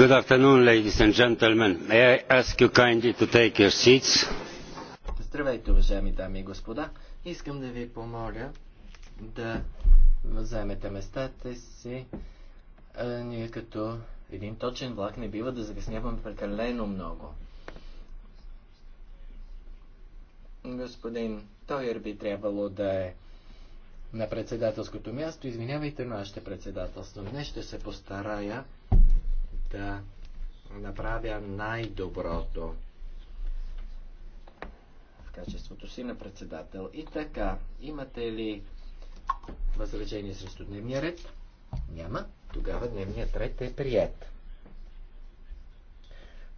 Good afternoon, ladies and gentlemen. May I ask you kindly to take your seats? Здравейте, уважаеми дами и господа. Искам да ви помоля да вземете местата си. А, ние като един точен влак не бива да закъсняваме прекалено много. Господин Тойер би трябвало да е на председателското място. Извинявайте, но аз ще председателствам. Днес ще се постарая да направя най-доброто в качеството си на председател. И така, имате ли възражение срещу дневния ред? Няма. Тогава дневният ред е прият.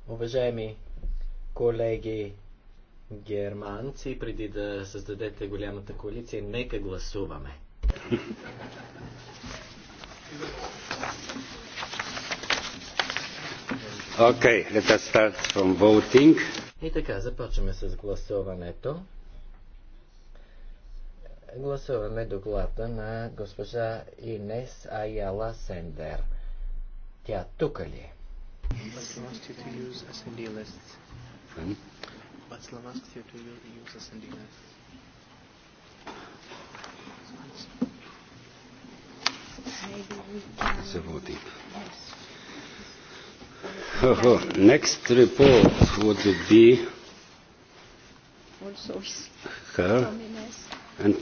Уважаеми колеги германци, преди да създадете голямата коалиция, нека гласуваме. Okay, let us start from voting. И така, започваме с гласуването. Гласуваме доклада на госпожа Инес Аяла Сендер. Тя тук ли е? Maybe Yes. Next report would be her, and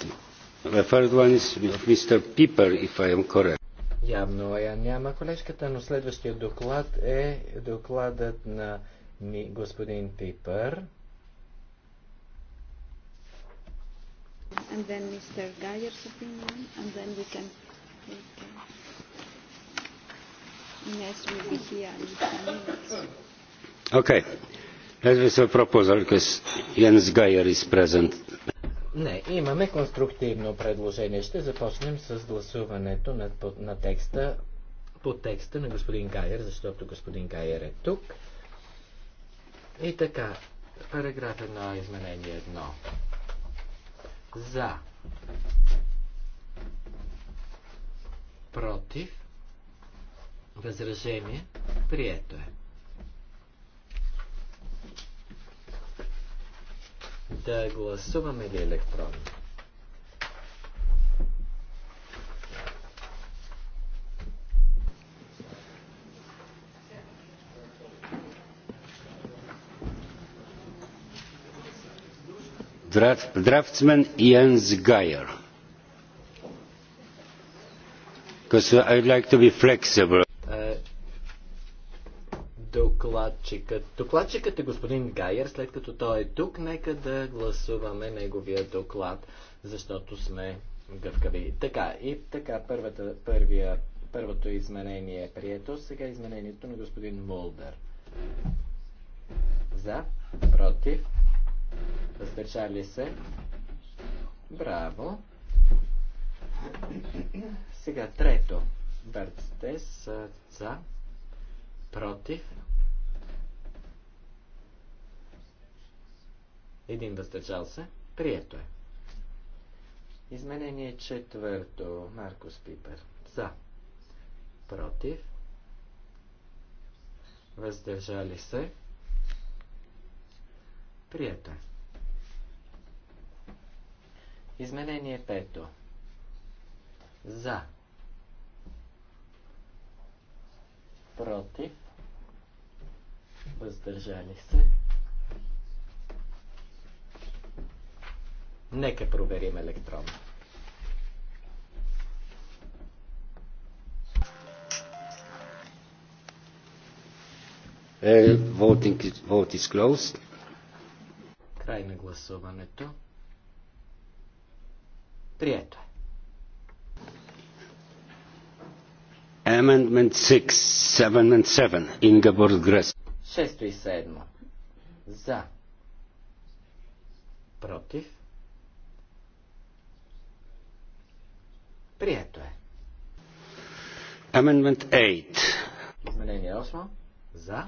the third one is of Mr. Piper, if I am correct. Явно я няма колежката, но следващия доклад е докладът на ми, господин Пипър. And then Mr. Geyer's opinion, and then we can... We can... Ines will be here in a minute. Okay. Let me a proposal because Jens Geier is present. Не, имаме конструктивно предложение. Ще започнем с гласуването на, на текста по текста на господин Гайер, защото господин Гайер е тук. И така, параграф 1, изменение 1. За. Против. Възражение. Прието е. Да гласуваме ли електронно? draftsman jens geier because i would like to be flexible докладчикът. Докладчикът е господин Гайер, след като той е тук, нека да гласуваме неговия доклад, защото сме гъвкави. Така, и така, първата, първия, първото изменение е прието, сега е изменението на господин Мулдър. За, против, въздържали се. Браво. Сега трето. Бърците са за, против, един въздържал се, прието е. Изменение четвърто, Маркус Пипер. За. Против. Въздържали се. Прието е. Изменение пето. За. Против. Въздържали се. Нека проверим електронно. Е, vote is closed. Край на гласуването. Прието е. Amendment 6, 7 and 7. Ingeborg Gress. Шесто и седмо. За. Против. Прието е. Amendment 8. Изменение 8. За.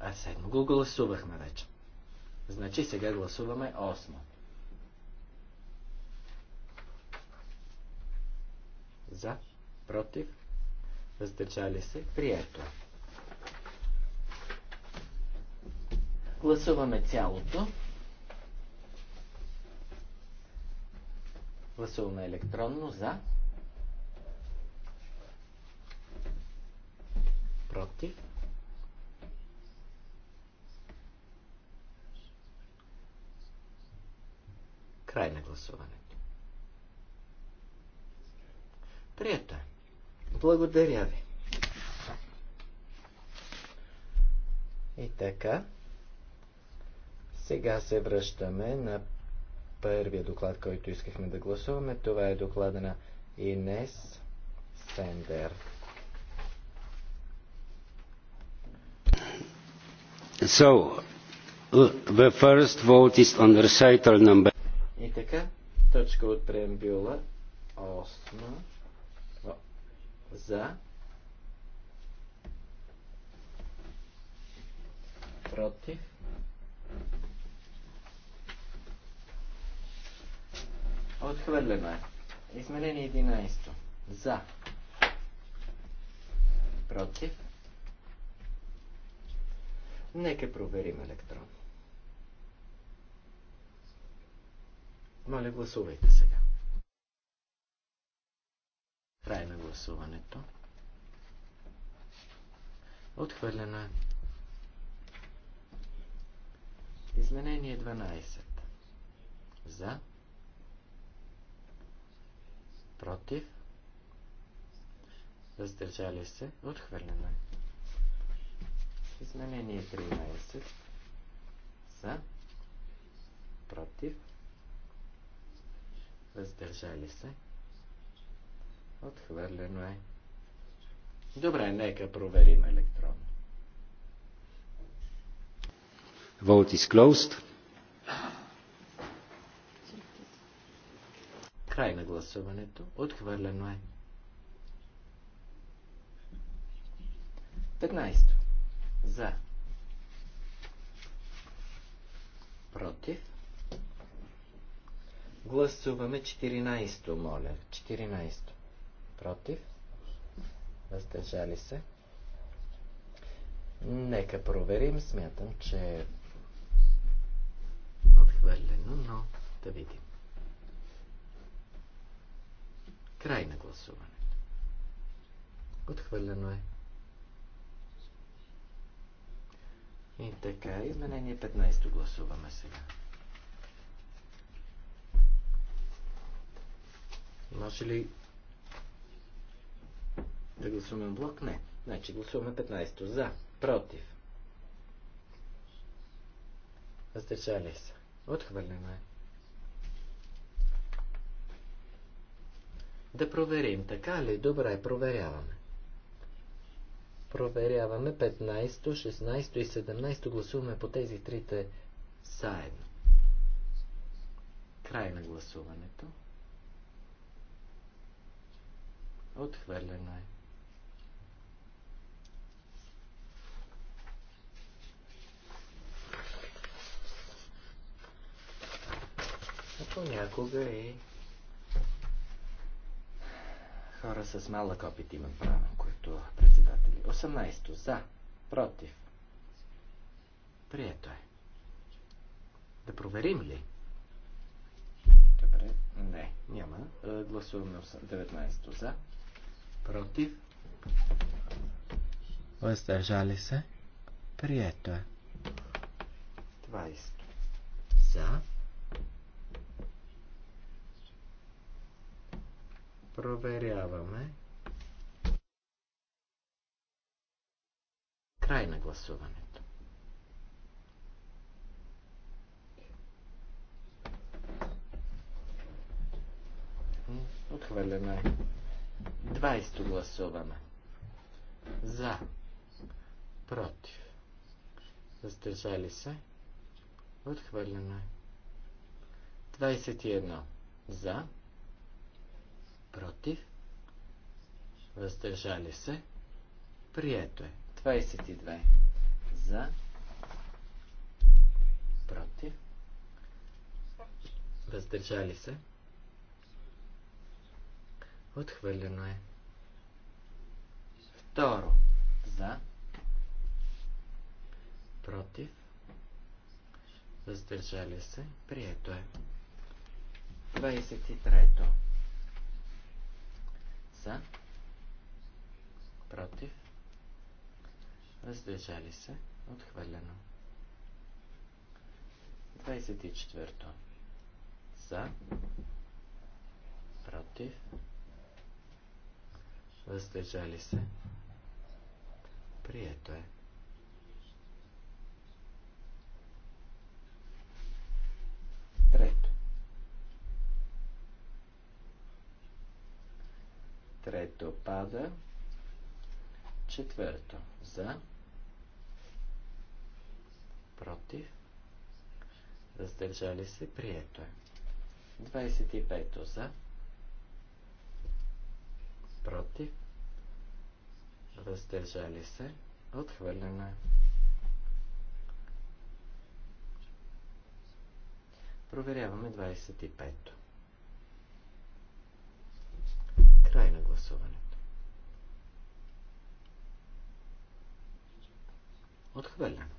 А седмо го гласувахме вече. Значи сега гласуваме 8. За, против, въздържали се, прието. Гласуваме цялото. Гласуваме електронно за. Против. Край на гласуването. Прието е. Благодаря ви. И така, сега се връщаме на първия доклад, който искахме да гласуваме. Това е доклада на Инес Сендер. So, uh, the first vote is on recital number. И така, точка от преамбюла 8 за против Отхвърлено е. Изменение 11. За. Против. Нека проверим електрон. Моля, гласувайте сега. Край на гласуването. Отхвърлено е. Изменение 12. За против, въздържали се, отхвърлено е. Изменение 13 за, против, въздържали се, отхвърлено е. Добре, нека проверим електронно. Vote is closed. Край на гласуването. Отхвърлено е. 15. За. Против. Гласуваме 14, моля. 14. Против. Въздържали се. Нека проверим. Смятам, че е отхвърлено, но да видим. Край на гласуването. Отхвърлено е. И така, изменение 15 гласуваме сега. Може ли да гласуваме блок? Не. Значи гласуваме 15 то За. Против. Въздържали се. Отхвърлено е. Да проверим, така ли? Добре, проверяваме. Проверяваме 15, 16 и 17. Гласуваме по тези трите заедно. Край на гласуването. Отхвърлено е. Понякога и е Хора с малък опит имам право, които председатели. 18. За. Против. Прието е. Да проверим ли? Добре. Не, няма. Е, гласуваме 19 за. Против. Въздържали се. Прието е. 20. За. Проверяваме. Край на гласуването. Отхвърлено е. 20 гласуваме. За. Против. Въздържали се. Отхвърлено е. 21. За против, въздържали се, прието е. 22 за, против, въздържали се, отхвърлено е. Второ за, против, въздържали се, прието е. 23. За. Против. Въздържали се. Отхвърлено. 24. За. Против. Въздържали се. Прието е. Трето пада. Четвърто за. Против. Въздържали се. Прието е. 25 за. Против. Въздържали се. Отхвърлено е. Проверяваме 25-то. гласуването. Отхвърлено.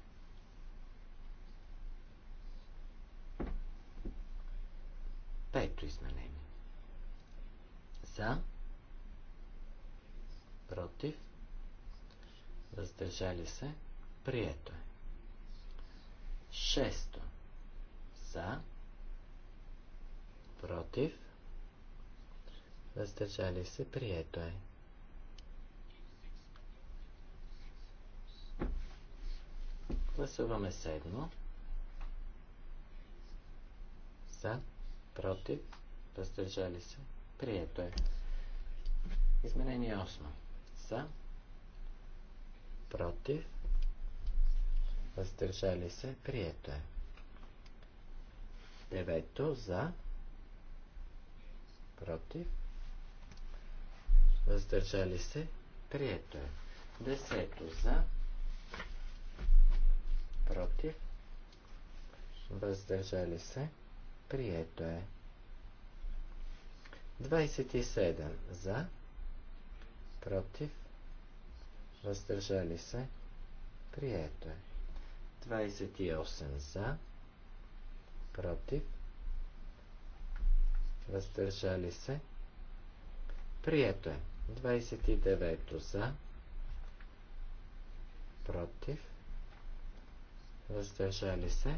Пето изменение. За. Против. Въздържали се. Прието е. Шесто. За. Против въздържали се, прието е. Гласуваме седмо. За, против, въздържали се, прието е. Изменение 8. За, против, въздържали се, прието е. Девето за, против, въздържали се, прието е. Десето за, против, въздържали се, прието е. 27 за, против, въздържали се, прието е. 28 за, против, въздържали се, прието е. 29 за, против, въздържали се,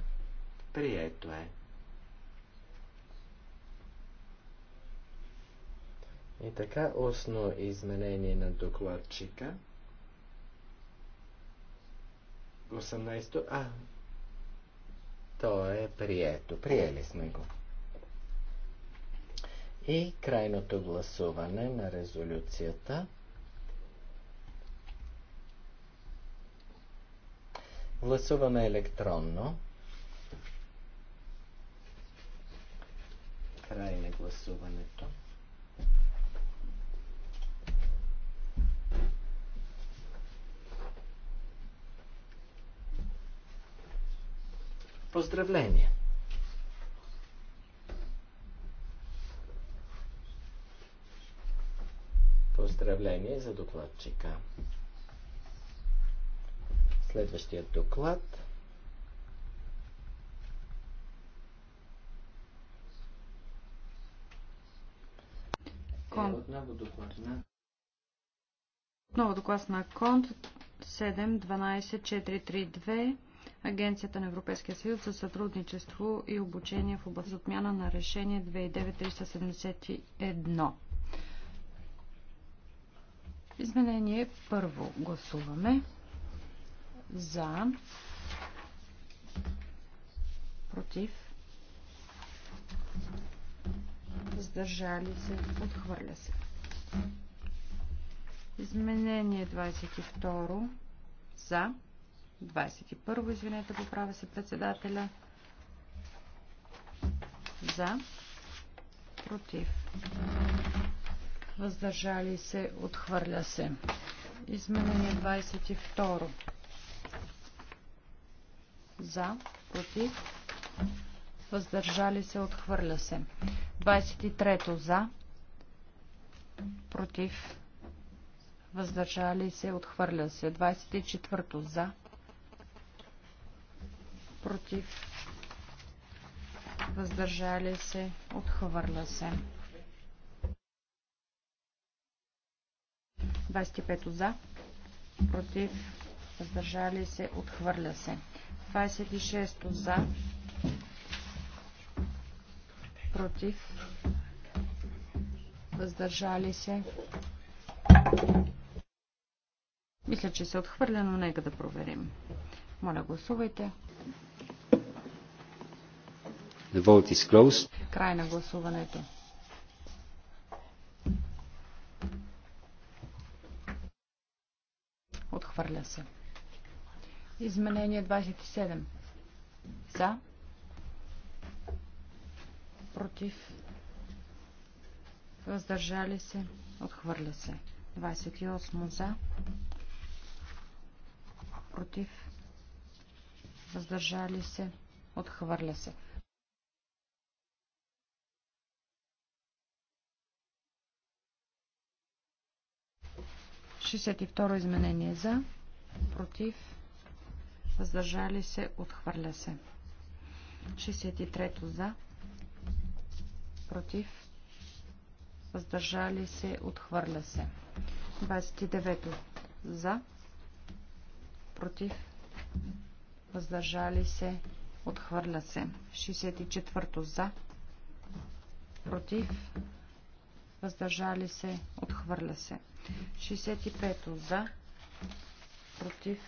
прието е. И така, устно изменение на докладчика. 18. то А, то е прието. Приели сме го и крайното гласуване на резолюцията. Гласуваме електронно. Край на гласуването. Поздравления! Поздравление за докладчика. Следващият доклад е, отново доклад на... Отново доклад на Конт 7.12.432 Агенцията на Европейския съюз за сътрудничество и обучение в област отмяна на решение 2009-371. Изменение първо гласуваме за против въздържали се, отхвърля се. Изменение 22 за 21, извинете, поправя се председателя за против въздържали се, отхвърля се. Изменение 22. За, против, въздържали се, отхвърля се. 23. За, против, въздържали се, отхвърля се. 24. За, против, въздържали се, отхвърля се. 25 за, против, въздържали се, отхвърля се. 26 за, против, въздържали се. Мисля, че се отхвърля, но нека да проверим. Моля, гласувайте. The vote is closed. Край на гласуването. Отхвърля се. Изменение 27. За. Против. Въздържали се. Отхвърля се. 28. За. Против. Въздържали се. Отхвърля се. 62 изменение за, против, въздържали се, отхвърля се. 63 за, против, въздържали се, отхвърля се. 29 за, против, въздържали се, отхвърля се. 64 за, против, въздържали се, отхвърля се. 65 за, против,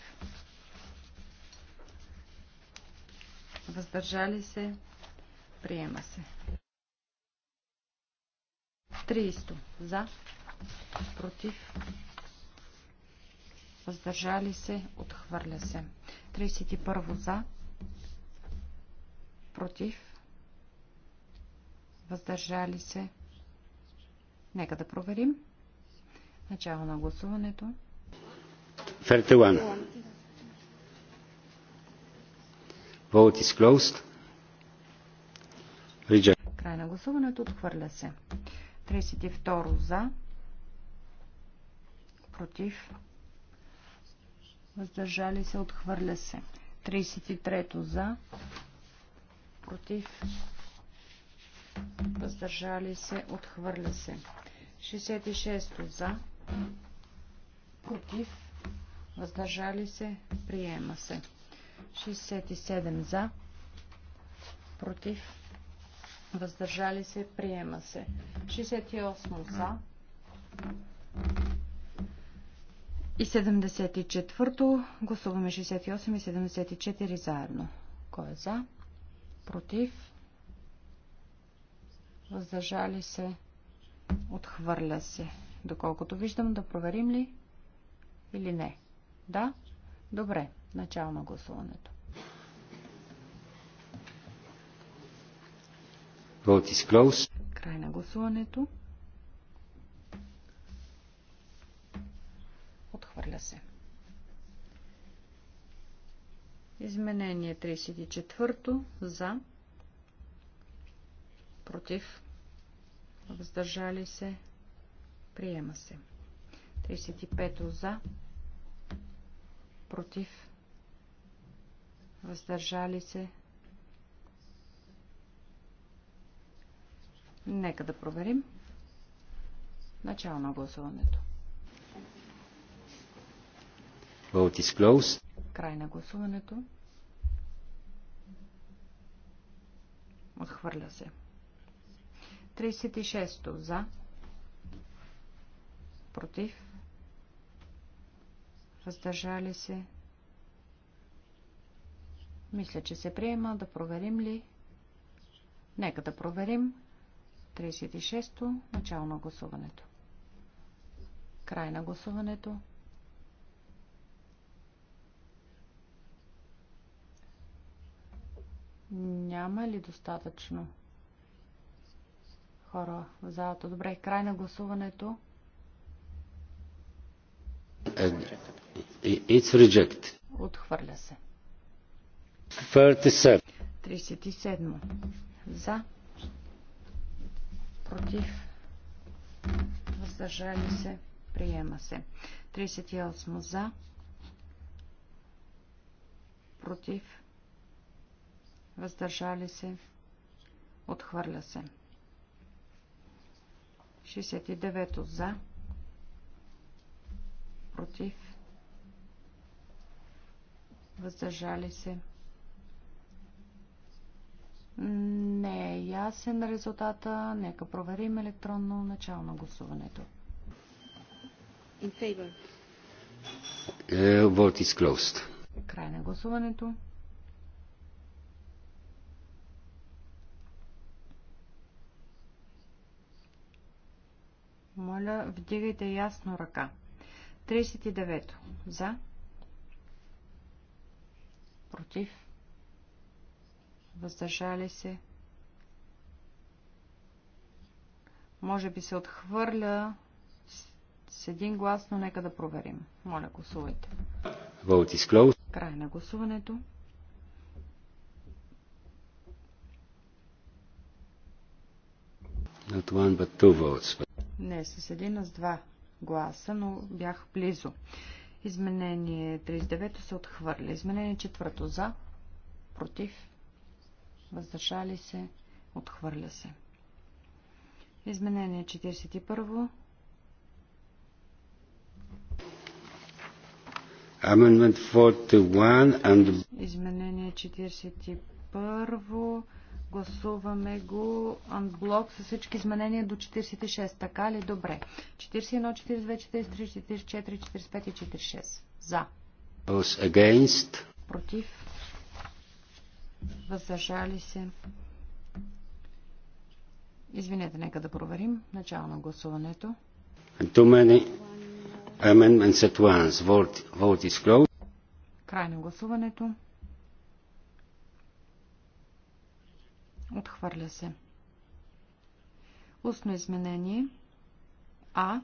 въздържали се, приема се. 30 за, против, въздържали се, отхвърля се. 31 за, против, въздържали се, Нека да проверим. Начало на гласуването. 31. Vote is closed. Reject. Край на гласуването. Отхвърля се. 32 за. Против. Въздържали се. Отхвърля се. 33 за. Против. Въздържали се. Отхвърля се. 66 за, против, въздържали се, приема се. 67 за, против, въздържали се, приема се. 68 за и 74. Гласуваме 68 и 74 заедно. Кой е за? Против? Въздържали се, Отхвърля се. Доколкото виждам, да проверим ли или не. Да? Добре. Начало на гласуването. Vote is closed. Край на гласуването. Отхвърля се. Изменение 34 за против въздържали се, приема се. 35 за, против, въздържали се. Нека да проверим. Начало на гласуването. Vote is closed. Край на гласуването. Отхвърля се. 36 за, против, въздържали се. Мисля, че се приема. Да проверим ли? Нека да проверим. 36-то, начало на гласуването. Край на гласуването. Няма ли достатъчно? хора в залата. Добре, край на гласуването. It's reject. Отхвърля се. 37. 37. За. Против. Въздържали се. Приема се. 38. За. Против. Въздържали се. Отхвърля се. 69 за, против, въздържали се. Не е ясен резултата. Нека проверим електронно начало на гласуването. In favor. Е, vote is closed. Край на гласуването. Моля, вдигайте ясно ръка. 39. За. Против. Въздържали се. Може би се отхвърля с един глас, но нека да проверим. Моля, гласувайте. Vote is closed. Край на гласуването. Not one, but two votes не с един, а с два гласа, но бях близо. Изменение 39 се отхвърля. Изменение 4 за, против, въздържали се, отхвърля се. Изменение 41. Изменение 41 Гласуваме го анблок с всички изменения до 46. Така ли? Добре. 41, 42, 43, 44, 45 и 46. За. Against. Против. Въздържали се. Извинете, нека да проверим начало на гласуването. Too many amendments at once. Vote, vote is closed. Край на гласуването. Отхвърля се. Устно изменение А,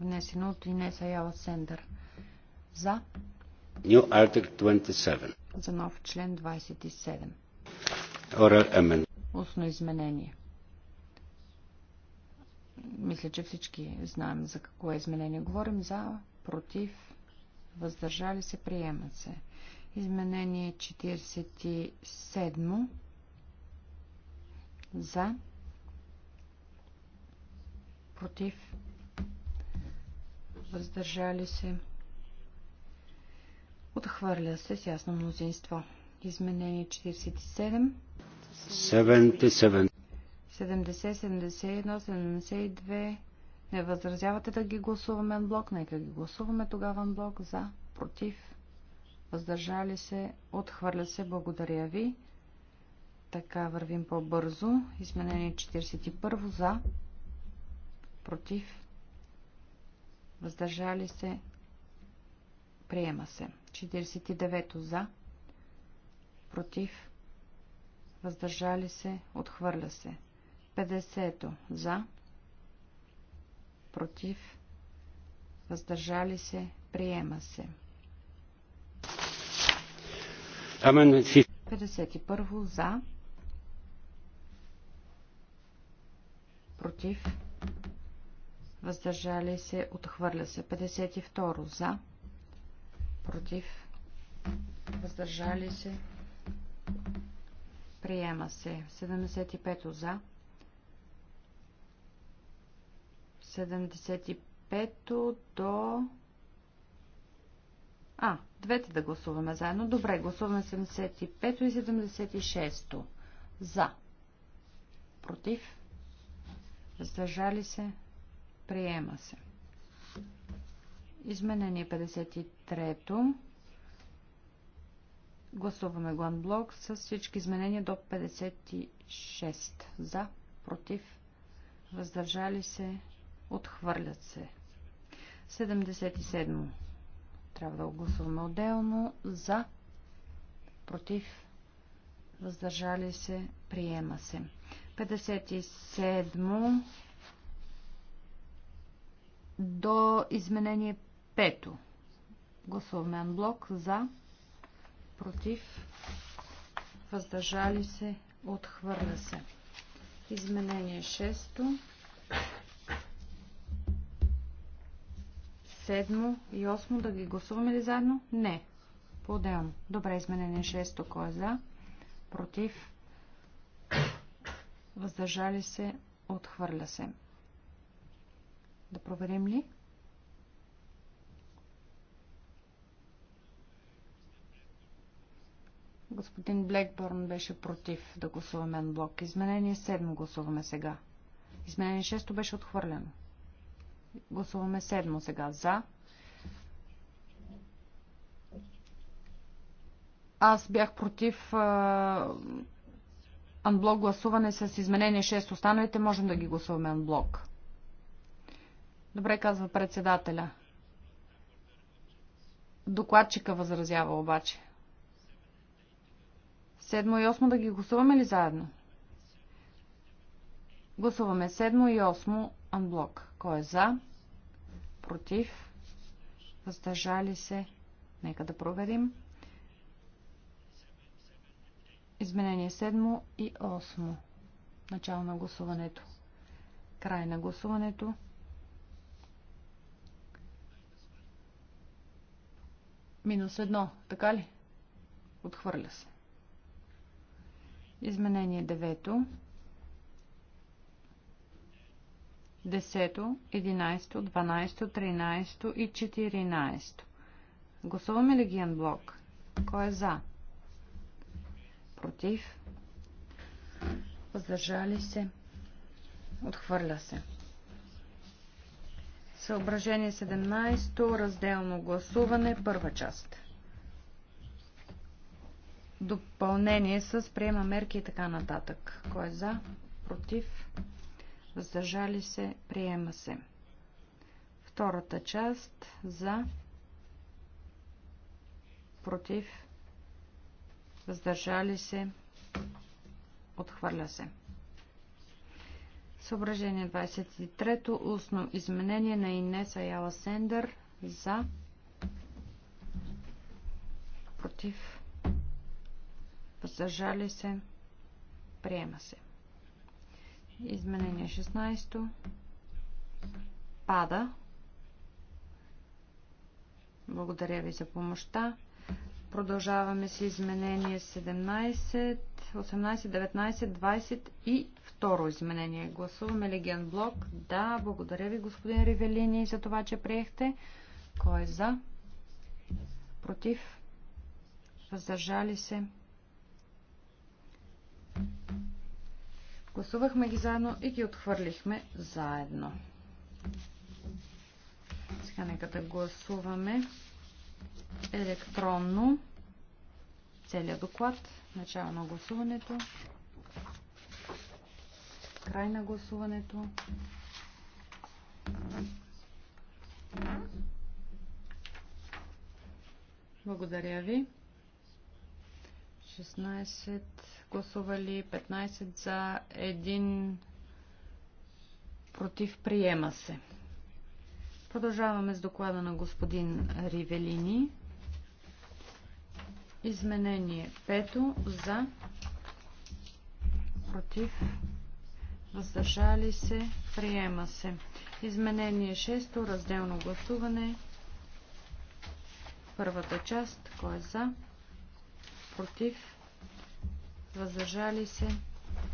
внесено от Инеса Яла Сендър. За. New Article 27. За нов член 27. Oral amendment. Устно изменение. Мисля, че всички знаем за какво е изменение говорим. За, против, въздържали се, приемат се. Изменение 47 за. Против. Въздържали се. Отхвърля се с ясно мнозинство. Изменение 47. 77. 70, 71, 72. Не възразявате да ги гласуваме блок. Нека ги гласуваме тогава блок. За. Против. Въздържали се. Отхвърля се. Благодаря ви. Така вървим по-бързо. Изменение 41 за, против, въздържали се, приема се. 49 за, против, въздържали се, отхвърля се. 50 за, против, въздържали се, приема се. 51 за, против, въздържали се, отхвърля се. 52 за, против, въздържали се, приема се. 75 за, 75 до... А, двете да гласуваме заедно. Добре, гласуваме 75 и 76 за, против, въздържали се, приема се. Изменение 53-то. Гласуваме глан блок с всички изменения до 56. За, против, въздържали се, отхвърлят се. 77. Трябва да го гласуваме отделно. За, против, въздържали се, приема се. 57 до изменение 5. Гласуваме анблок за, против, въздържали се, отхвърля се. Изменение 6. 7 и 8 да ги гласуваме ли заедно? Не. По-отделно. Добре, изменение 6. Кой е за? Против? въздържали се, отхвърля се. Да проверим ли? Господин Блекбърн беше против да гласуваме на блок. Изменение 7 гласуваме сега. Изменение 6 беше отхвърлено. Гласуваме 7 сега. За. Аз бях против анблок гласуване с изменение 6. Останалите можем да ги гласуваме анблок. Добре, казва председателя. Докладчика възразява обаче. Седмо и осмо да ги гласуваме ли заедно? Гласуваме седмо и осмо анблок. Кой е за? Против? Въздържали се? Нека да проверим. Изменение 7 и 8. Начало на гласуването. Край на гласуването. Минус 1, така ли? Отхвърля се. Изменение 9. 10, 11, 12, 13 и 14. Гласуваме ли ги блок? Кой е за? против, въздържали се, отхвърля се. Съображение 17. Разделно гласуване. Първа част. Допълнение с приема мерки и така нататък. Кой е за? Против? Въздържали се? Приема се. Втората част. За? Против? въздържали се, отхвърля се. Съображение 23. Устно изменение на Инеса Яла Сендър за против въздържали се приема се. Изменение 16 пада. Благодаря ви за помощта. Продължаваме с изменение 17, 18, 19, 20 и второ изменение. Гласуваме леген блок. Да, благодаря ви, господин Ривелини, за това, че приехте. Кой е за? Против? Въздържали се? Гласувахме ги заедно и ги отхвърлихме заедно. Сега нека да гласуваме електронно целият доклад, начало на гласуването, край на гласуването. Благодаря ви. 16 гласували, 15 за, 1 против, приема се. Продължаваме с доклада на господин Ривелини. Изменение 5 за против въздържали се приема се. Изменение 6 разделно гласуване. Първата част кой е за против въздържали се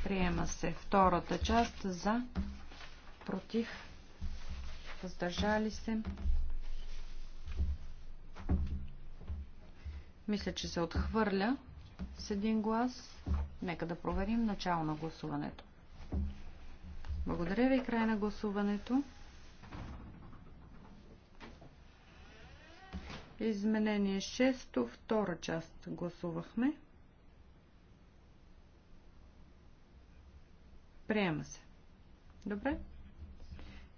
приема се. Втората част за против въздържали се. Мисля, че се отхвърля с един глас. Нека да проверим начало на гласуването. Благодаря ви. Край на гласуването. Изменение 6, втора част гласувахме. Приема се. Добре.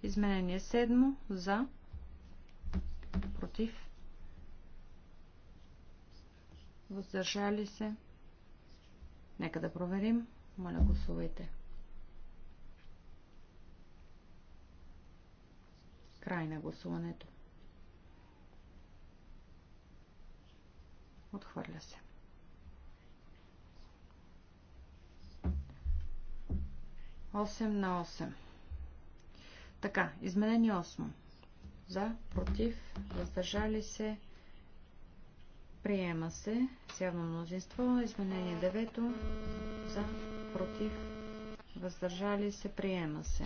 Изменение 7 за, против, въздържали се. Нека да проверим. Моля, гласувайте. Край на гласуването. Отхвърля се. Осем на осем. Така, изменение 8. За, против, въздържали се, приема се с явно мнозинство. Изменение 9. За, против, въздържали се, приема се.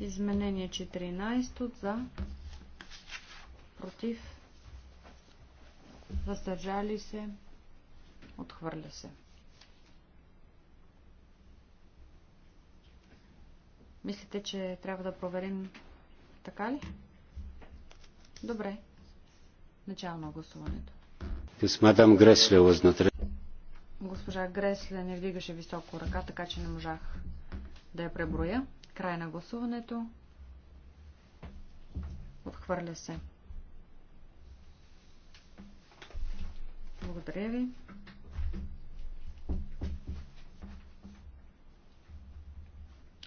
Изменение 14. За, против, въздържали се, отхвърля се. Мислите, че трябва да проверим така ли? Добре. Начало на гласуването. Смадам Гресле възнатре. Госпожа Гресле не вдигаше високо ръка, така че не можах да я преброя. Край на гласуването. Отхвърля се. Благодаря ви.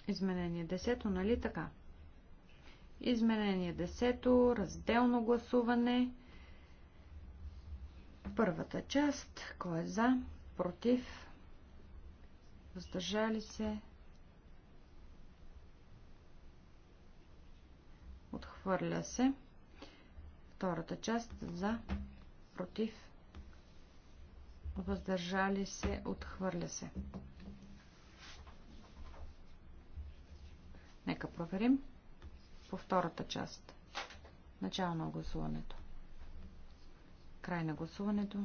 Изменение 10, нали така? Изменение 10, разделно гласуване. Първата част, кой е за, против, въздържали се, отхвърля се. Втората част, за, против, въздържали се, отхвърля се. Нека проверим по втората част. Начало на гласуването. Край на гласуването.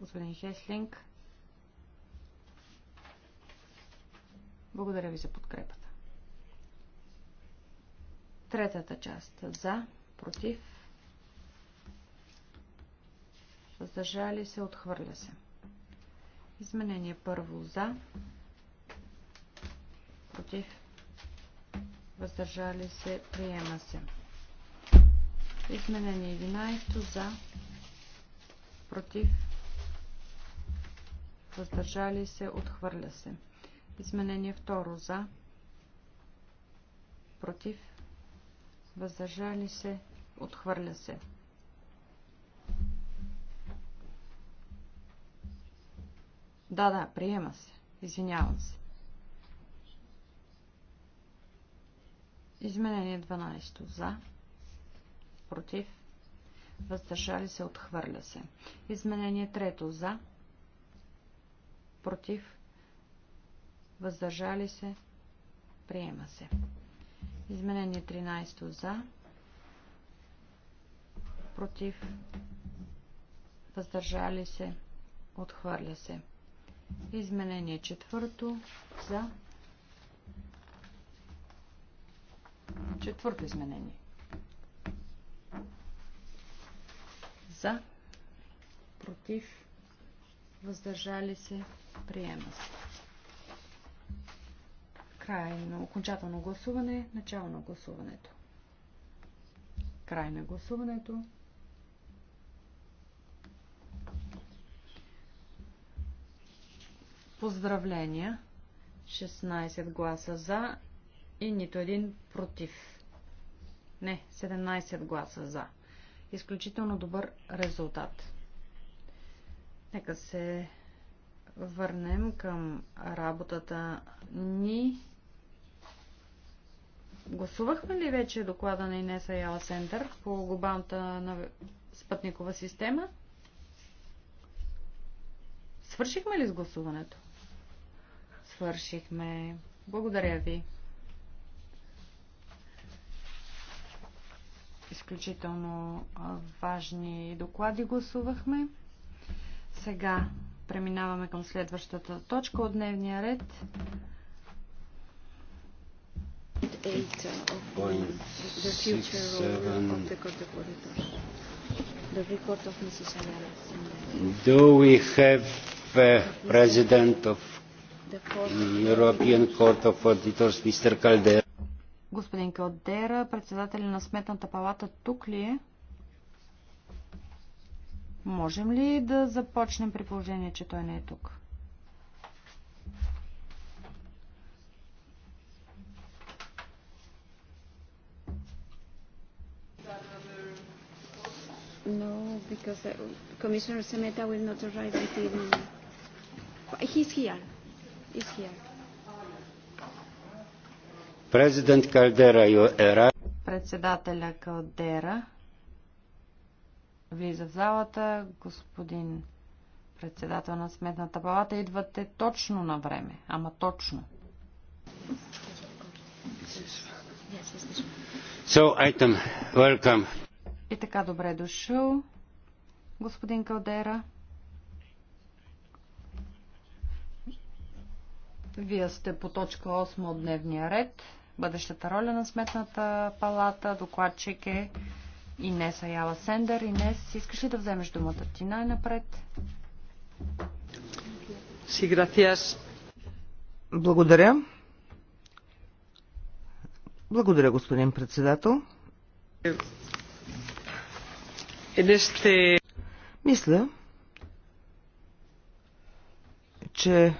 Господин Хеслинг, благодаря ви за подкрепата. Третата част. За, против, въздържали се, отхвърля се. Изменение първо за, против, въздържали се, приема се. Изменение 11 за, против, въздържали се, отхвърля се. Изменение второ за, против, въздържали се, отхвърля се. Да, да, приема се. Извинявам се. Изменение 12 за. Против. Въздържали се, отхвърля се. Изменение 3 за. Против. Въздържали се, приема се. Изменение 13 за. Против. Въздържали се, отхвърля се. Изменение четвърто за. Четвърто изменение. За. Против. Въздържали се. Приема се. Край на окончателно гласуване. Начало на гласуването. Край на гласуването. Поздравления! 16 гласа за и нито един против. Не, 17 гласа за. Изключително добър резултат. Нека се върнем към работата ни. Гласувахме ли вече доклада на Инеса Яла Сентър по глобалната на спътникова система? Свършихме ли с гласуването? свършихме. Благодаря ви. Изключително важни доклади гласувахме. Сега преминаваме към следващата точка от дневния ред. Uh, Do we have uh, president of Mm, Господин Калдера, председател на Сметната палата, тук ли е? Можем ли да започнем при положение, че той не е тук? No, because uh, Commissioner Semeta will not arrive this evening. He's here is here. President Caldera, you Председателя Калдера влиза в залата. Господин председател на Сметната палата, идвате точно на време. Ама точно. So, item, welcome. И така, добре дошъл, господин Калдера. Вие сте по точка 8 от дневния ред. Бъдещата роля на Сметната палата. Докладчик е Инес Аяла Сендер. Инес, искаш ли да вземеш думата ти най-напред? Си, гратиас. Благодаря. Благодаря, господин председател. Мисля, че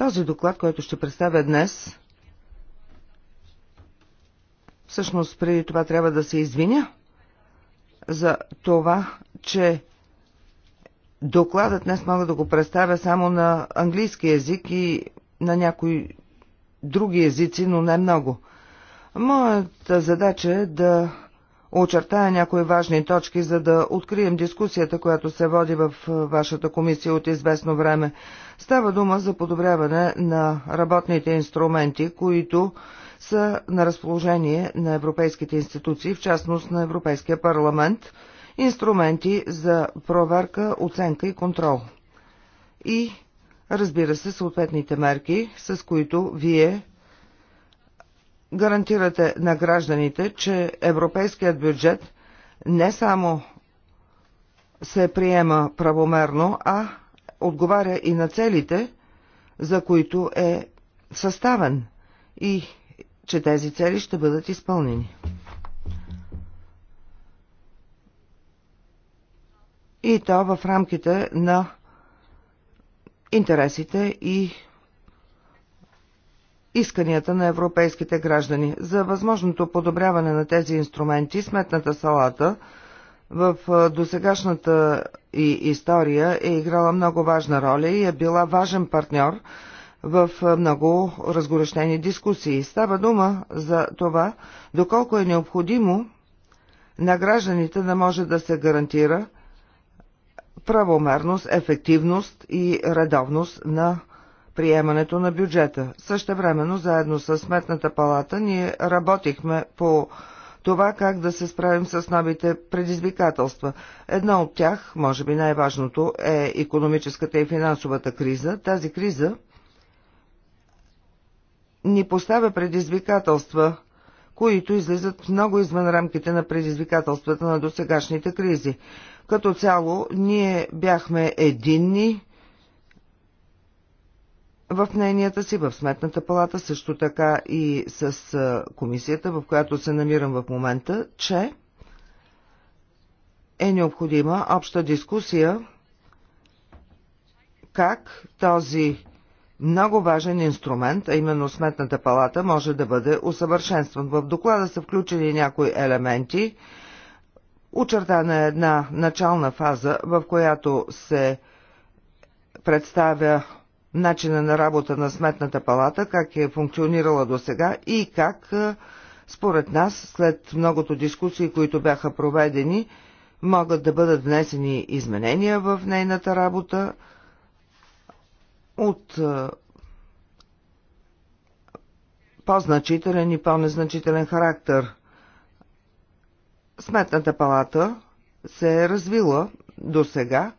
този доклад, който ще представя днес, всъщност преди това трябва да се извиня за това, че докладът днес мога да го представя само на английски язик и на някои други езици, но не много. Моята задача е да очертая някои важни точки, за да открием дискусията, която се води в е, вашата комисия от известно време. Става дума за подобряване на работните инструменти, които са на разположение на европейските институции, в частност на Европейския парламент, инструменти за проверка, оценка и контрол. И, разбира се, съответните мерки, с които вие гарантирате на гражданите, че европейският бюджет не само се приема правомерно, а отговаря и на целите, за които е съставен и че тези цели ще бъдат изпълнени. И то в рамките на интересите и исканията на европейските граждани. За възможното подобряване на тези инструменти, сметната салата в досегашната и история е играла много важна роля и е била важен партньор в много разгорещени дискусии. Става дума за това, доколко е необходимо на гражданите да може да се гарантира правомерност, ефективност и редовност на приемането на бюджета. Също времено, заедно с Сметната палата, ние работихме по това как да се справим с новите предизвикателства. Едно от тях, може би най-важното, е економическата и финансовата криза. Тази криза ни поставя предизвикателства, които излизат много извън рамките на предизвикателствата на досегашните кризи. Като цяло, ние бяхме единни, в мненията си, в Сметната палата, също така и с комисията, в която се намирам в момента, че е необходима обща дискусия как този много важен инструмент, а именно Сметната палата, може да бъде усъвършенстван. В доклада са включени някои елементи. Очертана е една начална фаза, в която се представя начина на работа на Сметната палата, как е функционирала до сега и как, е, според нас, след многото дискусии, които бяха проведени, могат да бъдат внесени изменения в нейната работа от е, по-значителен и по-незначителен характер. Сметната палата се е развила до сега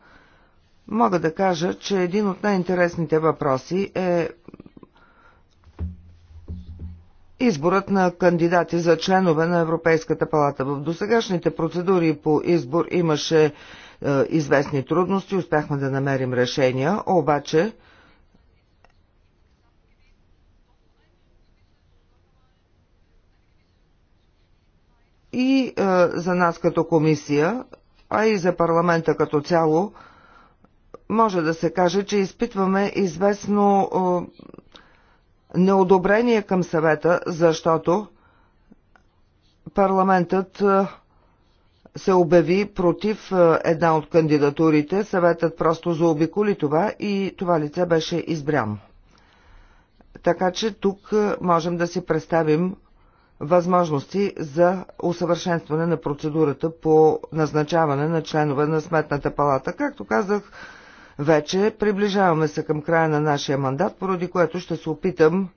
мога да кажа, че един от най-интересните въпроси е изборът на кандидати за членове на Европейската палата. В досегашните процедури по избор имаше е, известни трудности, успяхме да намерим решения, обаче и е, за нас като комисия, а и за парламента като цяло, може да се каже, че изпитваме известно е, неодобрение към съвета, защото парламентът е, се обяви против е, една от кандидатурите, съветът просто заобиколи това и това лице беше избрано. Така че тук можем да си представим възможности за усъвършенстване на процедурата по назначаване на членове на Сметната палата. Както казах, вече. Приближаваме се към края на нашия мандат, поради което ще се опитам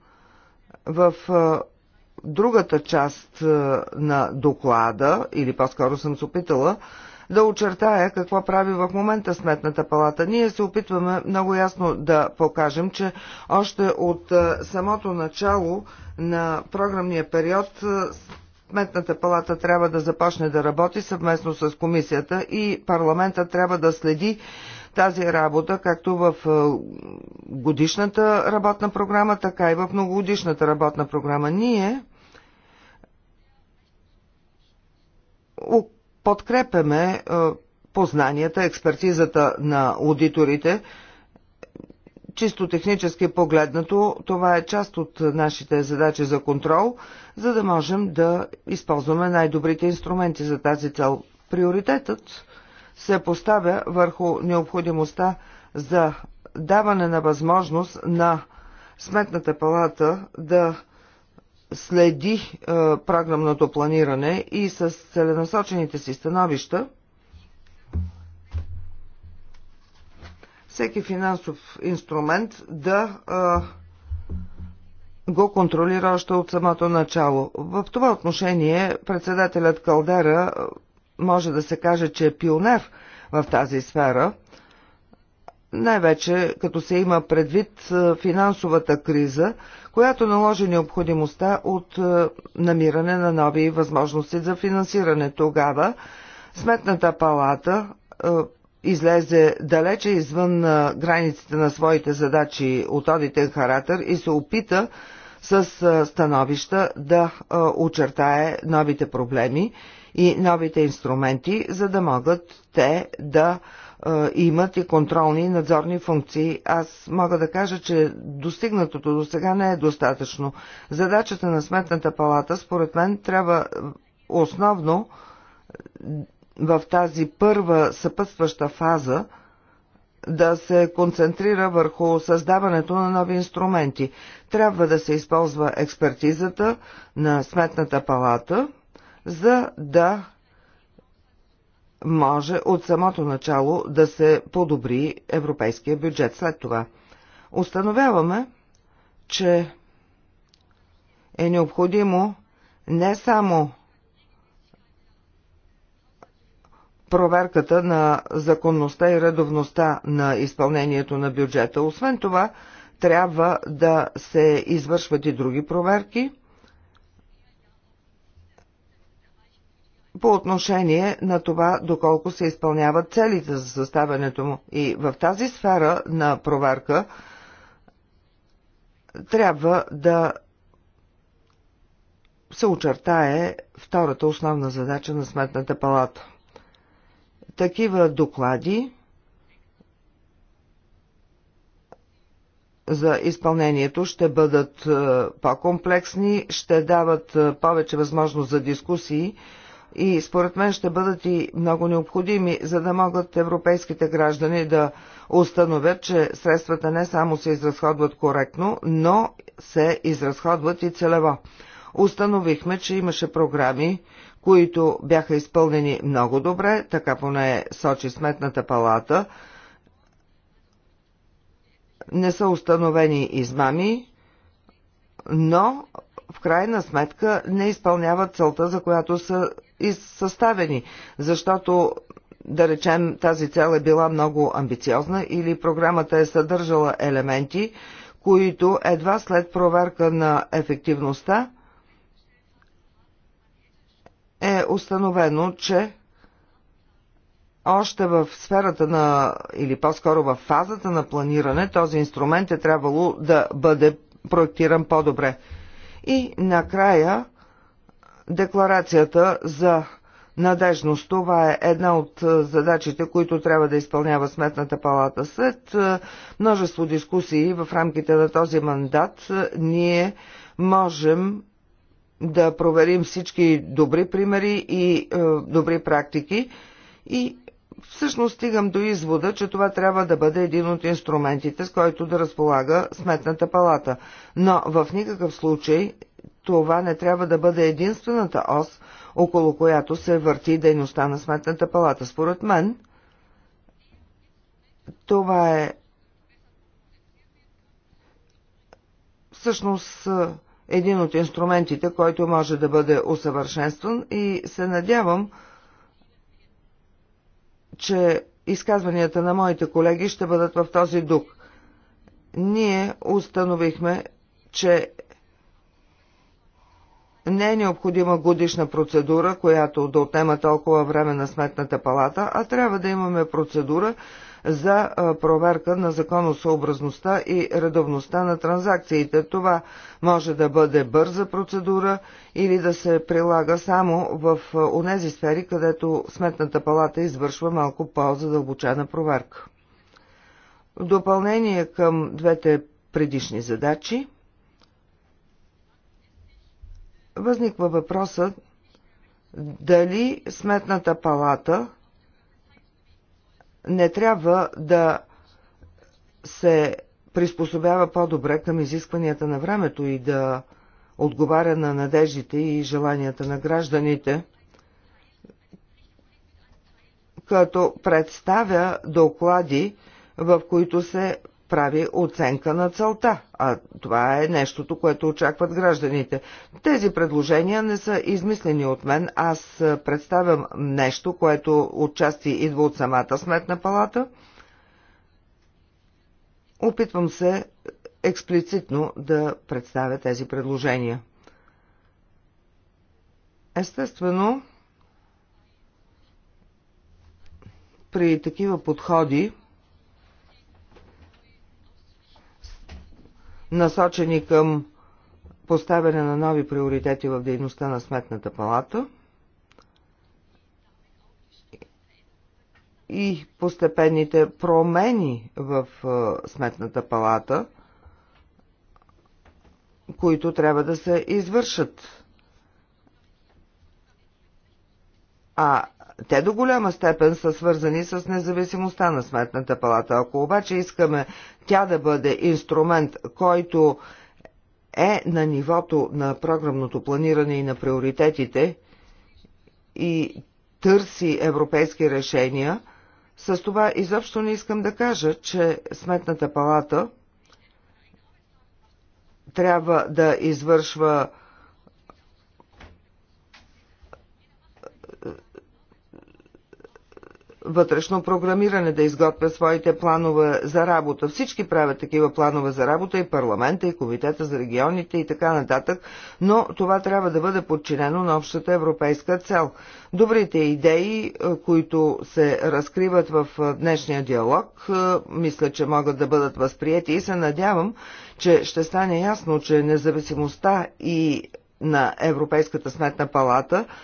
в другата част на доклада, или по-скоро съм се опитала, да очертая какво прави в момента Сметната палата. Ние се опитваме много ясно да покажем, че още от самото начало на програмния период Сметната палата трябва да започне да работи съвместно с комисията и парламента трябва да следи тази работа, както в е, годишната работна програма, така и в многогодишната работна програма. Ние подкрепяме е, познанията, експертизата на аудиторите. Чисто технически погледнато, това е част от нашите задачи за контрол, за да можем да използваме най-добрите инструменти за тази цел. Приоритетът се поставя върху необходимостта за даване на възможност на Сметната палата да следи е, програмното планиране и с целенасочените си становища всеки финансов инструмент да е, го контролира още от самото начало. В това отношение председателят Калдера може да се каже, че е пионер в тази сфера, най-вече като се има предвид финансовата криза, която наложи необходимостта от намиране на нови възможности за финансиране. Тогава Сметната палата излезе далече извън границите на своите задачи от одитен характер и се опита с становища да очертае новите проблеми и новите инструменти, за да могат те да е, имат и контролни и надзорни функции. Аз мога да кажа, че достигнатото до сега не е достатъчно. Задачата на Сметната палата, според мен, трябва основно в тази първа съпътстваща фаза да се концентрира върху създаването на нови инструменти. Трябва да се използва експертизата на Сметната палата – за да може от самото начало да се подобри европейския бюджет. След това установяваме, че е необходимо не само проверката на законността и редовността на изпълнението на бюджета. Освен това, трябва да се извършват и други проверки – по отношение на това, доколко се изпълняват целите за съставянето му. И в тази сфера на проверка трябва да се очертае втората основна задача на Сметната палата. Такива доклади за изпълнението ще бъдат е, по-комплексни, ще дават е, повече възможност за дискусии, и според мен ще бъдат и много необходими, за да могат европейските граждани да установят, че средствата не само се изразходват коректно, но се изразходват и целево. Установихме, че имаше програми, които бяха изпълнени много добре, така поне сочи сметната палата. Не са установени измами, но в крайна сметка не изпълняват целта, за която са и съставени, защото да речем тази цел е била много амбициозна или програмата е съдържала елементи, които едва след проверка на ефективността е установено, че още в сферата на, или по-скоро в фазата на планиране, този инструмент е трябвало да бъде проектиран по-добре. И накрая декларацията за надежност. Това е една от задачите, които трябва да изпълнява Сметната палата. След множество дискусии в рамките на този мандат, ние можем да проверим всички добри примери и е, добри практики и всъщност стигам до извода, че това трябва да бъде един от инструментите, с който да разполага Сметната палата. Но в никакъв случай това не трябва да бъде единствената ос, около която се върти дейността на Сметната палата. Според мен, това е всъщност един от инструментите, който може да бъде усъвършенстван и се надявам, че изказванията на моите колеги ще бъдат в този дух. Ние установихме, че не е необходима годишна процедура, която да отнема толкова време на Сметната палата, а трябва да имаме процедура за проверка на законосъобразността и редовността на транзакциите. Това може да бъде бърза процедура или да се прилага само в онези сфери, където Сметната палата извършва малко по-задълбочена проверка. В допълнение към двете предишни задачи, възниква въпросът дали Сметната палата не трябва да се приспособява по-добре към изискванията на времето и да отговаря на надеждите и желанията на гражданите, като представя доклади, в които се прави оценка на целта, а това е нещото, което очакват гражданите. Тези предложения не са измислени от мен, аз представям нещо, което отчасти идва от самата сметна палата. Опитвам се експлицитно да представя тези предложения. Естествено, при такива подходи, насочени към поставяне на нови приоритети в дейността на Сметната палата и постепенните промени в Сметната палата, които трябва да се извършат. А те до голяма степен са свързани с независимостта на Сметната палата. Ако обаче искаме тя да бъде инструмент, който е на нивото на програмното планиране и на приоритетите и търси европейски решения, с това изобщо не искам да кажа, че Сметната палата трябва да извършва вътрешно програмиране, да изготвя своите планове за работа. Всички правят такива планове за работа и парламента, и комитета за регионите и така нататък, но това трябва да бъде подчинено на общата европейска цел. Добрите идеи, е, които се разкриват в е, днешния диалог, е, мисля, че могат да бъдат възприяти и се надявам, че ще стане ясно, че независимостта и на Европейската сметна палата –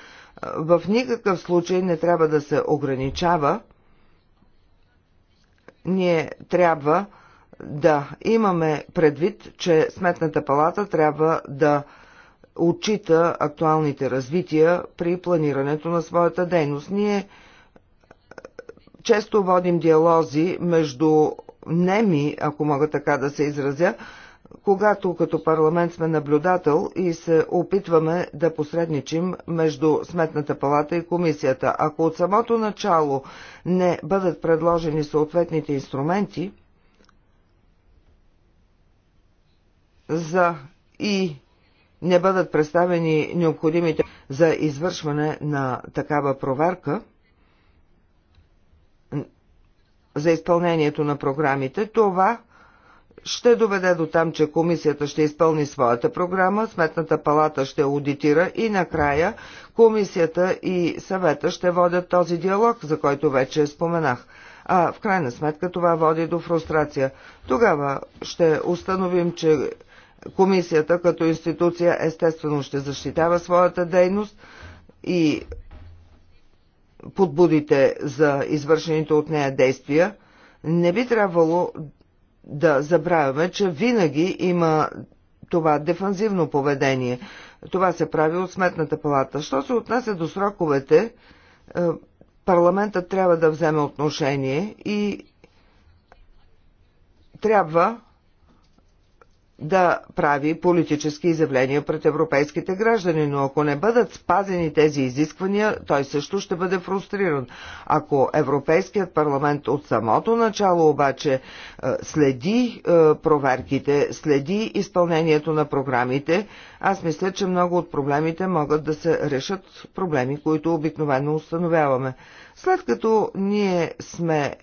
в никакъв случай не трябва да се ограничава. Ние трябва да имаме предвид, че Сметната палата трябва да отчита актуалните развития при планирането на своята дейност. Ние е, често водим диалози между неми, ако мога така да се изразя, когато като парламент сме наблюдател и се опитваме да посредничим между Сметната палата и комисията. Ако от самото начало не бъдат предложени съответните инструменти за и не бъдат представени необходимите за извършване на такава проверка, за изпълнението на програмите, това ще доведе до там, че комисията ще изпълни своята програма, сметната палата ще аудитира и накрая комисията и съвета ще водят този диалог, за който вече споменах. А в крайна сметка това води до фрустрация. Тогава ще установим, че комисията като институция естествено ще защитава своята дейност и подбудите за извършените от нея действия, не би трябвало да забравяме, че винаги има това дефанзивно поведение. Това се прави от Сметната палата. Що се отнася до сроковете, е, парламентът трябва да вземе отношение и трябва да прави политически изявления пред европейските граждани, но ако не бъдат спазени тези изисквания, той също ще бъде фрустриран. Ако Европейският парламент от самото начало обаче е, следи е, проверките, следи изпълнението на програмите, аз мисля, че много от проблемите могат да се решат проблеми, които обикновено установяваме. След като ние сме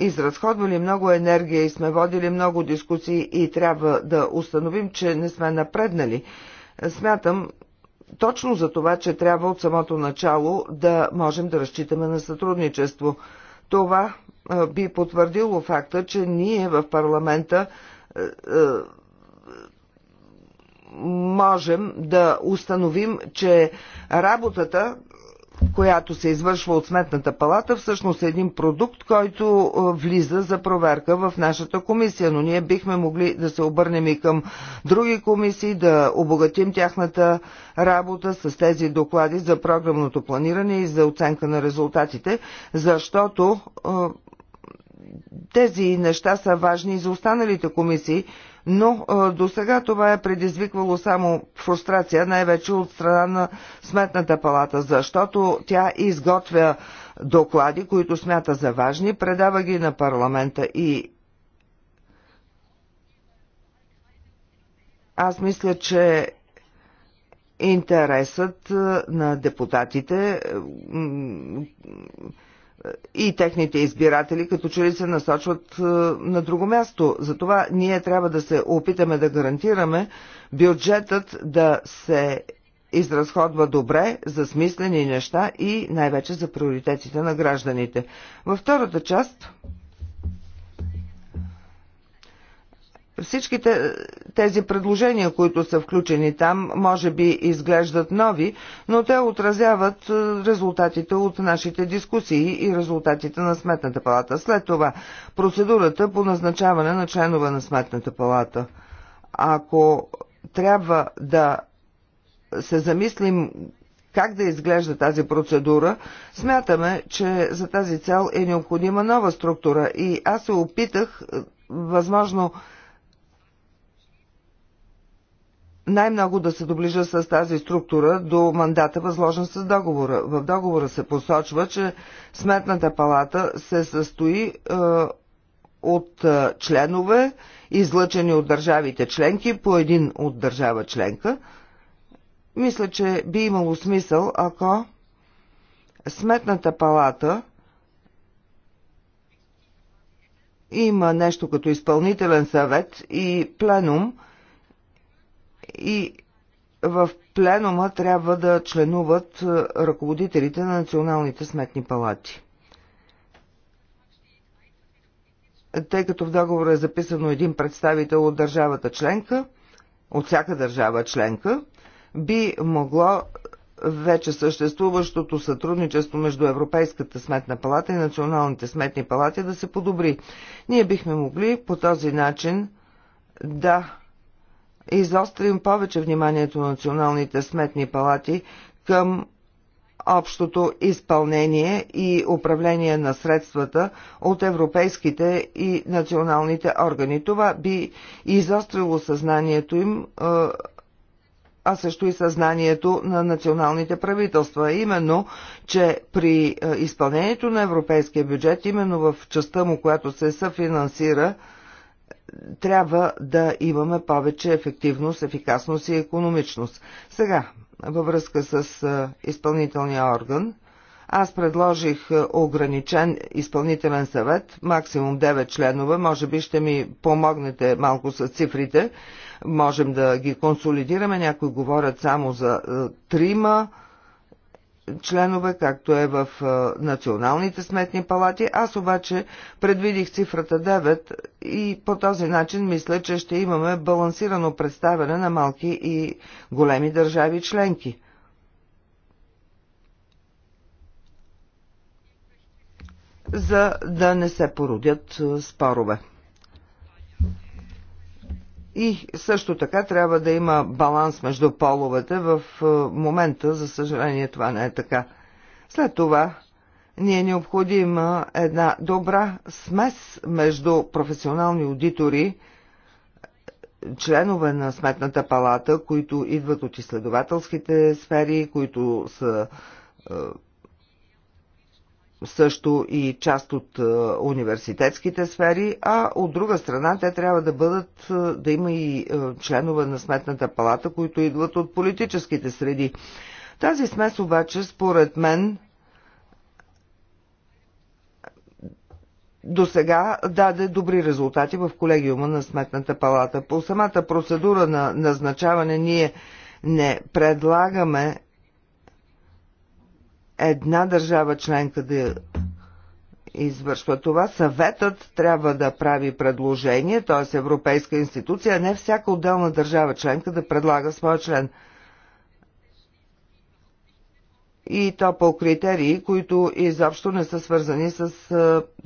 изразходвали много енергия и сме водили много дискусии и трябва да установим, че не сме напреднали. Смятам, точно за това, че трябва от самото начало да можем да разчитаме на сътрудничество. Това би потвърдило факта, че ние в парламента можем да установим, че работата която се извършва от Сметната палата, всъщност е един продукт, който е, влиза за проверка в нашата комисия, но ние бихме могли да се обърнем и към други комисии, да обогатим тяхната работа с тези доклади за програмното планиране и за оценка на резултатите, защото е, тези неща са важни и за останалите комисии, но до сега това е предизвиквало само фрустрация, най-вече от страна на Сметната палата, защото тя изготвя доклади, които смята за важни, предава ги на парламента и аз мисля, че интересът на депутатите и техните избиратели като че ли се насочват е, на друго място. Затова ние трябва да се опитаме да гарантираме бюджетът да се изразходва добре за смислени неща и най-вече за приоритетите на гражданите. Във втората част Всичките тези предложения, които са включени там, може би изглеждат нови, но те отразяват е, резултатите от нашите дискусии и резултатите на Сметната палата. След това процедурата по назначаване на членове на Сметната палата. Ако трябва да се замислим как да изглежда тази процедура, смятаме, че за тази цел е необходима нова структура и аз се опитах е, възможно най-много да се доближа с тази структура до мандата възложен с договора. В договора се посочва, че Сметната палата се състои е, от е, членове, излъчени от държавите членки, по един от държава членка. Мисля, че би имало смисъл, ако Сметната палата има нещо като изпълнителен съвет и пленум – и в пленума трябва да членуват е, ръководителите на националните сметни палати. Тъй като в договора е записано един представител от държавата членка, от всяка държава членка, би могло вече съществуващото сътрудничество между Европейската сметна палата и националните сметни палати да се подобри. Ние бихме могли по този начин да изострим повече вниманието на националните сметни палати към общото изпълнение и управление на средствата от европейските и националните органи. Това би изострило съзнанието им, а също и съзнанието на националните правителства. Именно, че при изпълнението на европейския бюджет, именно в частта му, която се съфинансира, трябва да имаме повече ефективност, ефикасност и економичност. Сега, във връзка с изпълнителния орган, аз предложих ограничен изпълнителен съвет, максимум 9 членове. Може би ще ми помогнете малко с цифрите. Можем да ги консолидираме. Някои говорят само за трима членове, както е в е, националните сметни палати. Аз обаче предвидих цифрата 9 и по този начин мисля, че ще имаме балансирано представяне на малки и големи държави членки. за да не се породят е, спорове. И също така трябва да има баланс между половете. В е, момента, за съжаление, това не е така. След това ни е необходима една добра смес между професионални аудитори, членове на Сметната палата, които идват от изследователските сфери, които са е, също и част от е, университетските сфери, а от друга страна те трябва да бъдат, е, да има и е, членове на Сметната палата, които идват от политическите среди. Тази смес обаче, според мен, до сега даде добри резултати в колегиума на Сметната палата. По самата процедура на назначаване ние не предлагаме една държава членка да извършва това. Съветът трябва да прави предложение, т.е. Европейска институция, а не всяка отделна държава членка да предлага своя член и то по критерии, които изобщо не са свързани с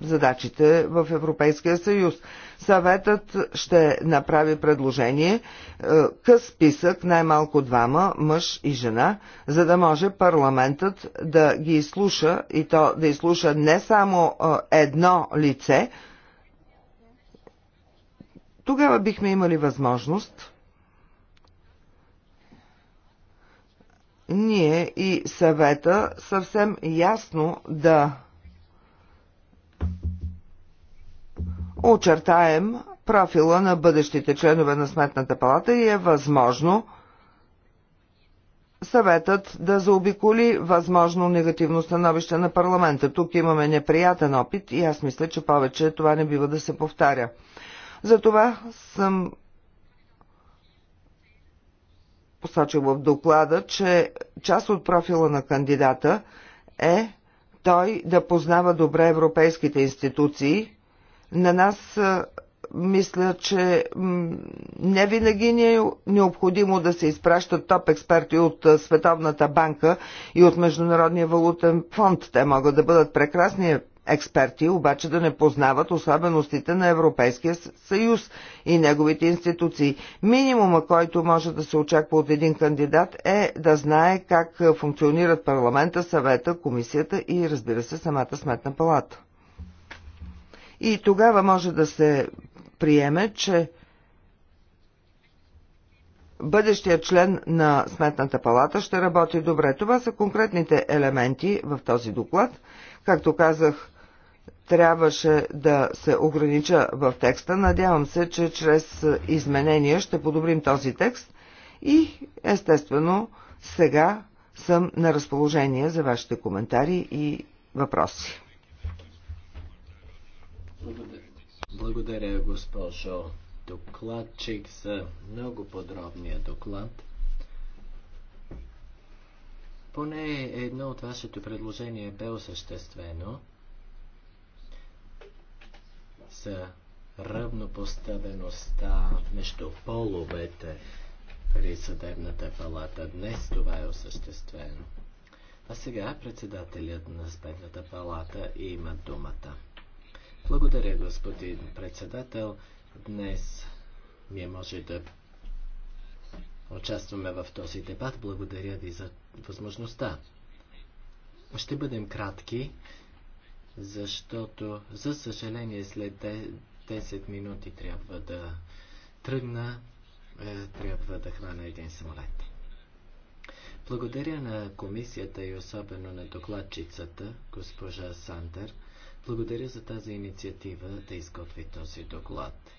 задачите в Европейския съюз. Съветът ще направи предложение къс списък най-малко двама, мъж и жена, за да може парламентът да ги изслуша и то да изслуша не само едно лице, тогава бихме имали възможност ние и съвета съвсем ясно да очертаем профила на бъдещите членове на Сметната палата и е възможно съветът да заобиколи възможно негативно становище на парламента. Тук имаме неприятен опит и аз мисля, че повече това не бива да се повтаря. Затова съм посочил в доклада, че част от профила на кандидата е той да познава добре европейските институции. На нас мисля, че не винаги ни е необходимо да се изпращат топ експерти от Световната банка и от Международния валутен фонд. Те могат да бъдат прекрасни експерти обаче да не познават особеностите на Европейския съюз и неговите институции. Минимума, който може да се очаква от един кандидат е да знае как е, функционират парламента, съвета, комисията и разбира се самата сметна палата. И тогава може да се приеме, че бъдещия член на Сметната палата ще работи добре. Това са конкретните елементи в този доклад. Както казах, трябваше да се огранича в текста. Надявам се, че чрез изменения ще подобрим този текст и естествено сега съм на разположение за вашите коментари и въпроси. Благодаря, Благодаря госпожо докладчик за много подробния доклад. Поне едно от вашето предложение бе осъществено за равнопоставеността между половете при съдебната палата. Днес това е осъществено. А сега председателят на съдебната палата има думата. Благодаря, господин председател. Днес ние може да участваме в този дебат. Благодаря ви за възможността. Ще бъдем кратки защото, за съжаление, след 10 минути трябва да тръгна, е, трябва да хвана един самолет. Благодаря на комисията и особено на докладчицата, госпожа Сандър. Благодаря за тази инициатива да изготви този доклад.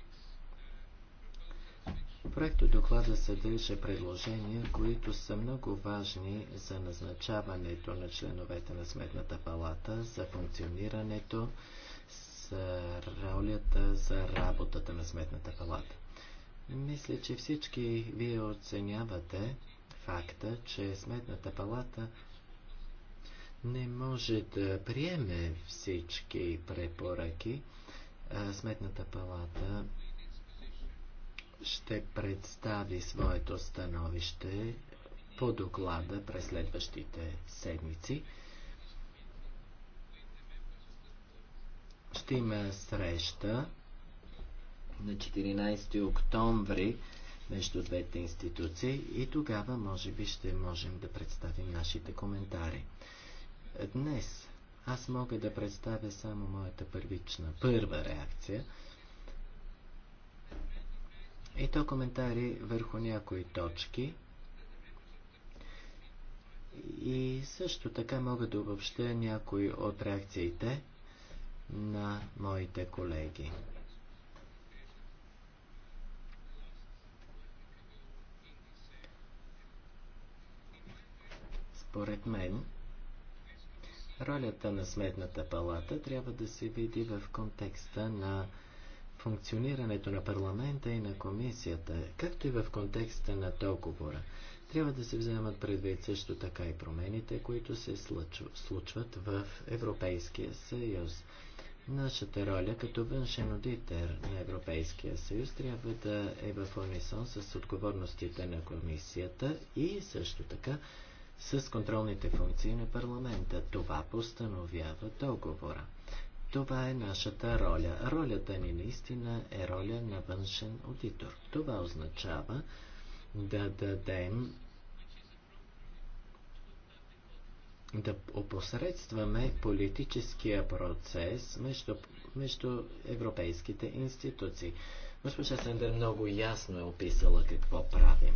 Проекто доклада съдържа предложения, които са много важни за назначаването на членовете на Сметната палата, за функционирането, за ролята, за работата на Сметната палата. Мисля, че всички вие оценявате факта, че Сметната палата не може да приеме всички препоръки. Сметната палата ще представи своето становище по доклада през следващите седмици. Ще има среща на 14 октомври между двете институции и тогава може би ще можем да представим нашите коментари. Днес аз мога да представя само моята първична, първа реакция – и то коментари върху някои точки. И също така мога да обобщя някои от реакциите на моите колеги. Според мен, ролята на Сметната палата трябва да се види в контекста на функционирането на парламента и на комисията, както и в контекста на договора. Трябва да се вземат предвид също така и промените, които се случват в Европейския съюз. Нашата роля като външен одитер на Европейския съюз трябва да е в унисон с отговорностите на комисията и също така с контролните функции на парламента. Това постановява договора. Това е нашата роля. Ролята ни наистина е роля на външен аудитор. Това означава да дадем да опосредстваме политическия процес между, между европейските институции. Госпожа Сендер много ясно е описала какво правим.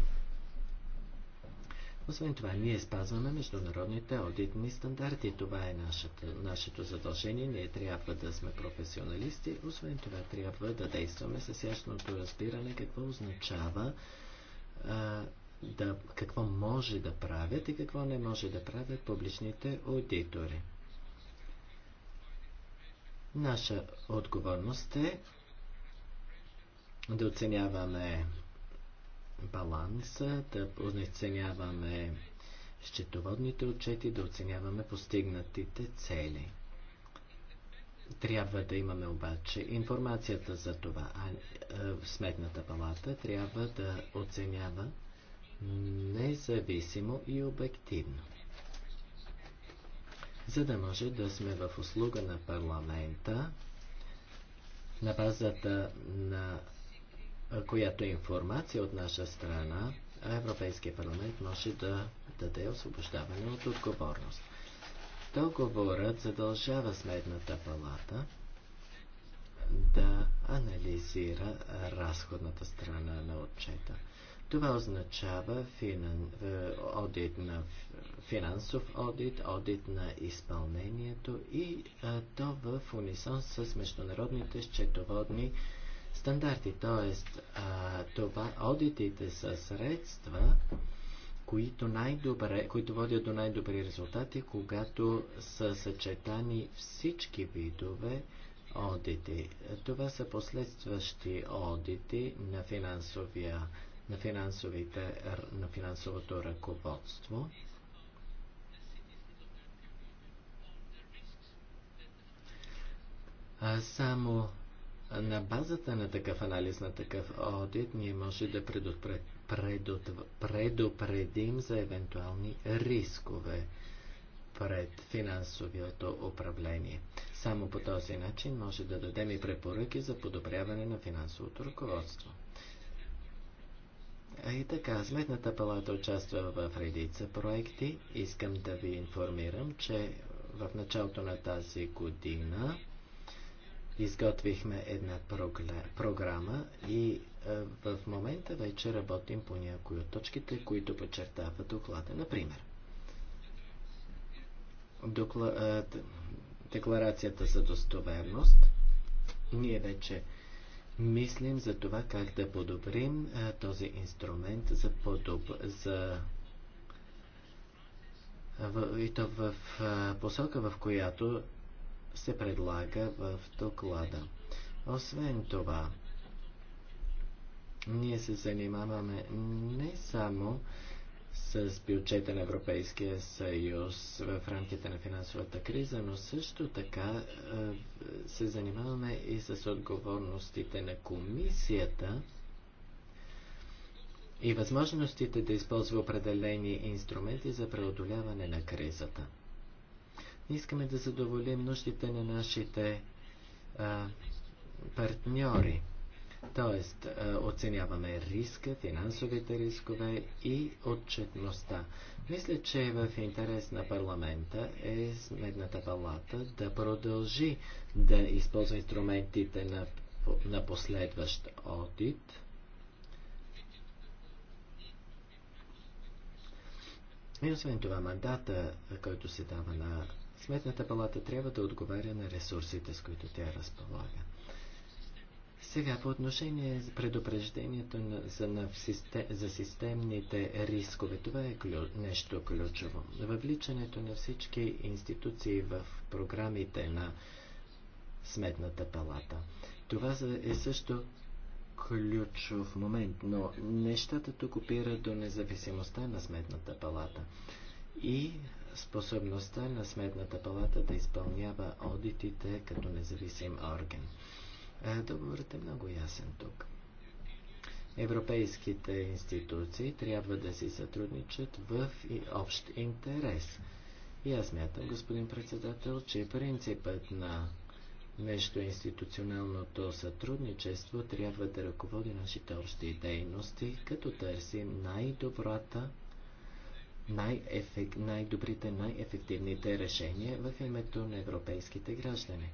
Освен това, ние спазваме международните аудитни стандарти. Това е нашето, нашето задължение. Ние трябва да сме професионалисти. Освен това, трябва да действаме с ясното разбиране какво означава а, да, какво може да правят и какво не може да правят публичните аудитори. Наша отговорност е да оценяваме баланса, да оценяваме счетоводните отчети, да оценяваме постигнатите цели. Трябва да имаме обаче информацията за това, а е, Сметната палата трябва да оценява независимо и обективно. За да може да сме в услуга на парламента, на базата на която е информация от наша страна Европейския парламент може да даде освобождаване от отговорност. Договорът задължава Сметната палата да анализира разходната страна на отчета. Това означава финан... Е, одит на финансов одит, одит на изпълнението и а, то в унисон с международните счетоводни стандарти. Т.е. това одитите са средства, които, най-добре, които водят до най-добри резултати, когато са съчетани всички видове одити. Това са последстващи одити на, финансовия, на, финансовите, на финансовото ръководство. А само на базата на такъв анализ, на такъв одит, ние може да предупредим за евентуални рискове пред финансовото управление. Само по този начин може да дадем и препоръки за подобряване на финансовото ръководство. А и така, Сметната палата участва в редица проекти. Искам да ви информирам, че в началото на тази година изготвихме една програма и е, в момента вече работим по някои от точките, които подчертава доклада. Например, докла... Е, декларацията за достоверност. Ние вече мислим за това как да подобрим е, този инструмент за, подоб... за и то в посока, в която се предлага в доклада. Освен това, ние се занимаваме не само с бюджета на Европейския съюз в рамките на финансовата криза, но също така е, се занимаваме и с отговорностите на комисията и възможностите да използва определени инструменти за преодоляване на кризата. Искаме да задоволим нуждите на нашите а, партньори. Тоест, оценяваме риска, финансовите рискове и отчетността. Мисля, че е в интерес на парламента е Сметната палата да продължи да използва инструментите на, на последващ одит. И освен това, мандата, който се дава на Сметната палата трябва да отговаря на ресурсите, с които тя разполага. Сега по отношение на предупреждението на, за, на, за системните рискове, това е нещо ключово. Въвличането на всички институции в програмите на Сметната палата. Това е също ключов момент, но нещата тук опира до независимостта на Сметната палата. И способността на Сметната палата да изпълнява одитите като независим орган. Е, договорът е много ясен тук. Европейските институции трябва да си сътрудничат в и общ интерес. И аз мятам, господин председател, че принципът на междуинституционалното сътрудничество трябва да ръководи нашите общи дейности, като търсим най-добрата най-ефек, най-добрите, най-ефективните решения в името на европейските граждани.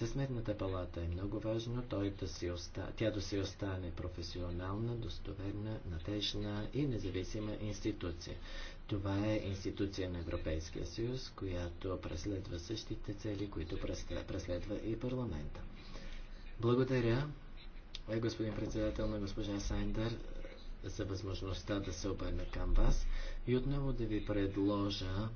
За сметната палата е много важно той да си оста... тя да си остане професионална, достоверна, надежна и независима институция. Това е институция на Европейския съюз, която преследва същите цели, които преследва и парламента. Благодаря, е, господин председател на госпожа Сайндър, за възможността да се обърна към вас и отново да ви предложа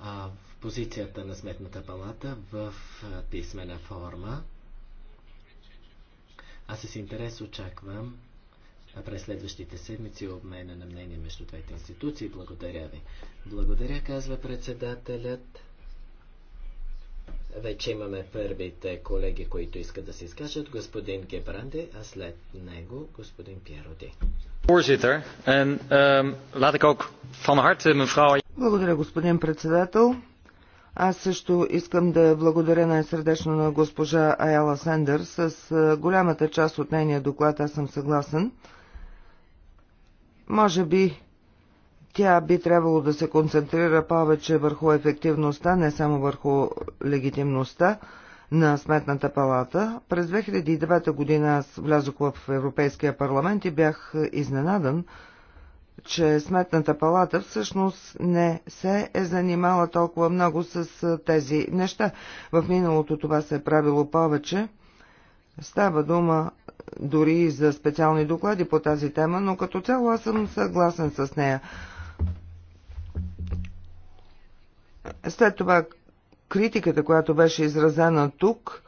а, в позицията на Сметната палата в а, писмена форма. Аз с интерес очаквам през следващите седмици обмена на мнение между двете институции. Благодаря ви. Благодаря, казва председателят. Вече имаме първите колеги, които искат да се изкажат. Господин Гебранде, а след него господин Пьероди. Voorzitter, en ehm, laat ik ook van harte mevrouw... Благодаря, господин председател. Аз също искам да благодаря най-сърдечно на госпожа Аяла Сендър. С е, голямата част от нейния доклад аз съм съгласен. Може би тя би трябвало да се концентрира повече върху ефективността, не само върху легитимността на Сметната палата. През 2009 година аз влязох в Европейския парламент и бях изненадан, че Сметната палата всъщност не се е занимала толкова много с тези неща. В миналото това се е правило повече. Става дума дори и за специални доклади по тази тема, но като цяло аз съм съгласен с нея. След това критиката, която беше изразена тук,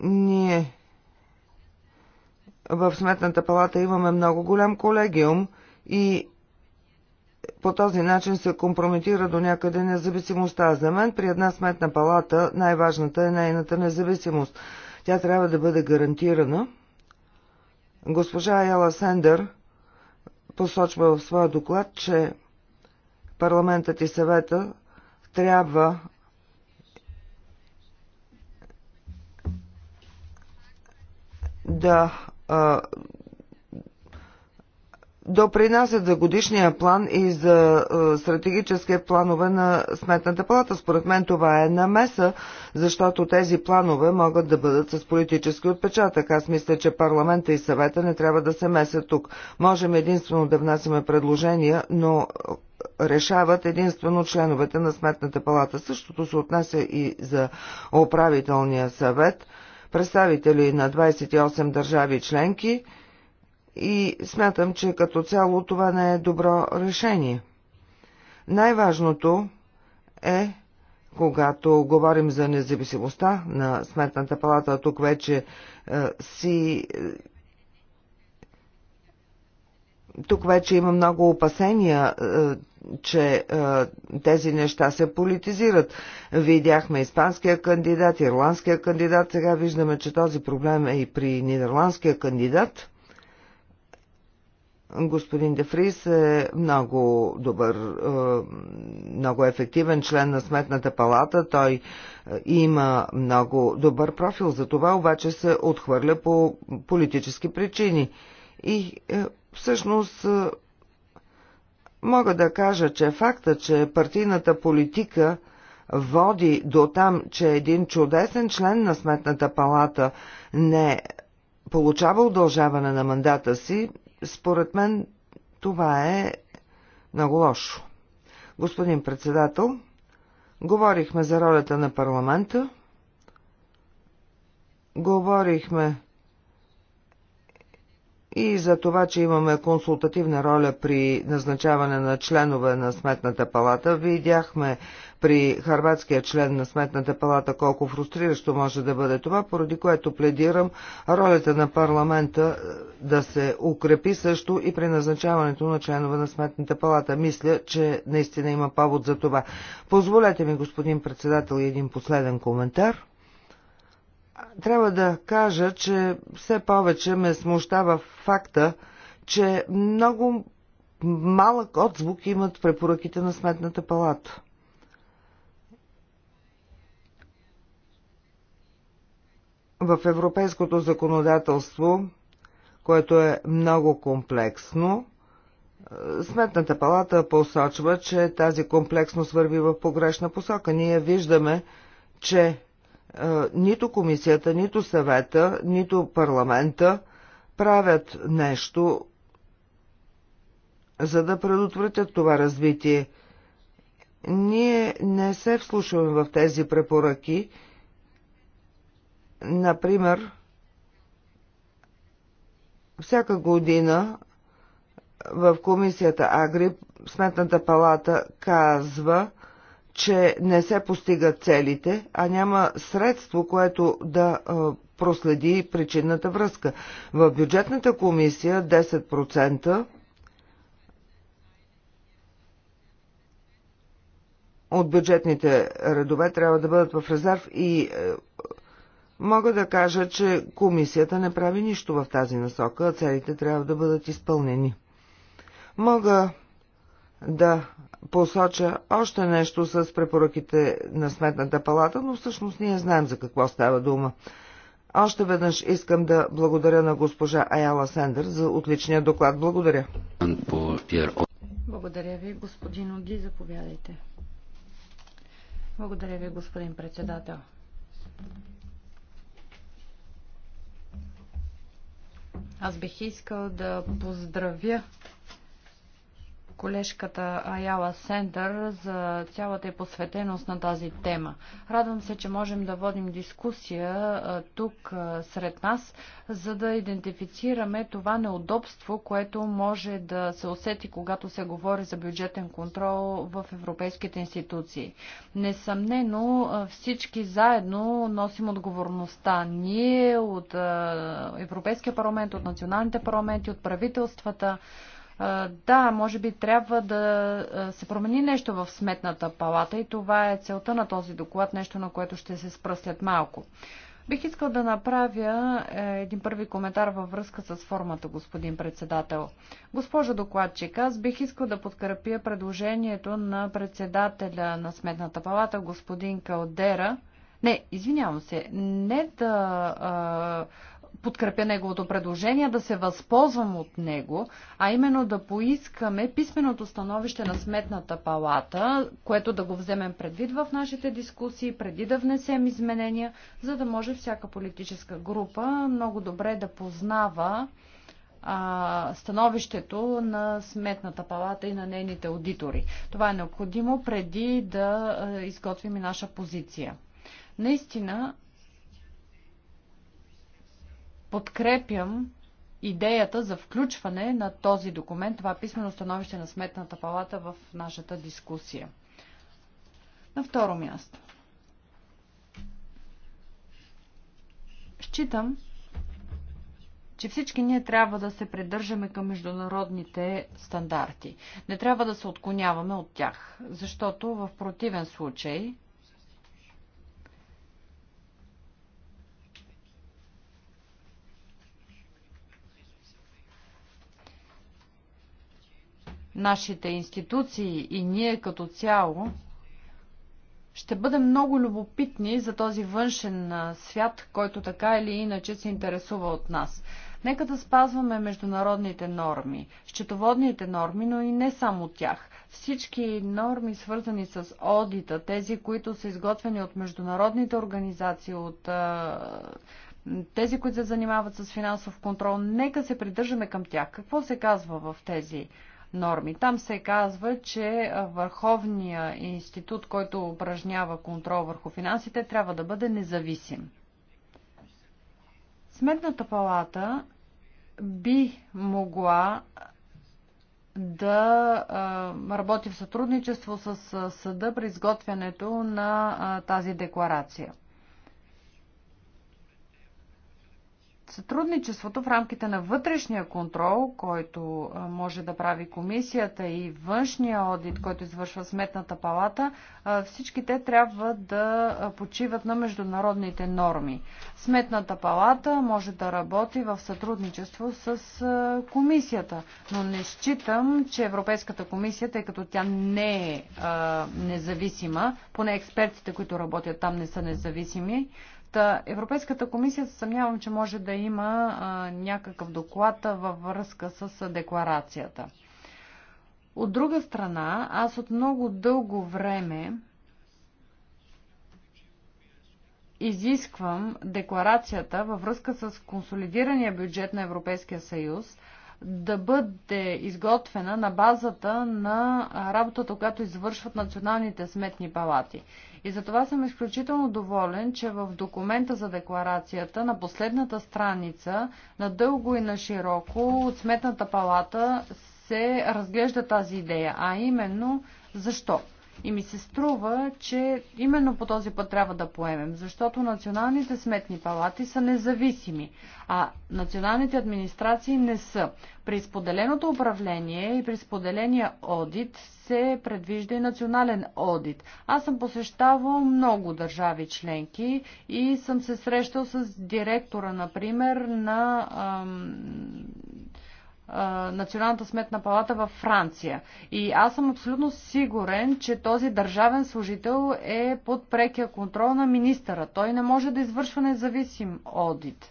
ние в Сметната палата имаме много голям колегиум и по този начин се компрометира до някъде независимостта. За мен при една Сметна палата най-важната е нейната независимост. Тя трябва да бъде гарантирана. Госпожа Яла Сендер посочва в своя доклад, че парламентът и съвета трябва да допринасят за годишния план и за стратегически планове на Сметната палата. Според мен това е намеса, защото тези планове могат да бъдат с политически отпечатък. Аз мисля, че парламента и съвета не трябва да се месят тук. Можем единствено да внасяме предложения, но решават единствено членовете на Сметната палата. Същото се отнася и за управителния съвет – представители на 28 държави членки и смятам, че като цяло това не е добро решение. Най-важното е, когато говорим за независимостта на Сметната палата, тук вече е, си. Е, тук вече има много опасения. Е, че е, тези неща се политизират. Видяхме испанския кандидат, ирландския кандидат, сега виждаме, че този проблем е и при нидерландския кандидат. Господин Дефрис е много добър, е, много ефективен член на Сметната палата. Той е, има много добър профил. За това обаче се отхвърля по политически причини. И всъщност Мога да кажа, че факта, че партийната политика води до там, че един чудесен член на Сметната палата не получава удължаване на мандата си, според мен това е много лошо. Господин председател, говорихме за ролята на парламента, говорихме и за това, че имаме консултативна роля при назначаване на членове на Сметната палата. Видяхме при харватския член на Сметната палата колко фрустриращо може да бъде това, поради което пледирам ролята на парламента е, да се укрепи също и при назначаването на членове на Сметната палата. Мисля, че наистина има повод за това. Позволете ми, господин председател, един последен коментар. Трябва да кажа, че все повече ме смущава факта, че много малък отзвук имат препоръките на Сметната палата. В европейското законодателство, което е много комплексно, Сметната палата посочва, че тази комплексност върви в погрешна посока. Ние виждаме, че е, нито комисията, нито съвета, нито парламента правят нещо, за да предотвратят това развитие. Ние не се вслушваме в тези препоръки. Например, всяка година в комисията Агри Сметната палата казва, че не се постигат целите, а няма средство, което да проследи причинната връзка. В бюджетната комисия 10% от бюджетните редове трябва да бъдат в резерв и е, мога да кажа, че комисията не прави нищо в тази насока, а целите трябва да бъдат изпълнени. Мога да посоча още нещо с препоръките на Сметната палата, но всъщност ние знаем за какво става дума. Още веднъж искам да благодаря на госпожа Аяла Сендър за отличния доклад. Благодаря. Благодаря ви, господин Оги. заповядайте. Благодаря ви, господин председател. Аз бих искал да поздравя колежката Аяла Сендър за цялата е посветеност на тази тема. Радвам се, че можем да водим дискусия тук сред нас, за да идентифицираме това неудобство, което може да се усети, когато се говори за бюджетен контрол в европейските институции. Несъмнено всички заедно носим отговорността. Ние от Европейския парламент, от националните парламенти, от правителствата, да, може би трябва да се промени нещо в сметната палата и това е целта на този доклад, нещо на което ще се спра малко. Бих искал да направя е, един първи коментар във връзка с формата, господин председател. Госпожо докладчик, аз бих искал да подкрепя предложението на председателя на Сметната палата, господин Калдера. Не, извинявам се, не да а, подкрепя неговото предложение, да се възползвам от него, а именно да поискаме писменото становище на Сметната палата, което да го вземем предвид в нашите дискусии, преди да внесем изменения, за да може всяка политическа група много добре да познава а, становището на Сметната палата и на нейните аудитори. Това е необходимо преди да изготвим и наша позиция. Наистина, подкрепям идеята за включване на този документ, това писмено становище на Сметната палата в нашата дискусия. На второ място. Считам, че всички ние трябва да се придържаме към международните стандарти. Не трябва да се отклоняваме от тях, защото в противен случай нашите институции и ние като цяло, ще бъдем много любопитни за този външен свят, който така или иначе се интересува от нас. Нека да спазваме международните норми, счетоводните норми, но и не само тях. Всички норми, свързани с одита, тези, които са изготвени от международните организации, от тези, които се занимават с финансов контрол, нека се придържаме към тях. Какво се казва в тези норми. Там се казва, че Върховният институт, който упражнява контрол върху финансите, трябва да бъде независим. Сметната палата би могла да работи в сътрудничество с съда при изготвянето на тази декларация. Сътрудничеството в рамките на вътрешния контрол, който може да прави комисията и външния одит, който извършва сметната палата, всички те трябва да почиват на международните норми. Сметната палата може да работи в сътрудничество с комисията, но не считам, че Европейската комисия, тъй като тя не е независима, поне експертите, които работят там, не са независими, Та Европейската комисия се съмнявам, че може да има а, някакъв доклад във връзка с декларацията. От друга страна, аз от много дълго време изисквам декларацията във връзка с консолидирания бюджет на Европейския съюз да бъде изготвена на базата на работата, която извършват националните сметни палати. И затова съм изключително доволен, че в документа за декларацията на последната страница, на дълго и на широко, от Сметната палата се разглежда тази идея, а именно защо. И ми се струва, че именно по този път трябва да поемем, защото националните сметни палати са независими, а националните администрации не са. При споделеното управление и при споделения одит се предвижда и национален одит. Аз съм посещавал много държави членки и съм се срещал с директора, например, на ам, Националната сметна палата във Франция. И аз съм абсолютно сигурен, че този държавен служител е под прекия контрол на министъра. Той не може да извършва независим одит.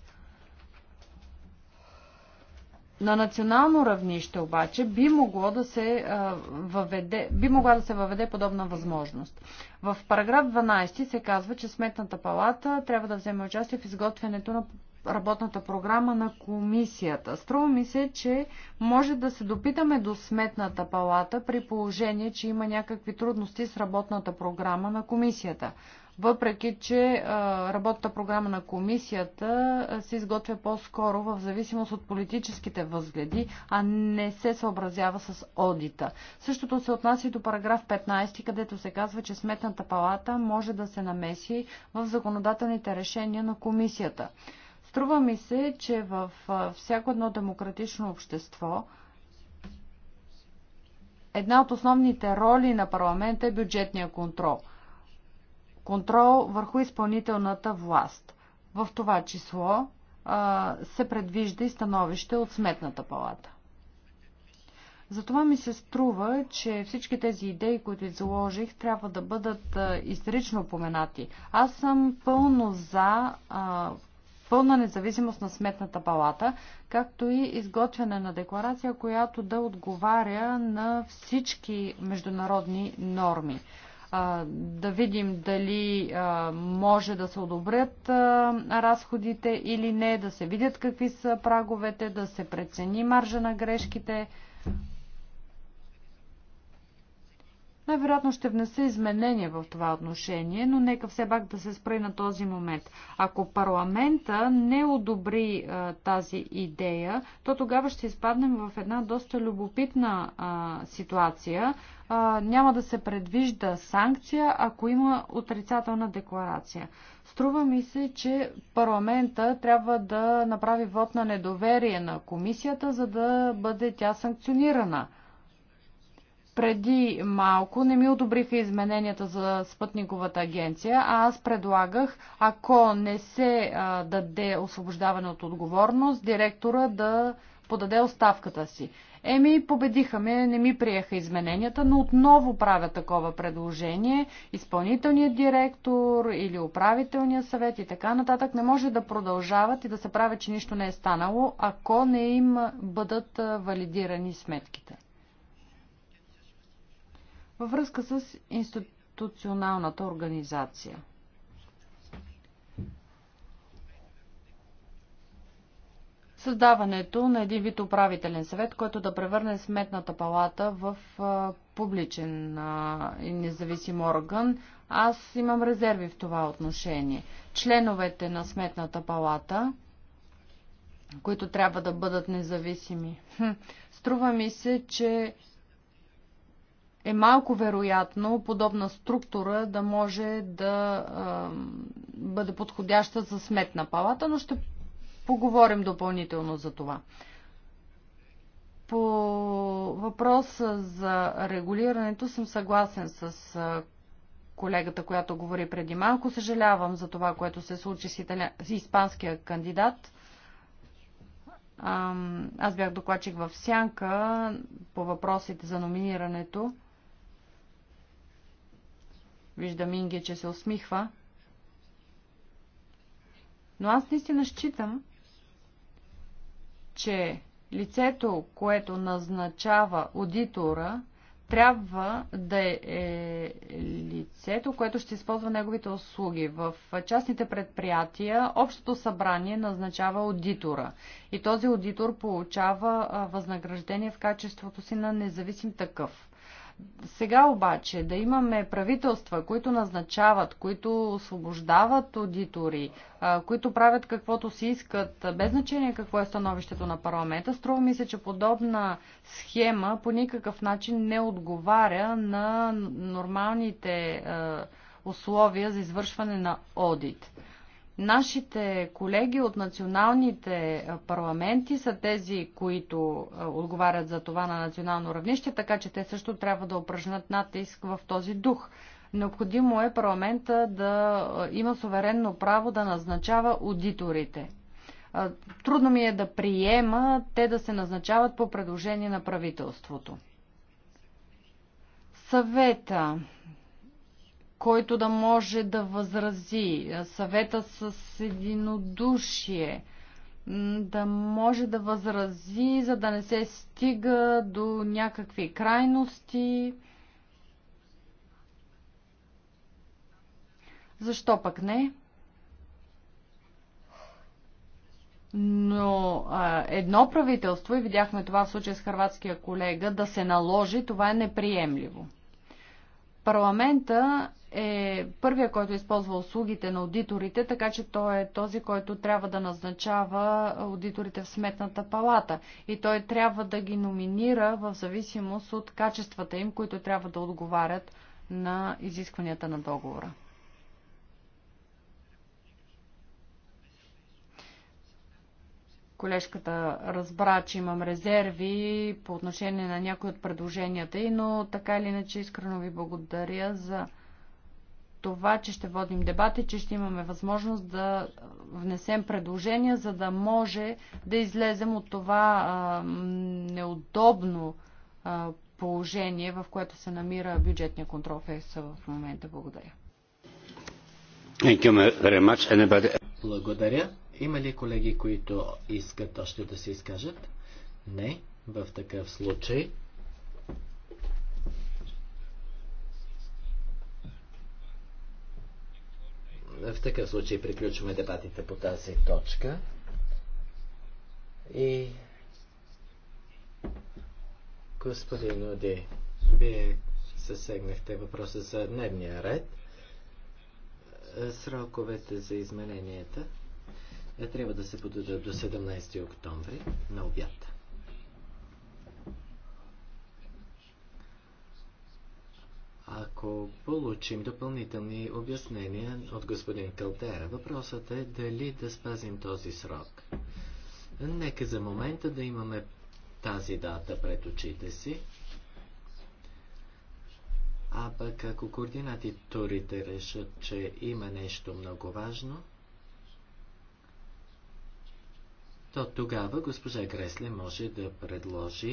На национално равнище обаче би, могло да се, въведе, би могла да се въведе подобна възможност. В параграф 12 се казва, че Сметната палата трябва да вземе участие в изготвянето на работната програма на комисията. Струва ми се, че може да се допитаме до сметната палата при положение, че има някакви трудности с работната програма на комисията. Въпреки, че работната програма на комисията се изготвя по-скоро в зависимост от политическите възгледи, а не се съобразява с одита. Същото се отнася и до параграф 15, където се казва, че Сметната палата може да се намеси в законодателните решения на комисията. Струва ми се, че в всяко едно демократично общество една от основните роли на парламента е бюджетния контрол. Контрол върху изпълнителната власт. В това число се предвижда и становище от Сметната палата. Затова ми се струва, че всички тези идеи, които изложих, трябва да бъдат изрично поменати. Аз съм пълно за пълна независимост на сметната палата, както и изготвяне на декларация, която да отговаря на всички международни норми. Да видим дали може да се одобрят разходите или не, да се видят какви са праговете, да се прецени маржа на грешките. Най-вероятно ще внесе изменения в това отношение, но нека все пак да се спре на този момент. Ако парламента не одобри а, тази идея, то тогава ще изпаднем в една доста любопитна а, ситуация. А, няма да се предвижда санкция, ако има отрицателна декларация. Струва ми се, че парламента трябва да направи вод на недоверие на комисията, за да бъде тя санкционирана преди малко не ми одобриха измененията за спътниковата агенция, а аз предлагах, ако не се а, даде освобождаване от отговорност, директора да подаде оставката си. Еми, победиха ме, не ми приеха измененията, но отново правя такова предложение. Изпълнителният директор или управителният съвет и така нататък не може да продължават и да се правят, че нищо не е станало, ако не им бъдат валидирани сметките. Във връзка с институционалната организация. Създаването на един вид управителен съвет, който да превърне сметната палата в публичен и независим орган. Аз имам резерви в това отношение. Членовете на сметната палата които трябва да бъдат независими. Хм, струва ми се, че е малко вероятно подобна структура да може да а, бъде подходяща за сметна палата, но ще поговорим допълнително за това. По въпроса за регулирането съм съгласен с колегата, която говори преди малко. Съжалявам за това, което се случи с, италя... с испанския кандидат. Аз бях докладчик в Сянка по въпросите за номинирането. Вижда Минге, че се усмихва. Но аз наистина считам, че лицето, което назначава аудитора, трябва да е, е лицето, което ще използва неговите услуги. В частните предприятия общото събрание назначава аудитора и този аудитор получава възнаграждение в качеството си на независим такъв. Сега обаче да имаме правителства, които назначават, които освобождават аудитори, които правят каквото си искат, без значение какво е становището на парламента, струва ми се, че подобна схема по никакъв начин не отговаря на нормалните условия за извършване на одит. Нашите колеги от националните парламенти са тези, които отговарят за това на национално равнище, така че те също трябва да упражнат натиск в този дух. Необходимо е парламента да има суверенно право да назначава аудиторите. Трудно ми е да приема те да се назначават по предложение на правителството. Съвета който да може да възрази, съвета с единодушие, да може да възрази, за да не се стига до някакви крайности. Защо пък не? Но а, едно правителство, и видяхме това в случая с хрватския колега, да се наложи, това е неприемливо. Парламента е първия, който използва услугите на аудиторите, така че той е този, който трябва да назначава аудиторите в сметната палата. И той трябва да ги номинира в зависимост от качествата им, които трябва да отговарят на изискванията на договора. колежката разбра, че имам резерви по отношение на някои от предложенията и, но така или иначе искрено ви благодаря за това, че ще водим дебати, че ще имаме възможност да внесем предложения, за да може да излезем от това а, неудобно а, положение, в което се намира бюджетния контрол в в момента. Благодаря. Благодаря. Има ли колеги, които искат още да се изкажат? Не. В такъв случай В такъв случай приключваме дебатите по тази точка. И господин Оди, вие засегнахте въпроса за дневния ред, сроковете за измененията трябва да се подадат до 17 октомври на обята. ако получим допълнителни обяснения от господин Калтера. Въпросът е дали да спазим този срок. Нека за момента да имаме тази дата пред очите си. А пък ако координатите решат, че има нещо много важно, то тогава госпожа Гресле може да предложи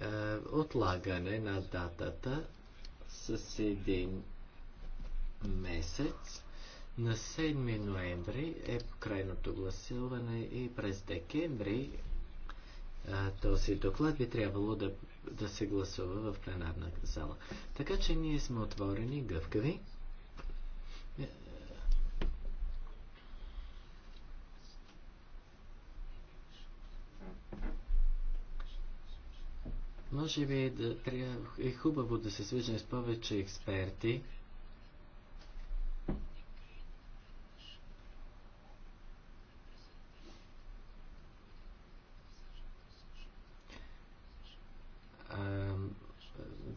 е, отлагане на датата с един месец. На 7 ноември е крайното гласуване и през декември а, този доклад би трябвало да, да се гласува в пленарна зала. Така че ние сме отворени, гъвкави. Може би да, трябва, е хубаво да се свържем с повече експерти.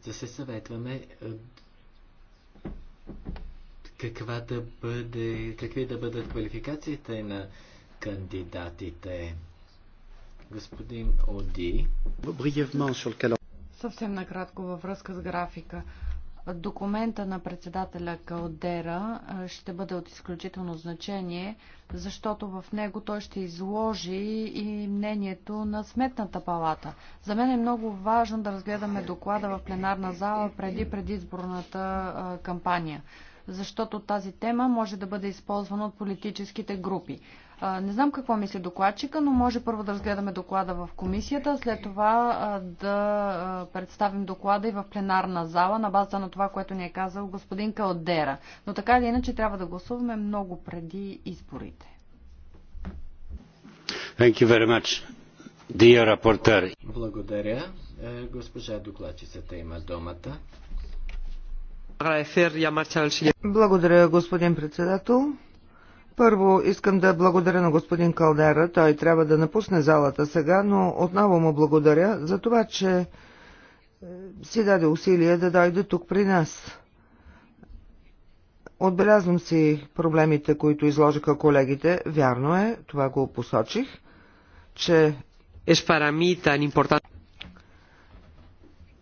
да се съветваме каква да бъде, какви да бъдат квалификациите на кандидатите. Господин Оди. Съвсем накратко във връзка с графика. Документа на председателя Калдера ще бъде от изключително значение, защото в него той ще изложи и мнението на Сметната палата. За мен е много важно да разгледаме доклада в пленарна зала преди предизборната кампания, защото тази тема може да бъде използвана от политическите групи. Не знам какво мисли докладчика, но може първо да разгледаме доклада в комисията, след това да представим доклада и в пленарна зала на база на това, което ни е казал господин Калдера. Но така или иначе трябва да гласуваме много преди изборите. Thank you very much, dear Благодаря. Е, госпожа докладчицата има думата. Благодаря, господин председател. Първо искам да благодаря на господин Калдера. Той трябва да напусне залата сега, но отново му благодаря за това, че е, си даде усилие да дойде тук при нас. Отбелязвам си проблемите, които изложиха колегите. Вярно е, това го посочих, че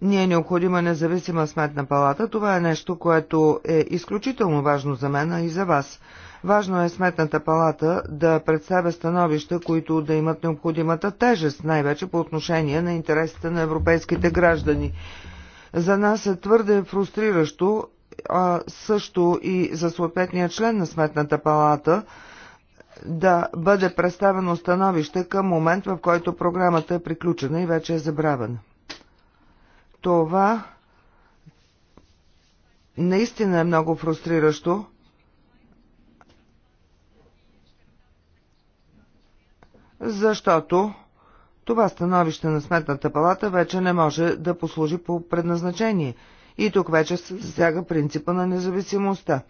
ни е необходима независима сметна палата. Това е нещо, което е изключително важно за мен и за вас. Важно е Сметната палата да представя становища, които да имат необходимата тежест, най-вече по отношение на интересите на европейските граждани. За нас е твърде фрустриращо, а също и за съответния член на Сметната палата, да бъде представено становище към момент, в който програмата е приключена и вече е забравена. Това наистина е много фрустриращо, защото това становище на Сметната палата вече не може да послужи по предназначение. И тук вече се засяга принципа на независимостта.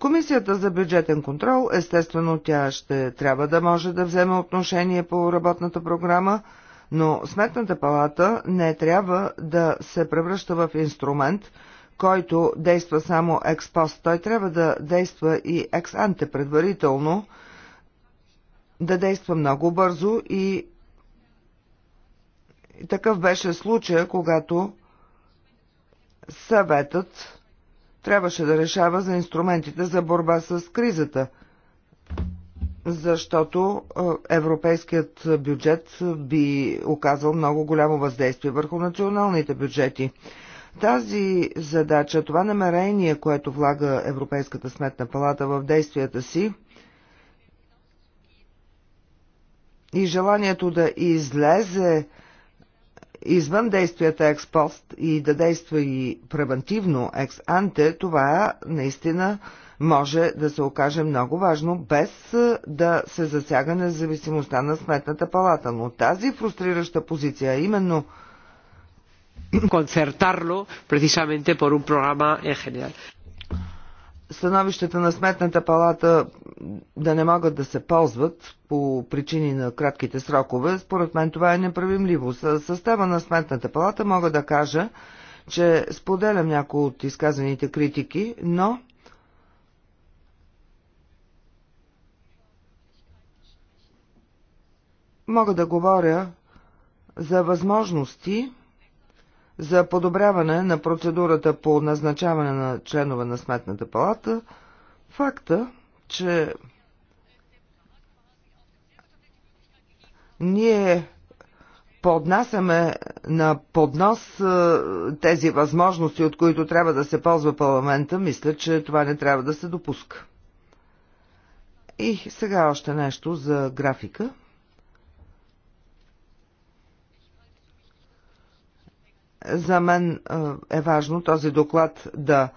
Комисията за бюджетен контрол, естествено, тя ще трябва да може да вземе отношение по работната програма, но Сметната палата не трябва да се превръща в инструмент, който действа само експост. Той трябва да действа и екс-анте предварително, да действа много бързо и такъв беше случая, когато съветът трябваше да решава за инструментите за борба с кризата, защото европейският бюджет би оказал много голямо въздействие върху националните бюджети. Тази задача, това намерение, което влага Европейската сметна палата в действията си, и желанието да излезе извън действията експост и да действа и превентивно екс-анте, това наистина може да се окаже много важно, без да се засяга независимостта на сметната палата. Но тази фрустрираща позиция, именно концертарло, precisamente por un programa en general становищата на Сметната палата да не могат да се ползват по причини на кратките срокове, според мен това е неправимливо. състава на Сметната палата мога да кажа, че споделям някои от изказаните критики, но мога да говоря за възможности, за подобряване на процедурата по назначаване на членове на Сметната палата, факта, че ние поднасяме на поднос е, тези възможности, от които трябва да се ползва парламента, мисля, че това не трябва да се допуска. И сега още нещо за графика. За мен е, е важно този доклад да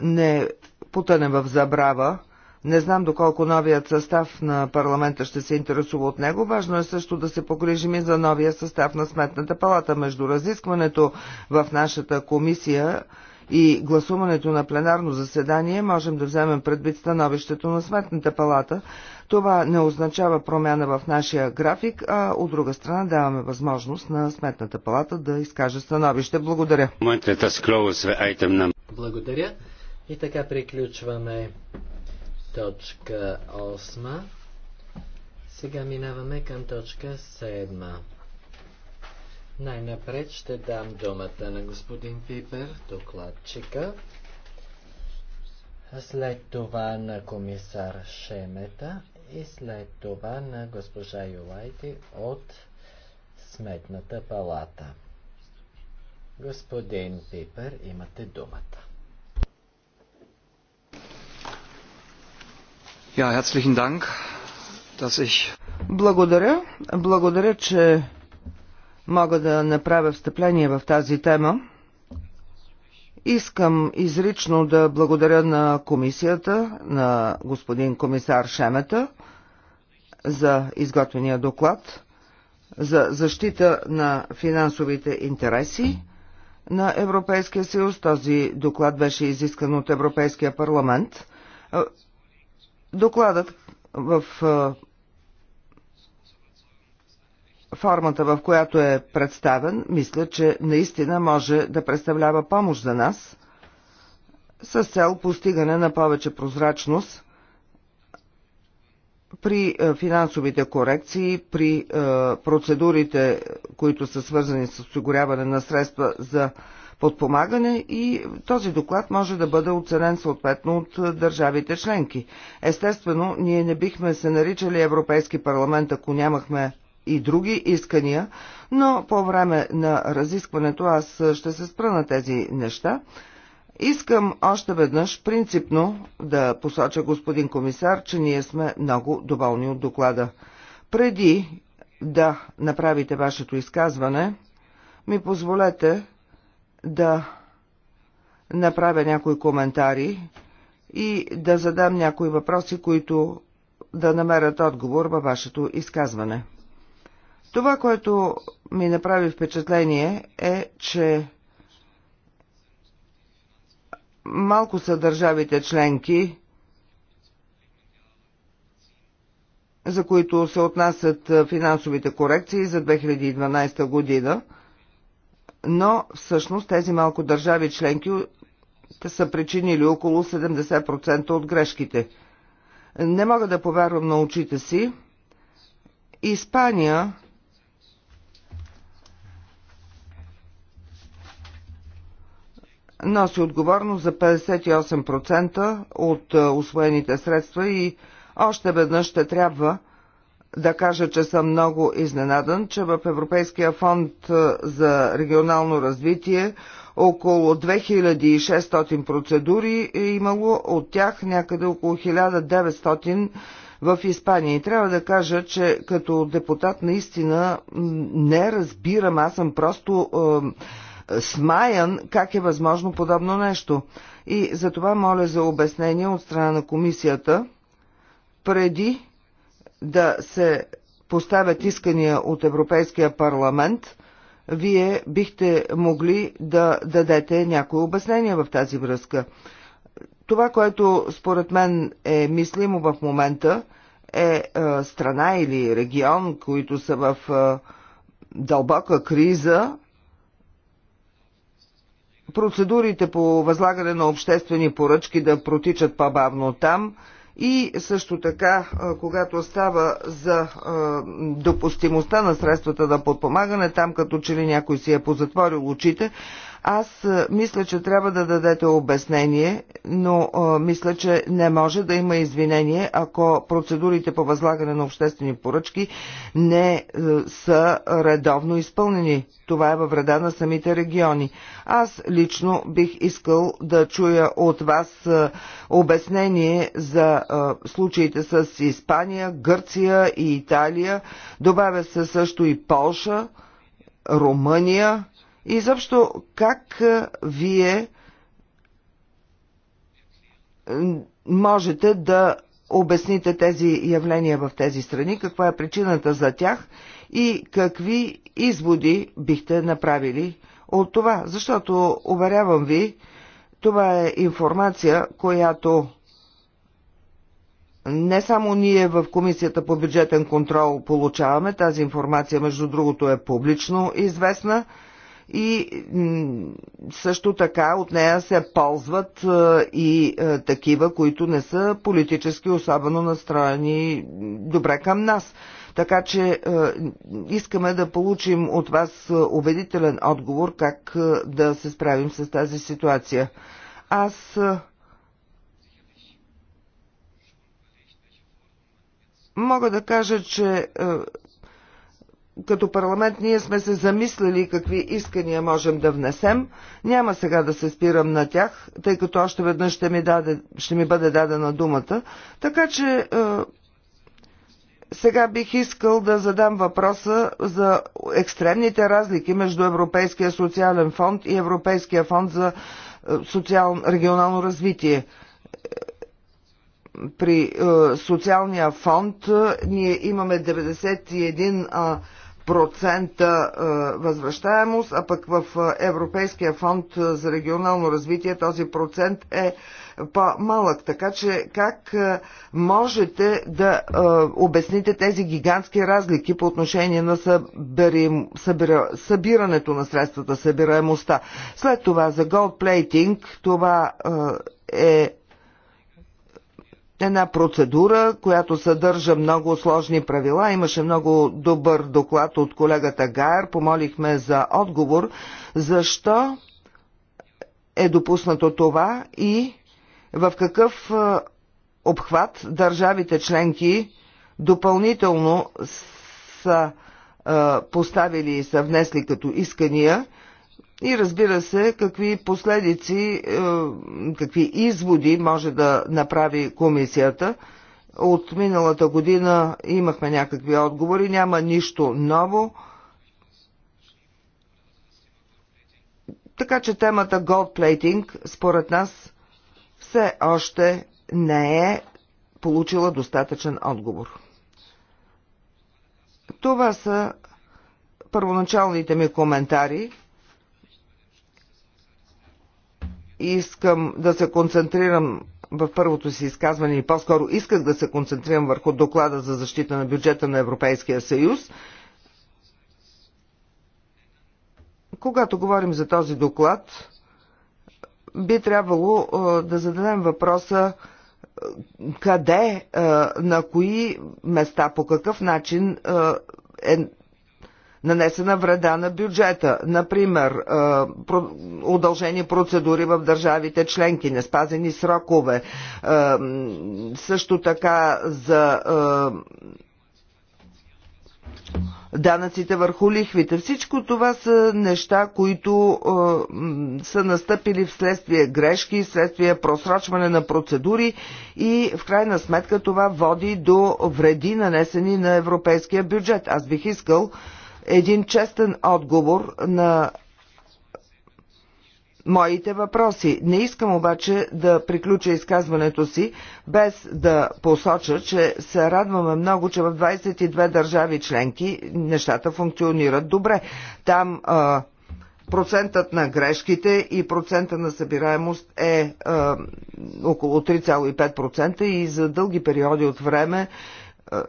не потъне в забрава. Не знам доколко новият състав на парламента ще се интересува от него. Важно е също да се погрижим и за новия състав на Сметната палата. Между разискването в нашата комисия и гласуването на пленарно заседание можем да вземем предвид становището на Сметната палата. Това не означава промяна в нашия график, а от друга страна даваме възможност на Сметната палата да изкаже становище. Благодаря. Е Благодаря. И така приключваме точка 8. Сега минаваме към точка 7. Най-напред ще дам думата на господин Пипер, докладчика. След това на комисар Шемета и след това на госпожа Юлайти от Сметната палата. Господин Пипер, имате думата. Ja, herzlichen Dank, dass ich... Благодаря. Благодаря, че мога да направя встъпление в тази тема. Искам изрично да благодаря на комисията, на господин комисар Шемета за изготвения доклад за защита на финансовите интереси на Европейския съюз. Този доклад беше изискан от Европейския парламент. Докладът в формата, в която е представен, мисля, че наистина може да представлява помощ за нас с цел постигане на повече прозрачност при е, финансовите корекции, при е, процедурите, които са свързани с осигуряване на средства за подпомагане и този доклад може да бъде оценен съответно от е, държавите членки. Естествено, ние не бихме се наричали Европейски парламент, ако нямахме и други искания, но по време на разискването аз ще се спра на тези неща. Искам още веднъж принципно да посоча господин комисар, че ние сме много доволни от доклада. Преди да направите вашето изказване, ми позволете да направя някои коментари и да задам някои въпроси, които да намерят отговор във вашето изказване. Това, което ми направи впечатление е, че малко са държавите членки, за които се отнасят финансовите корекции за 2012 година, но всъщност тези малко държави членки са причинили около 70% от грешките. Не мога да повярвам на очите си. Испания носи отговорност за 58% от е, освоените средства и още веднъж ще трябва да кажа, че съм много изненадан, че в Европейския фонд е, за регионално развитие около 2600 процедури е имало, от тях някъде около 1900 в Испания. И трябва да кажа, че като депутат наистина не разбирам, аз съм просто е, смаян как е възможно подобно нещо. И за това моля за обяснение от страна на комисията, преди да се поставят искания от Европейския парламент, вие бихте могли да дадете някои обяснения в тази връзка. Това, което според мен е мислимо в момента, е, е страна или регион, които са в е, дълбока криза, процедурите по възлагане на обществени поръчки да протичат по-бавно там и също така, когато става за допустимостта на средствата на подпомагане, там като че ли някой си е позатворил очите, аз е, мисля, че трябва да дадете обяснение, но е, мисля, че не може да има извинение, ако процедурите по възлагане на обществени поръчки не е, са редовно изпълнени. Това е във вреда на самите региони. Аз лично бих искал да чуя от вас обяснение за случаите с Испания, Гърция и Италия. Добавя се също и Полша, Румъния и защо как вие можете да обясните тези явления в тези страни, каква е причината за тях и какви изводи бихте направили от това. Защото, уверявам ви, това е информация, която не само ние в Комисията по бюджетен контрол получаваме, тази информация между другото е публично известна, и също така от нея се ползват е, и е, такива, които не са политически особено настроени добре към нас. Така че е, искаме да получим от вас убедителен отговор как да се справим с тази ситуация. Аз мога да кажа, че като парламент ние сме се замислили какви искания можем да внесем. Няма сега да се спирам на тях, тъй като още веднъж ще ми, даде, ще ми бъде дадена думата. Така че е, сега бих искал да задам въпроса за екстремните разлики между Европейския социален фонд и Европейския фонд за е, социал, регионално развитие при е, социалния фонд е, ние имаме 91 Е, процента е, възвръщаемост, а пък в е, Европейския фонд за регионално развитие този процент е по-малък. Така че как е, можете да обясните тези гигантски разлики по отношение на съберим, събира, събирането на средствата, събираемостта? След това за голдплейтинг това е една процедура, която съдържа много сложни правила. Имаше много добър доклад от колегата Гайер. Помолихме за отговор защо е допуснато това и в какъв обхват държавите членки допълнително са поставили и са внесли като искания и разбира се, какви последици, е, какви изводи може да направи комисията. От миналата година имахме някакви отговори, няма нищо ново. Така че темата gold plating според нас все още не е получила достатъчен отговор. Това са първоначалните ми коментари. искам да се концентрирам в първото си изказване и по-скоро исках да се концентрирам върху доклада за защита на бюджета на Европейския съюз. Когато говорим за този доклад, би трябвало да зададем въпроса къде, на кои места, по какъв начин е нанесена вреда на бюджета. Например, е, удължени процедури в държавите членки, неспазени срокове, е, също така за е, данъците върху лихвите. Всичко това са неща, които е, са настъпили вследствие грешки, вследствие просрочване на процедури и в крайна сметка това води до вреди нанесени на европейския бюджет. Аз бих искал е, един честен отговор на моите въпроси. Не искам обаче да приключа изказването си без да посоча, че се радваме много, че в 22 държави членки нещата функционират добре. Там а, процентът на грешките и процента на събираемост е а, около 3,5% и за дълги периоди от време а,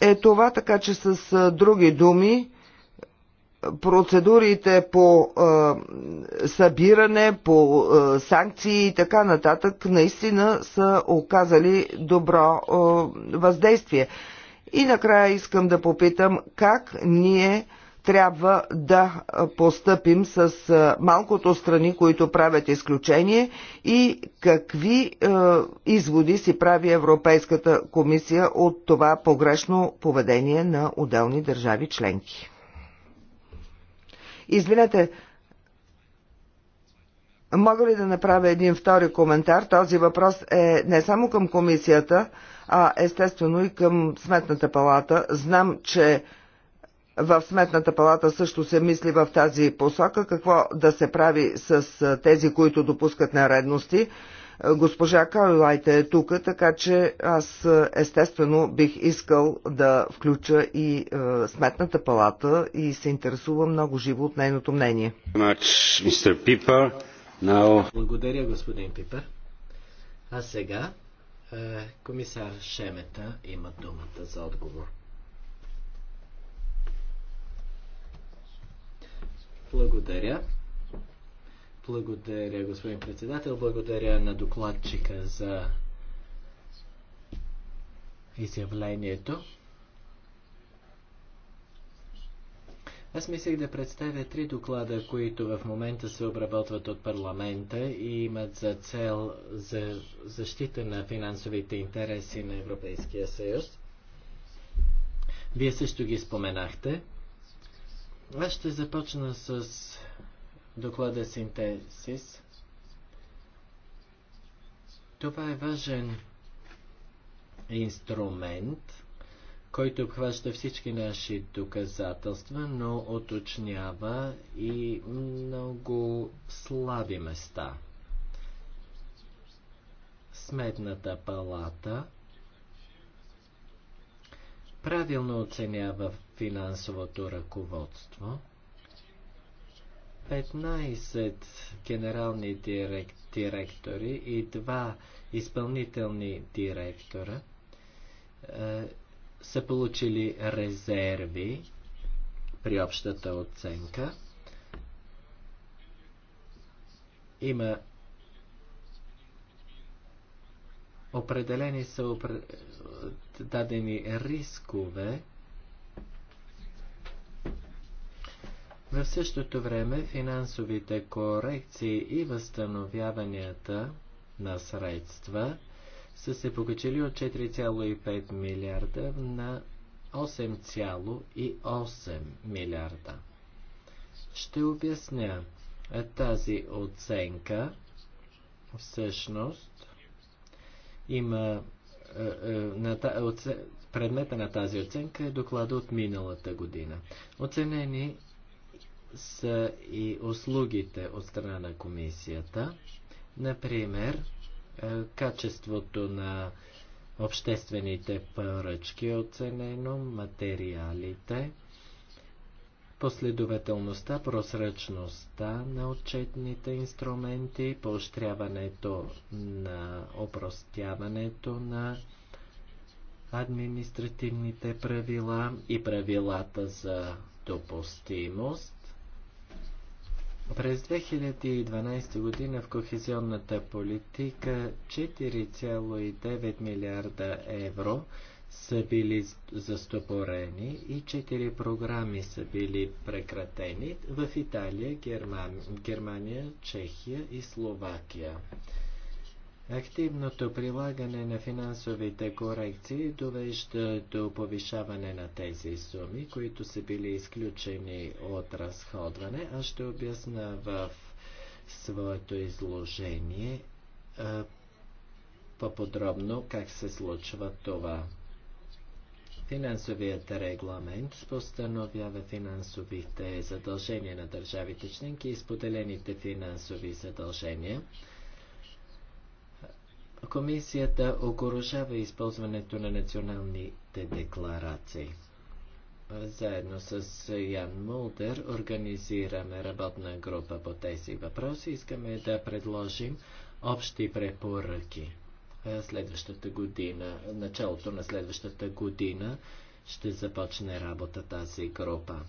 е това, така че с други думи, процедурите по е, събиране, по е, санкции и така нататък наистина са оказали добро е, въздействие. И накрая искам да попитам как ние трябва да постъпим с малкото страни, които правят изключение и какви е, изводи си прави Европейската комисия от това погрешно поведение на отделни държави членки. Извинете, мога ли да направя един втори коментар? Този въпрос е не само към комисията, а естествено и към Сметната палата. Знам, че в Сметната палата също се мисли в тази посока какво да се прави с тези, които допускат нередности. Госпожа Калилайте е тук, така че аз естествено бих искал да включа и е, Сметната палата и се интересувам много живо от нейното мнение. Благодаря, господин Пипер. А сега е, комисар Шемета има думата за отговор. Благодаря. Благодаря, господин председател. Благодаря на докладчика за изявлението. Аз мислех да представя три доклада, които в момента се обработват от парламента и имат за цел за защита на финансовите интереси на Европейския съюз. Вие също ги споменахте. Аз ще започна с доклада синтезис. Това е важен инструмент, който обхваща всички наши доказателства, но оточнява и много слаби места. Сметната палата – правилно оценява финансовото ръководство. 15 генерални директ, директори и 2 изпълнителни директора е, са получили резерви при общата оценка. Има определени са дадени рискове, в същото време финансовите корекции и възстановяванията на средства са се покачили от 4,5 милиарда на 8,8 милиарда. Ще обясня тази оценка. Всъщност има е, е, предмета на тази оценка е доклада от миналата година. Оценени са и услугите от страна на комисията, например, е, качеството на обществените поръчки е оценено, материалите, последователността, прозрачността на отчетните инструменти, поощряването на опростяването на административните правила и правилата за допустимост. През 2012 година в кохезионната политика 4,9 милиарда евро са били застопорени и четири програми са били прекратени в Италия, Герман... Германия, Чехия и Словакия. Активното прилагане на финансовите корекции довежда до повишаване на тези суми, които са били изключени от разходване. А ще обясна в своето изложение по-подробно как се случва това. Финансовият регламент постановява финансовите задължения на държавите членки и споделените финансови задължения. Комисията огорожава използването на националните декларации. Заедно с Ян Мулдер организираме работна група по тези въпроси. Искаме да предложим общи препоръки. Е, следващата година, началото на следващата година ще започне работа тази група.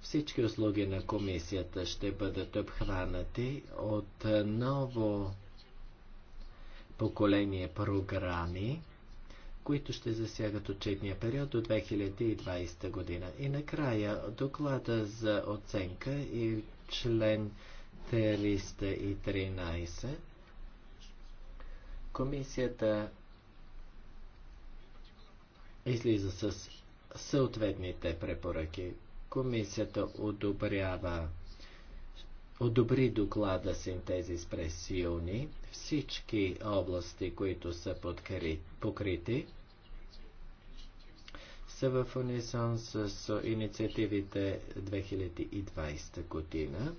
Всички услуги на комисията ще бъдат обхванати от е, ново поколение програми, които ще засягат отчетния период до 2020 година. И накрая доклада за оценка и член 313 Комисията излиза с съответните препоръки. Комисията одобрява одобри доклада синтезис през юни всички области, които са подкри, покрити, са в унисон с инициативите 2020 година.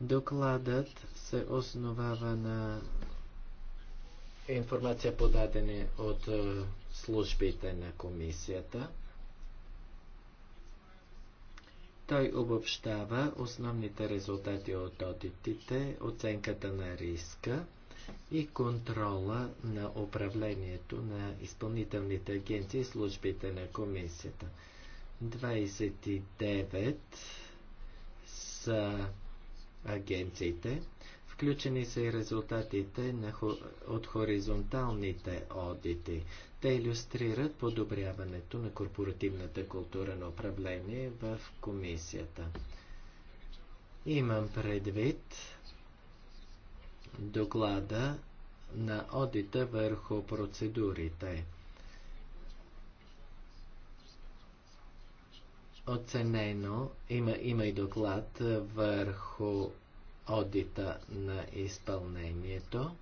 Докладът се основава на информация подадени от е, службите на комисията. Той обобщава основните резултати от одитите, оценката на риска и контрола на управлението на изпълнителните агенции и службите на комисията. 29 са агенциите, Включени са и резултатите на, от хоризонталните одити. Те иллюстрират подобряването на корпоративната култура на управление в комисията. Имам предвид доклада на одита върху процедурите. Оценено има, има и доклад върху одита на изпълнението.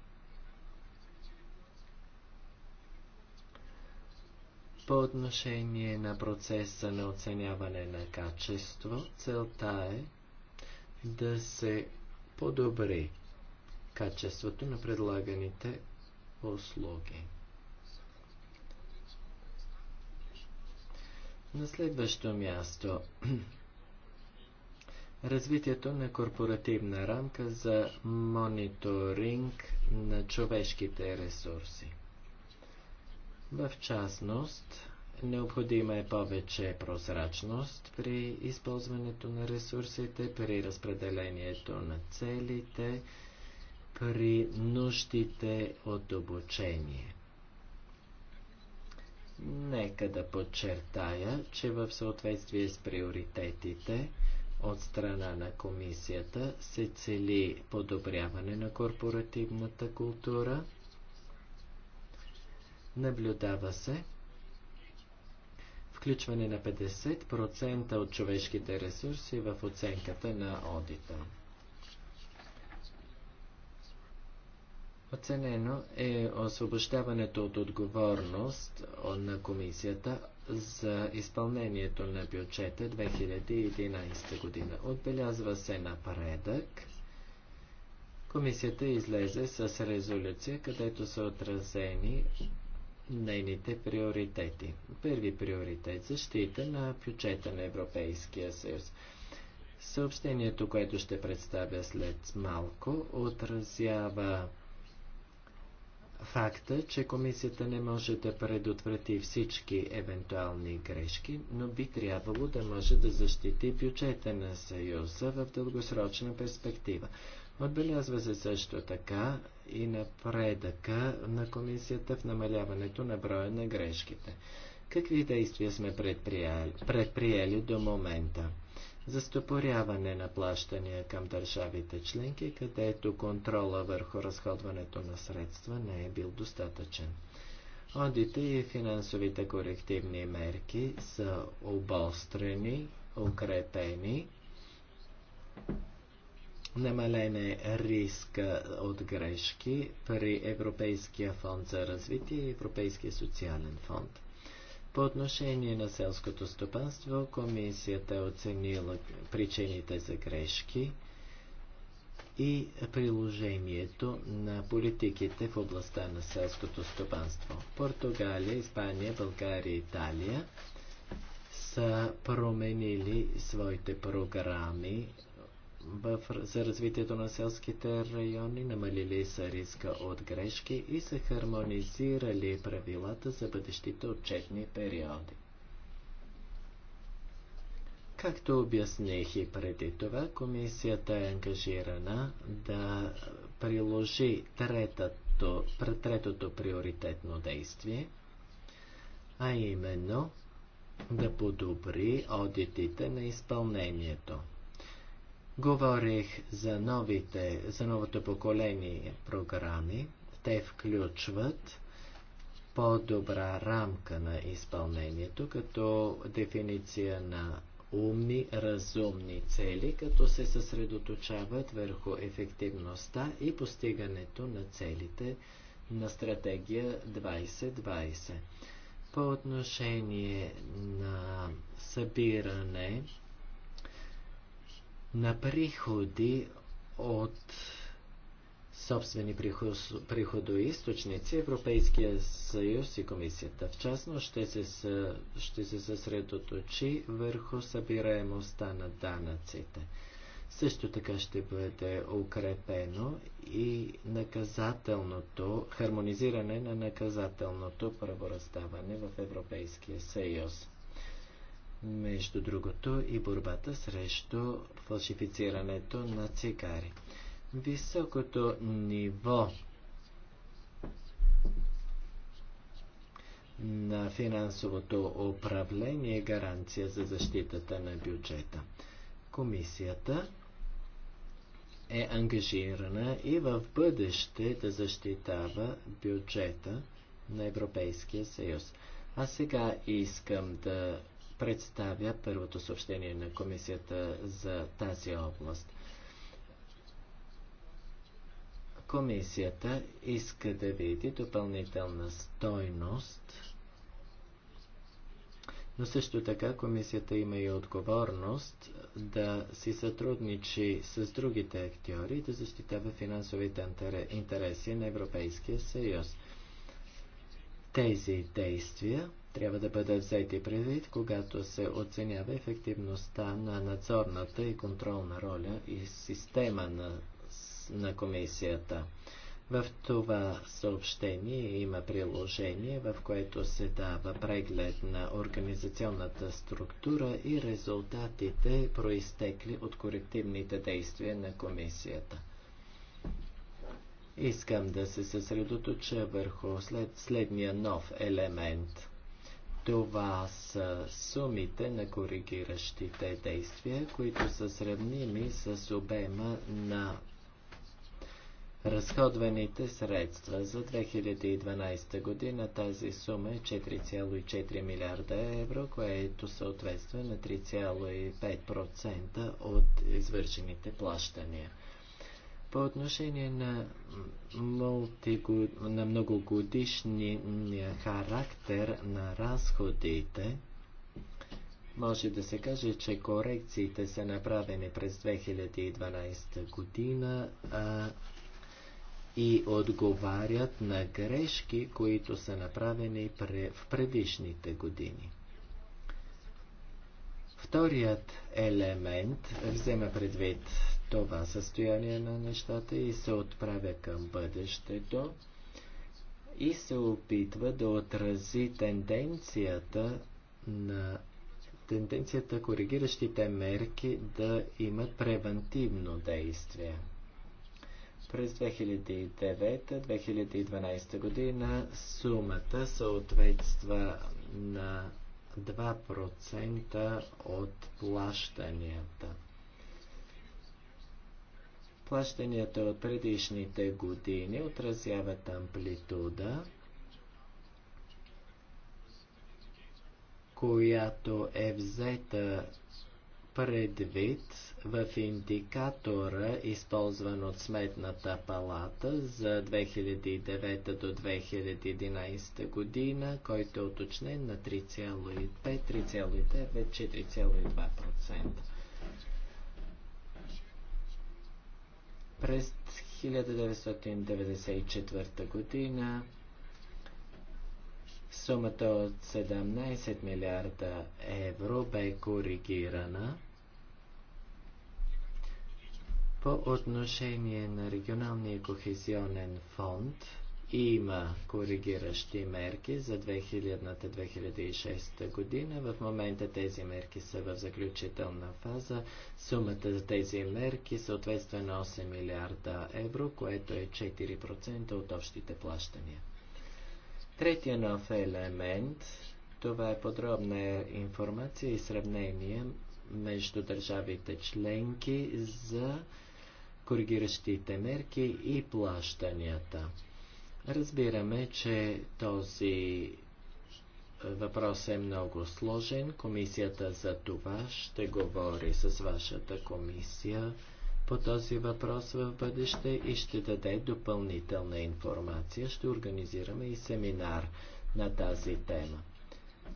По отношение на процеса на оценяване на качество, целта е да се подобри качеството на предлаганите услуги. На следващо място развитието на корпоративна рамка за мониторинг на човешките ресурси. В частност, необходима е повече прозрачност при използването на ресурсите, при разпределението на целите, при нуждите от обучение. Нека да подчертая, че в съответствие с приоритетите, от страна на комисията се цели подобряване на корпоративната култура. Наблюдава се включване на 50% от човешките ресурси в оценката на одита. Оценено е освобождаването от отговорност на комисията за изпълнението на бюджета 2011 година. Отбелязва се напредък. Комисията излезе с резолюция, където са отразени нейните приоритети. Първи приоритет – защита на бюджета на Европейския съюз. Съобщението, което ще представя след малко, отразява факта, че комисията не може да предотврати всички евентуални грешки, но би трябвало да може да защити бюджета на Съюза в дългосрочна перспектива. Отбелязва се също така и напредъка на комисията в намаляването на броя на грешките. Какви действия сме предприели, предприели до момента? за стопоряване на плащания към държавите членки, където контрола върху разходването на средства не е бил достатъчен. Одите и финансовите корективни мерки са обострени, укрепени, намален е риска от грешки при Европейския фонд за развитие и Европейския социален фонд. По отношение на селското стопанство, комисията е оценила причините за грешки и приложението на политиките в областта на селското стопанство. Португалия, Испания, България и Италия са променили своите програми в, за развитието на селските райони, намалили са риска от грешки и са хармонизирали правилата за бъдещите отчетни периоди. Както обясних и преди това, комисията е ангажирана да приложи третото, третото приоритетно действие, а именно да подобри одитите на изпълнението. Говорих за новите, за новото поколение програми. Те включват по-добра рамка на изпълнението, като дефиниция на умни, разумни цели, като се съсредоточават върху ефективността и постигането на целите на стратегия 2020. По отношение на събиране на приходи от собствени приходоисточници Европейския съюз и комисията. В частност ще се, ще се съсредоточи върху събираемостта на данъците. Също така ще бъде укрепено и наказателното, хармонизиране на наказателното правораздаване в Европейския съюз между другото и борбата срещу фалшифицирането на цигари. Високото ниво на финансовото управление е гаранция за защитата на бюджета. Комисията е ангажирана и в бъдеще да защитава бюджета на Европейския съюз. А сега искам да представя първото съобщение на комисията за тази област. Комисията иска да види допълнителна стойност, но също така комисията има и отговорност да си сътрудничи с другите актьори и да защитава финансовите интереси на Европейския съюз. Тези действия трябва да бъде взети предвид, когато се оценява ефективността на надзорната и контролна роля и система на, на комисията. В това съобщение има приложение, в което се дава преглед на организационната структура и резултатите, проистекли от корективните действия на комисията. Искам да се съсредоточа върху след, следния нов елемент – това са сумите на коригиращите действия, които са сравними с обема на разходваните средства. За 2012 година тази сума е 4,4 милиарда евро, което съответства на 3,5% от извършените плащания. По отношение на, мултигу... на многогодишния характер на разходите, може да се каже, че корекциите са направени през 2012 година а, и отговарят на грешки, които са направени в предишните години. Вторият елемент взема предвид това състояние на нещата и се отправя към бъдещето и се опитва да отрази тенденцията на тенденцията коригиращите мерки да имат превентивно действие. През 2009-2012 година сумата съответства на 2% от плащанията. Плащанията от предишните години отразяват амплитуда, която е взета предвид в индикатора, използван от Сметната палата за 2009 до 2011 година, който е уточнен на 3,5, 3,9, 4,2%. През 1994 година сумата от 17 милиарда евро бе коригирана по отношение на регионалния кохезионен фонд – има коригиращи мерки за 2000-2006 година. В момента тези мерки са в заключителна фаза. Сумата за тези мерки съответства на 8 милиарда евро, което е 4% от общите плащания. Третия нов елемент това е подробна информация и сравнение между държавите членки за коригиращите мерки и плащанията. Разбираме, че този въпрос е много сложен. Комисията за това ще говори с вашата комисия по този въпрос в бъдеще и ще даде допълнителна информация. Ще организираме и семинар на тази тема.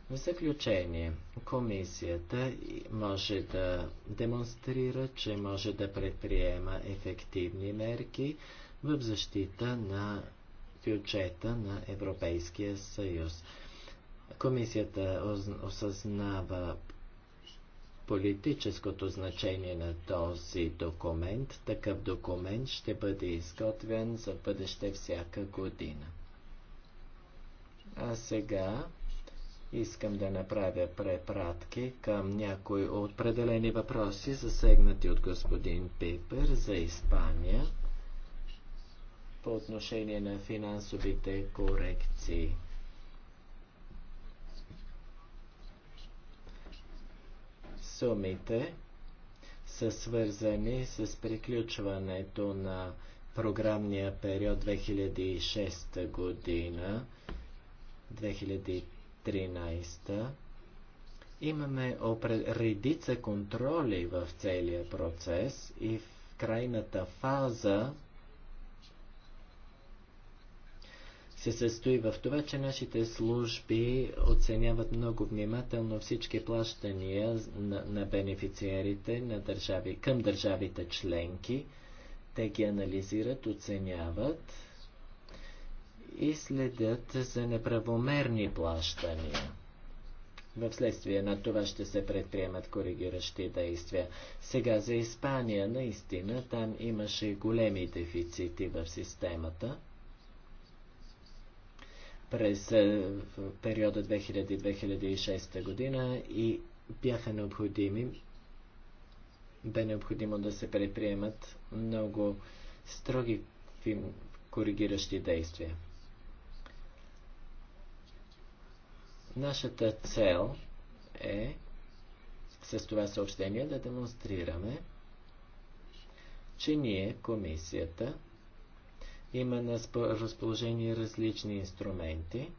В заключение, комисията може да демонстрира, че може да предприема ефективни мерки в защита на бюджета на Европейския съюз. Комисията осъзнава политическото значение на този документ. Такъв документ ще бъде изготвен за бъдеще всяка година. А сега искам да направя препратки към някои определени въпроси, засегнати от господин Пипер за Испания по отношение на финансовите корекции. Сумите са свързани с приключването на програмния период 2006 година 2013 имаме редица контроли в целия процес и в крайната фаза се състои в това, че нашите служби оценяват много внимателно всички плащания на, на бенефициарите на държави, към държавите членки. Те ги анализират, оценяват и следят за неправомерни плащания. В следствие на това ще се предприемат коригиращи действия. Сега за Испания, наистина, там имаше големи дефицити в системата – през е, периода 2000-2006 година и бяха необходими, бе необходимо да се предприемат много строги коригиращи действия. Нашата цел е с това съобщение да демонстрираме, че ние, комисията, има на разположение различни инструменти,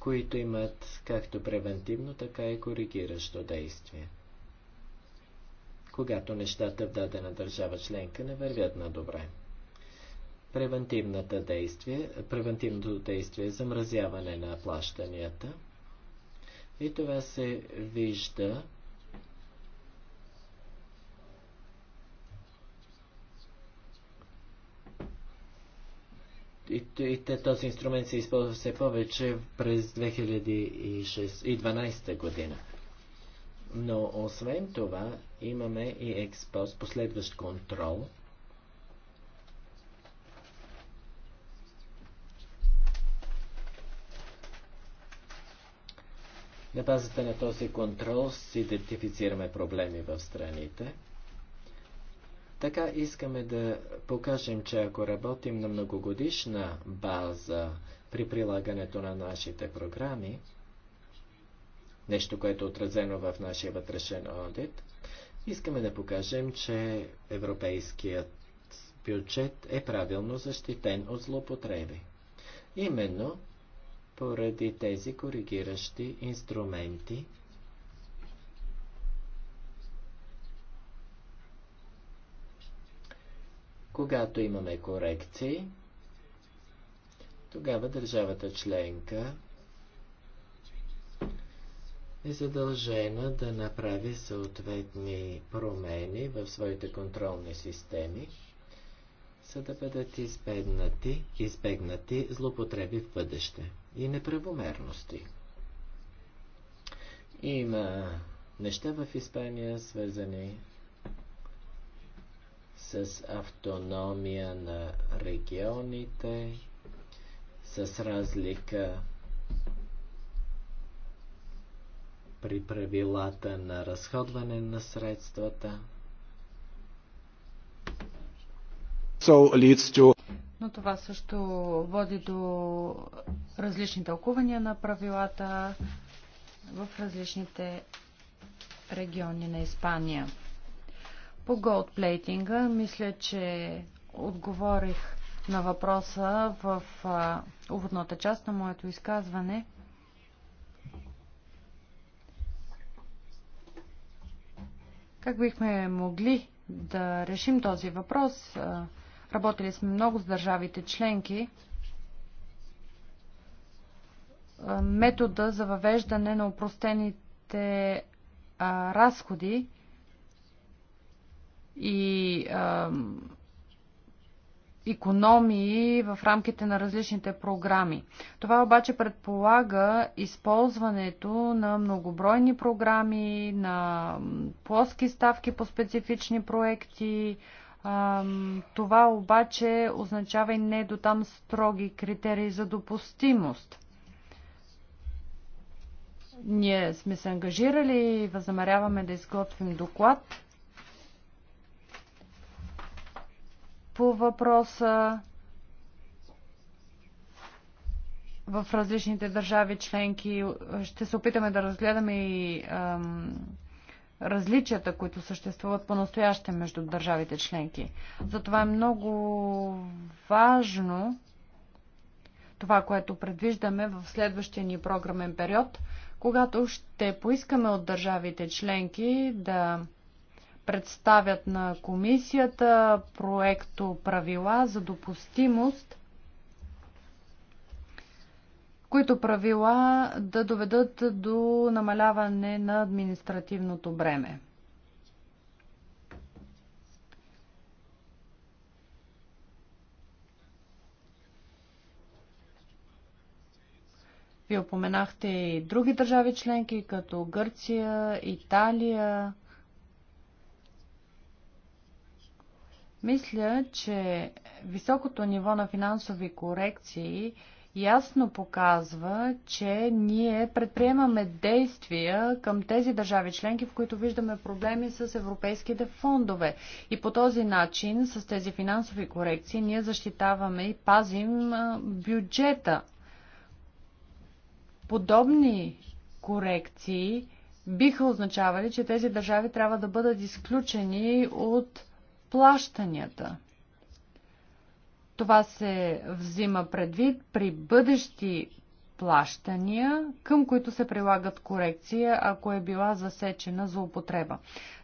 които имат както превентивно, така и коригиращо действие. Когато нещата в дадена държава членка не вървят на добре. Превентивната действие, превентивното действие е замразяване на плащанията и това се вижда и, и този инструмент се използва все повече през 2012 година. Но освен това имаме и експост, последващ контрол. На базата на този контрол си идентифицираме проблеми в страните. Така искаме да покажем, че ако работим на многогодишна база при прилагането на нашите програми, нещо, което е отразено в нашия вътрешен одит, искаме да покажем, че европейският бюджет е правилно защитен от злоупотреби. Именно поради тези коригиращи инструменти, Когато имаме корекции, тогава държавата членка е задължена да направи съответни промени в своите контролни системи, за да бъдат избегнати, избегнати злопотреби в бъдеще и неправомерности. Има неща в Испания, свързани с автономия на регионите, с разлика при правилата на разходване на средствата. So leads to... Но това също води до различни тълкувания на правилата в различните региони на Испания. По голдплейтинга мисля, че отговорих на въпроса в а, уводната част на моето изказване. Как бихме могли да решим този въпрос? Работили сме много с държавите членки. Метода за въвеждане на упростените разходи и а, економии в рамките на различните програми. Това обаче предполага използването на многобройни програми, на плоски ставки по специфични проекти. Това обаче означава и не до там строги критерии за допустимост. Ние сме се ангажирали и възнамеряваме да изготвим доклад по въпроса в различните държави членки. Ще се опитаме да разгледаме и ам, различията, които съществуват по-настояще между държавите членки. Затова е много важно това, което предвиждаме в следващия ни програмен период, когато ще поискаме от държавите членки да представят на комисията проекто правила за допустимост, които правила да доведат до намаляване на административното бреме. Вие упоменахте и други държави членки, като Гърция, Италия, Мисля, че високото ниво на финансови корекции ясно показва, че ние предприемаме действия към тези държави членки, в които виждаме проблеми с европейските фондове. И по този начин, с тези финансови корекции, ние защитаваме и пазим бюджета. Подобни корекции биха означавали, че тези държави трябва да бъдат изключени от плащанията. Това се взима предвид при бъдещи плащания, към които се прилагат корекция, ако е била засечена за употреба.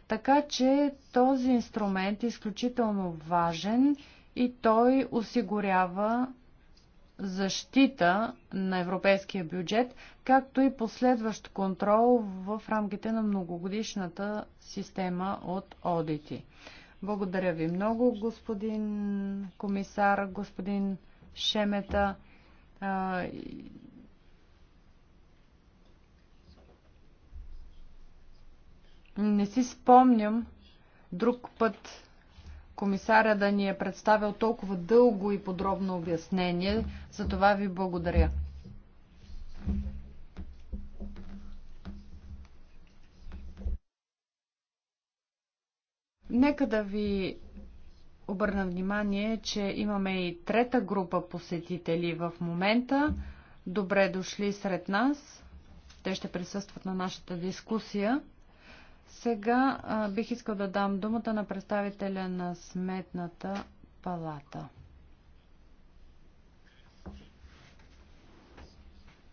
Така че този инструмент е изключително важен и той осигурява защита на европейския бюджет, както и последващ контрол в рамките на многогодишната система от одити. Благодаря ви много, господин комисар, господин Шемета. Не си спомням друг път комисаря да ни е представил толкова дълго и подробно обяснение. За това ви благодаря. Нека да ви обърна внимание, че имаме и трета група посетители в момента. Добре дошли сред нас. Те ще присъстват на нашата дискусия. Сега а, бих искал да дам думата на представителя на Сметната палата.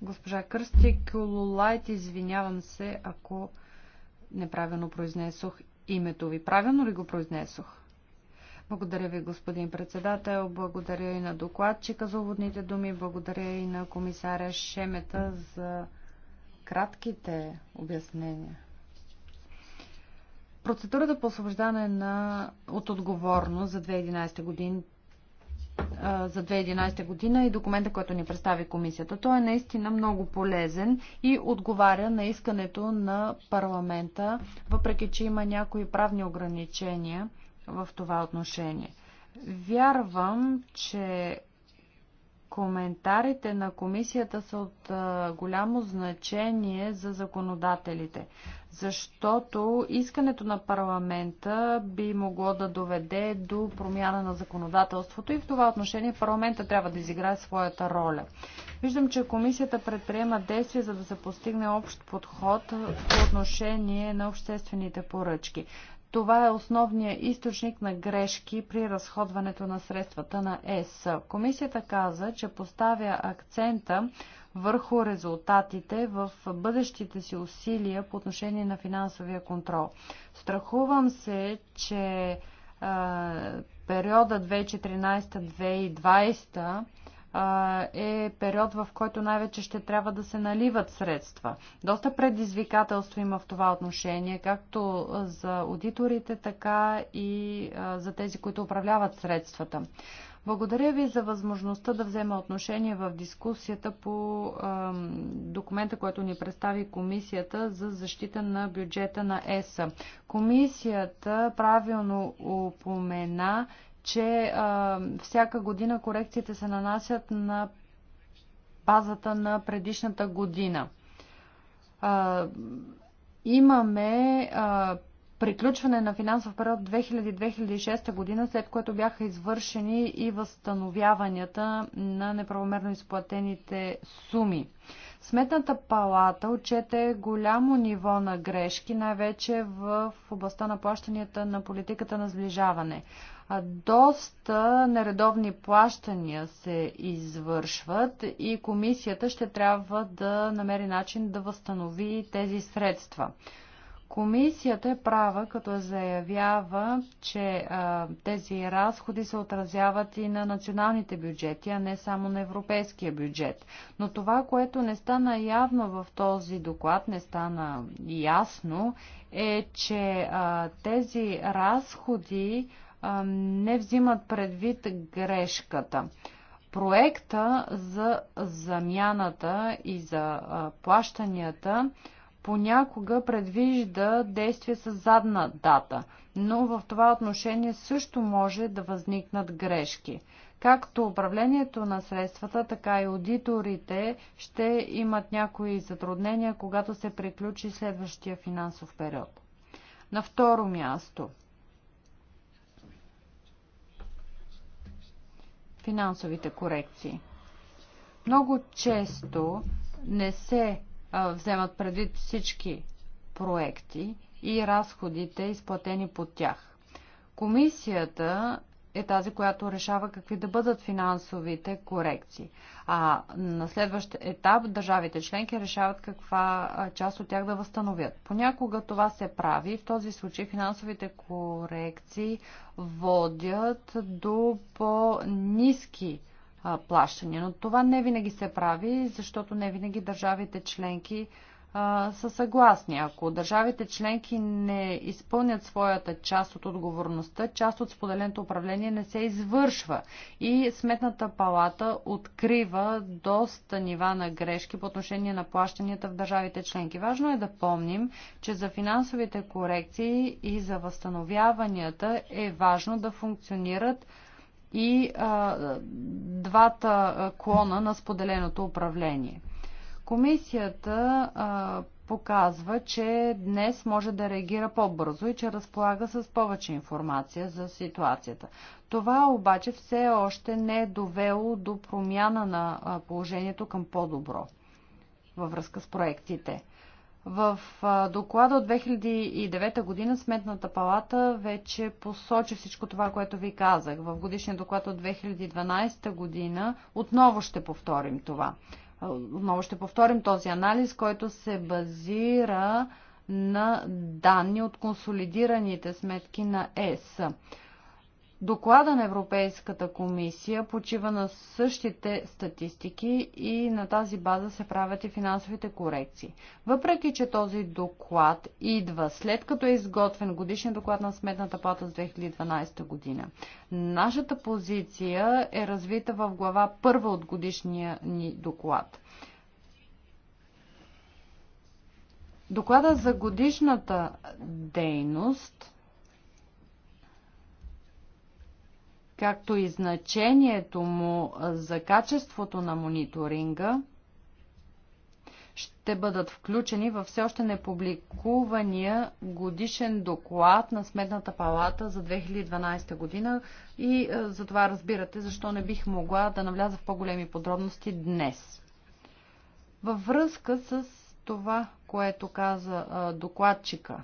Госпожа Кърстик, Лулайт, извинявам се, ако неправилно произнесох името ви. Правилно ли го произнесох? Благодаря ви, господин председател. Благодаря и на докладчика за уводните думи. Благодаря и на комисаря Шемета за кратките обяснения. Процедурата по освобождане на, от отговорност за 2011 година за 2011 година и документа, който ни представи комисията. Той е наистина много полезен и отговаря на искането на парламента, въпреки че има някои правни ограничения в това отношение. Вярвам, че Коментарите на комисията са от а, голямо значение за законодателите, защото искането на парламента би могло да доведе до промяна на законодателството и в това отношение парламента трябва да изиграе своята роля. Виждам, че комисията предприема действия, за да се постигне общ подход по отношение на обществените поръчки. Това е основният източник на грешки при разходването на средствата на ЕС. Комисията каза, че поставя акцента върху резултатите в бъдещите си усилия по отношение на финансовия контрол. Страхувам се, че периода 2014-2020 е период, в който най-вече ще трябва да се наливат средства. Доста предизвикателство има в това отношение, както за аудиторите, така и за тези, които управляват средствата. Благодаря ви за възможността да взема отношение в дискусията по документа, който ни представи Комисията за защита на бюджета на ЕСА. Комисията правилно упомена, че а, всяка година корекциите се нанасят на базата на предишната година. А, имаме а, приключване на финансов период 2000-2006 година, след което бяха извършени и възстановяванията на неправомерно изплатените суми. Сметната палата отчете голямо ниво на грешки, най-вече в областта на плащанията на политиката на сближаване. Доста нередовни плащания се извършват и комисията ще трябва да намери начин да възстанови тези средства. Комисията е права, като заявява, че а, тези разходи се отразяват и на националните бюджети, а не само на европейския бюджет. Но това, което не стана явно в този доклад, не стана ясно, е, че а, тези разходи а, не взимат предвид грешката проекта за замяната и за плащанията понякога предвижда действие с задна дата, но в това отношение също може да възникнат грешки. Както управлението на средствата, така и аудиторите ще имат някои затруднения, когато се приключи следващия финансов период. На второ място финансовите корекции. Много често не се вземат предвид всички проекти и разходите, изплатени по тях. Комисията е тази, която решава какви да бъдат финансовите корекции. А на следващ етап държавите членки решават каква част от тях да възстановят. Понякога това се прави. В този случай финансовите корекции водят до по-низки плащания. Но това не винаги се прави, защото не винаги държавите членки са съгласни. Ако държавите членки не изпълнят своята част от отговорността, част от споделеното управление не се извършва. И Сметната палата открива доста нива на грешки по отношение на плащанията в държавите членки. Важно е да помним, че за финансовите корекции и за възстановяванията е важно да функционират и а, двата клона на споделеното управление. Комисията а, показва, че днес може да реагира по-бързо и че разполага с повече информация за ситуацията. Това обаче все още не е довело до промяна на положението към по-добро във връзка с проектите. В доклада от 2009 година Сметната палата вече посочи всичко това, което ви казах. В годишния доклад от 2012 година отново ще повторим това. Отново ще повторим този анализ, който се базира на данни от консолидираните сметки на ЕС. Доклада на Европейската комисия почива на същите статистики и на тази база се правят и финансовите корекции. Въпреки, че този доклад идва след като е изготвен годишния доклад на Сметната плата с 2012 година, нашата позиция е развита в глава първа от годишния ни доклад. Доклада за годишната дейност – както и значението му за качеството на мониторинга, ще бъдат включени във все още непубликувания годишен доклад на Сметната палата за 2012 година и е, за това разбирате защо не бих могла да навляза в по-големи подробности днес. Във връзка с това, което каза е, докладчика,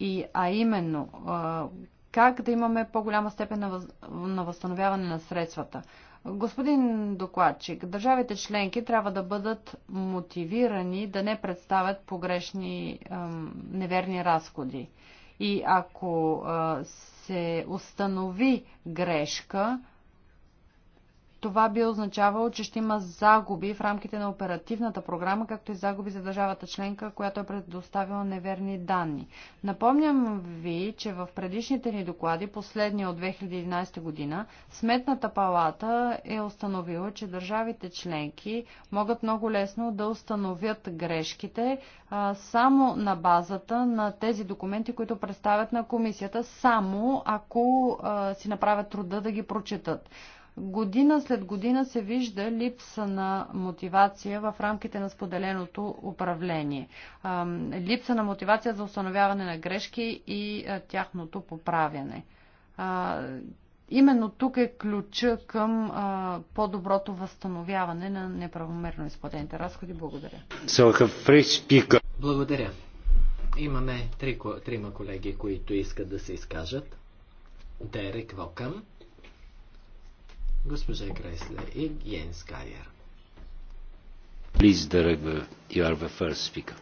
и, а именно е, как да имаме по-голяма степен на, въз... на възстановяване на средствата. Господин докладчик, държавите членки трябва да бъдат мотивирани да не представят погрешни ем, неверни разходи. И ако е, се установи грешка, това би означавало, че ще има загуби в рамките на оперативната програма, както и загуби за държавата членка, която е предоставила неверни данни. Напомням ви, че в предишните ни доклади, последния от 2011 година, Сметната палата е установила, че държавите членки могат много лесно да установят грешките а, само на базата на тези документи, които представят на комисията, само ако а, си направят труда да ги прочитат. Година след година се вижда липса на мотивация в рамките на споделеното управление. Липса на мотивация за установяване на грешки и тяхното поправяне. Именно тук е ключа към по-доброто възстановяване на неправомерно изплатените разходи. Благодаря. Благодаря. Имаме три, трима колеги, които искат да се изкажат. Дерек Вокъм госпожа Гресле и Йенс Кайер. Please, you are the first speaker.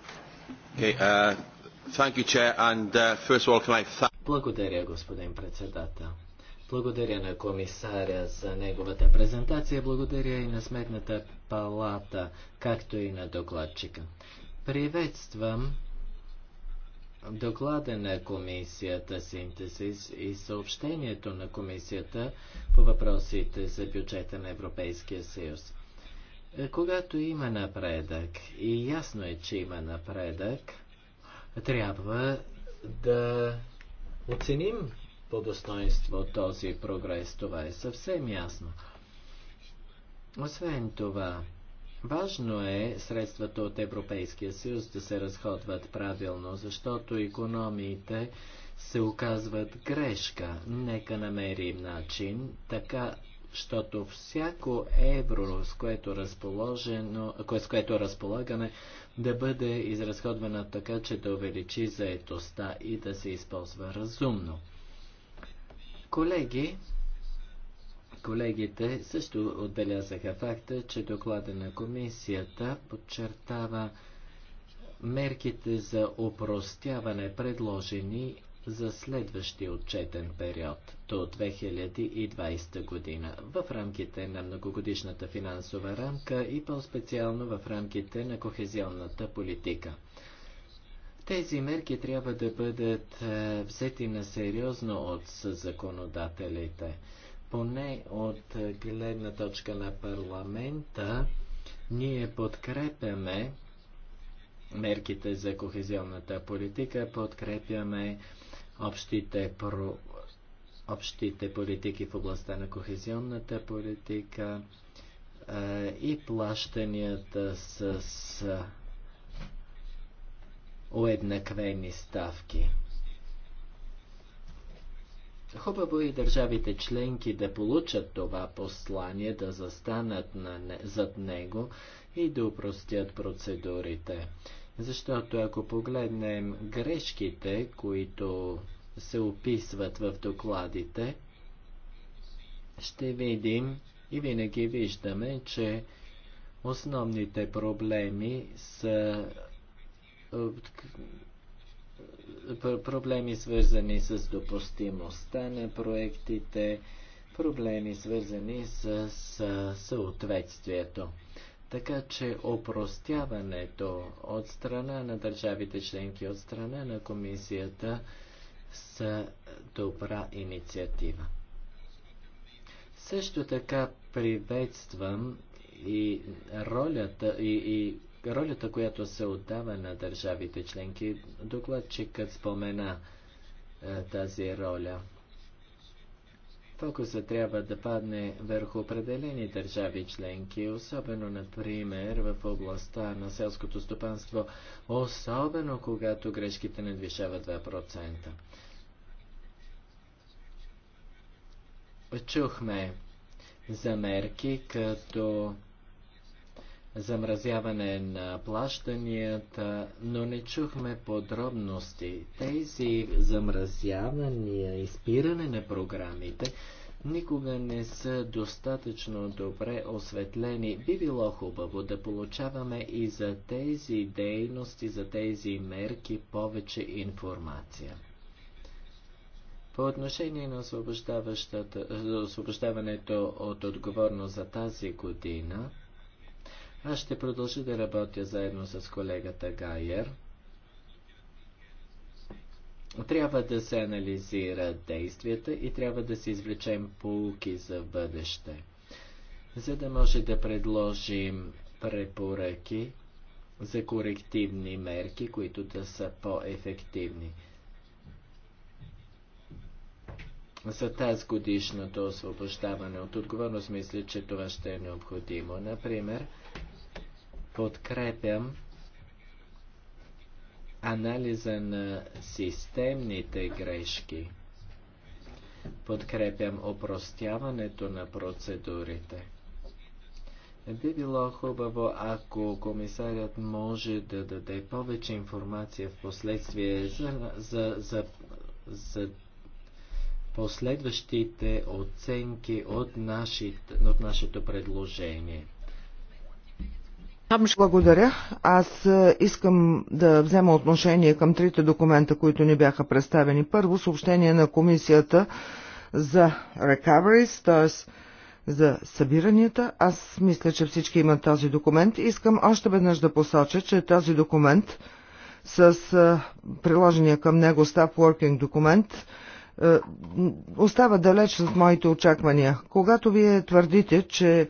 Okay, uh, thank you, Chair, and uh, first of all, can I thank... Благодаря, господин председател. Благодаря на комисаря за неговата презентация, благодаря и на Сметната палата, както и на докладчика. Приветствам доклада на комисията Синтезис и съобщението на комисията по въпросите за бюджета на Европейския съюз. Е, когато има напредък, и ясно е, че има напредък, трябва да оценим по достоинство този прогрес. Това е съвсем ясно. Освен това, Важно е средствата от Европейския съюз да се разходват правилно, защото економиите се оказват грешка. Нека намерим начин, така, защото всяко евро, с което, разположено, с което разполагаме, да бъде изразходвано така, че да увеличи заетостта и да се използва разумно. Колеги, Колегите също отбелязаха факта, че доклада на комисията подчертава мерките за опростяване предложени за следващия отчетен период до 2020 година в рамките на многогодишната финансова рамка и по-специално в рамките на кохезионната политика. Тези мерки трябва да бъдат е, взети на сериозно от законодателите поне от гледна точка на парламента, ние подкрепяме мерките за кохезионната политика, подкрепяме общите, про... общите политики в областта на кохезионната политика е, и плащанията с, с уеднаквени ставки. Хубаво е и държавите членки да получат това послание, да застанат на не, зад него и да упростят процедурите. Защото ако погледнем грешките, които се описват в докладите, ще видим и винаги виждаме, че основните проблеми са е, проблеми свързани с допустимостта на проектите, проблеми свързани с съответствието. Така че опростяването от страна на държавите членки, от страна на комисията са добра инициатива. Също така приветствам и ролята и, и ролята, която се отдава на държавите членки. Докладчикът спомена е, тази роля. Фокуса трябва да падне върху определени държави членки, особено, например, в областта на селското стопанство, особено когато грешките надвишават 2%. Чухме за мерки като замразяване на плащанията, но не чухме подробности. Тези замразявания и спиране на програмите никога не са достатъчно добре осветлени. Би било хубаво да получаваме и за тези дейности, за тези мерки повече информация. По отношение на освобождаването от отговорност за тази година, аз ще продължа да работя заедно с колегата Гайер. Трябва да се анализира действията и трябва да се извлечем полуки за бъдеще, за да може да предложим препоръки за корективни мерки, които да са по-ефективни. За тази годишното освобождаване от отговорност мисля, че това ще е необходимо. Например, подкрепям анализа на системните грешки. Подкрепям опростяването на процедурите. Би било хубаво, ако комисарят може да даде повече информация в последствие за, за, за, за последващите оценки от, нашите, от нашето предложение. Благодаря. Аз е, искам да взема отношение към трите документа, които ни бяха представени. Първо, съобщение на комисията за recoveries, т.е. за събиранията. Аз мисля, че всички имат този документ. Искам още веднъж да посоча, че този документ с е, приложения към него Staff Working документ е, остава далеч от моите очаквания. Когато вие твърдите, че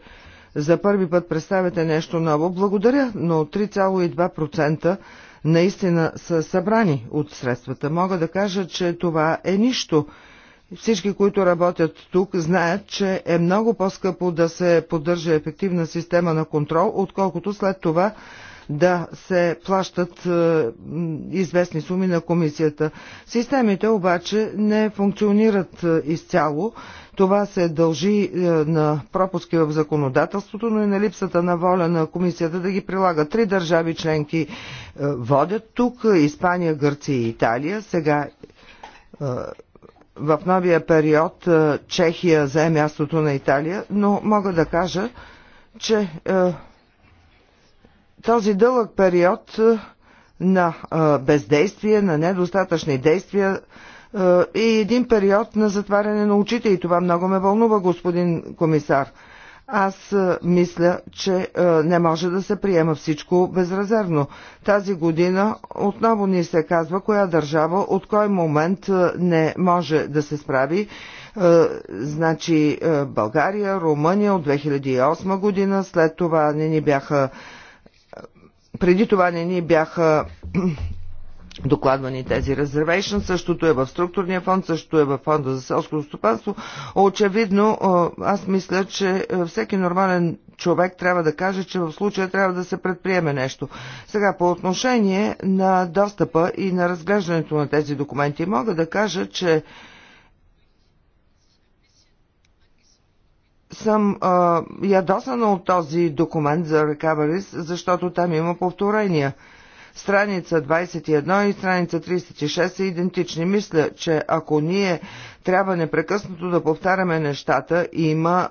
за първи път представяте нещо ново. Благодаря, но 3,2% наистина са събрани от средствата. Мога да кажа, че това е нищо. Всички, които работят тук, знаят, че е много по-скъпо да се поддържа ефективна система на контрол, отколкото след това да се плащат е, известни суми на комисията. Системите обаче не функционират е, изцяло това се дължи е, на пропуски в законодателството, но и на липсата на воля на комисията да ги прилага. Три държави членки е, водят тук Испания, Гърция и Италия. Сега е, в новия период Чехия зае мястото на Италия, но мога да кажа, че този дълъг период на бездействие, на недостатъчни действия е, и един период на затваряне на очите и това много ме вълнува, господин комисар. Аз е, мисля, че е, не може да се приема всичко безрезервно. Тази година отново ни се казва коя държава от кой момент не може да се справи. Значи България, Румъния от 2008 година, след това не ни бяха преди това не ни бяха докладвани тези резервейшн. Същото е в структурния фонд, същото е в фонда за селско стопанство. Очевидно, аз мисля, че всеки нормален човек трябва да каже, че в случая трябва да се предприеме нещо. Сега, по отношение на достъпа и на разглеждането на тези документи, мога да кажа, че съм а, ядосана от този документ за Recoveries, защото там има повторения. Страница 21 и страница 36 са идентични. Мисля, че ако ние трябва непрекъснато да повтаряме нещата, има,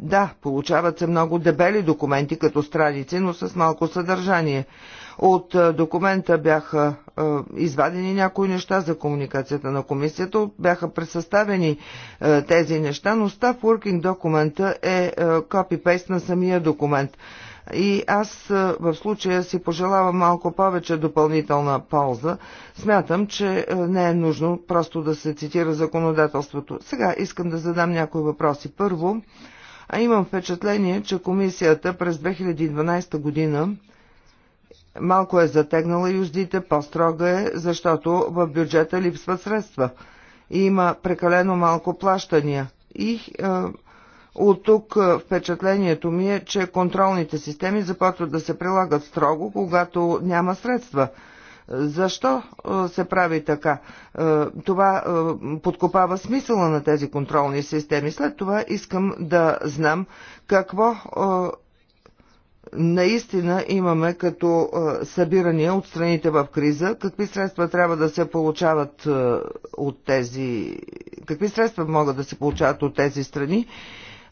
да, получават се много дебели документи като страници, но с малко съдържание. От документа бяха извадени някои неща за комуникацията на комисията, бяха пресъставени тези неща, но Staff Working документа е копипейст на самия документ. И аз в случая си пожелавам малко повече допълнителна полза. Смятам, че не е нужно просто да се цитира законодателството. Сега искам да задам някои въпроси. Първо, а имам впечатление, че комисията през 2012 година малко е затегнала юздите, по-строга е, защото в бюджета липсват средства. И има прекалено малко плащания. И от тук впечатлението ми е, че контролните системи започват да се прилагат строго, когато няма средства. Защо се прави така? Това подкопава смисъла на тези контролни системи. След това искам да знам какво наистина имаме като събирания от страните в криза, какви средства трябва да се получават от тези, какви средства могат да се получават от тези страни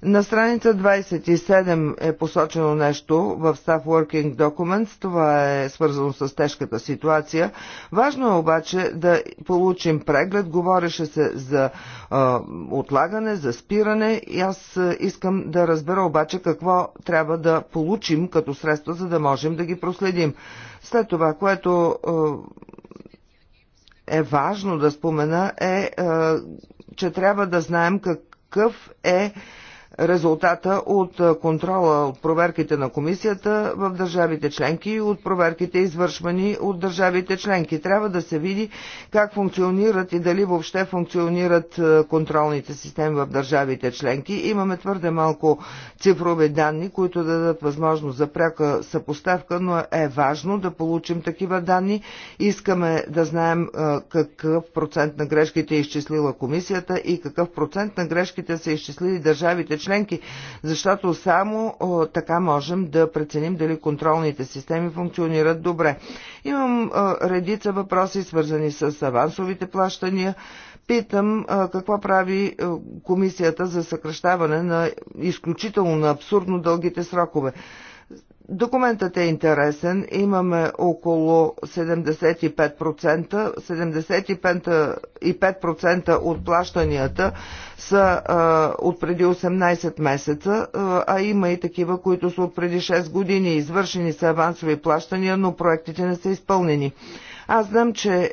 на страница 27 е посочено нещо в Staff Working Documents. Това е свързано с тежката ситуация. Важно е обаче да получим преглед. Говореше се за а, отлагане, за спиране. И аз искам да разбера обаче какво трябва да получим като средства, за да можем да ги проследим. След това, което а, е важно да спомена е, а, че трябва да знаем какъв е резултата от контрола от проверките на комисията в държавите членки и от проверките извършвани от държавите членки. Трябва да се види как функционират и дали въобще функционират контролните системи в държавите членки. Имаме твърде малко цифрови данни, които да дадат възможност за пряка съпоставка, но е важно да получим такива данни. Искаме да знаем какъв процент на грешките е изчислила комисията и какъв процент на грешките са изчислили държавите членки членки, защото само така можем да преценим дали контролните системи функционират добре. Имам редица въпроси, свързани с авансовите плащания. Питам какво прави комисията за съкръщаване на изключително на абсурдно дългите срокове. Документът е интересен. Имаме около 75%. 75% от плащанията са а, от преди 18 месеца, а има и такива, които са от преди 6 години. Извършени са авансови плащания, но проектите не са изпълнени. Аз знам, че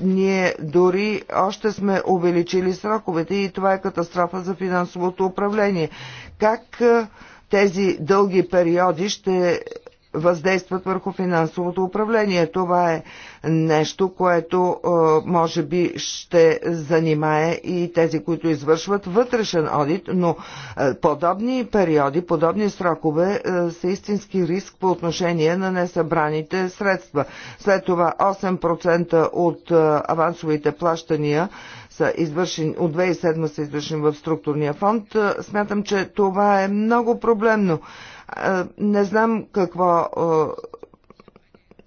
ние дори още сме увеличили сроковете и това е катастрофа за финансовото управление. Как тези дълги периоди ще въздействат върху финансовото управление. Това е нещо, което е, може би ще занимае и тези, които извършват вътрешен одит, но е, подобни периоди, подобни срокове е, са истински риск по отношение на несъбраните средства. След това 8% от авансовите плащания са извършени, от 2007 са извършени в структурния фонд. Е, смятам, че това е много проблемно. Е, не знам какво е,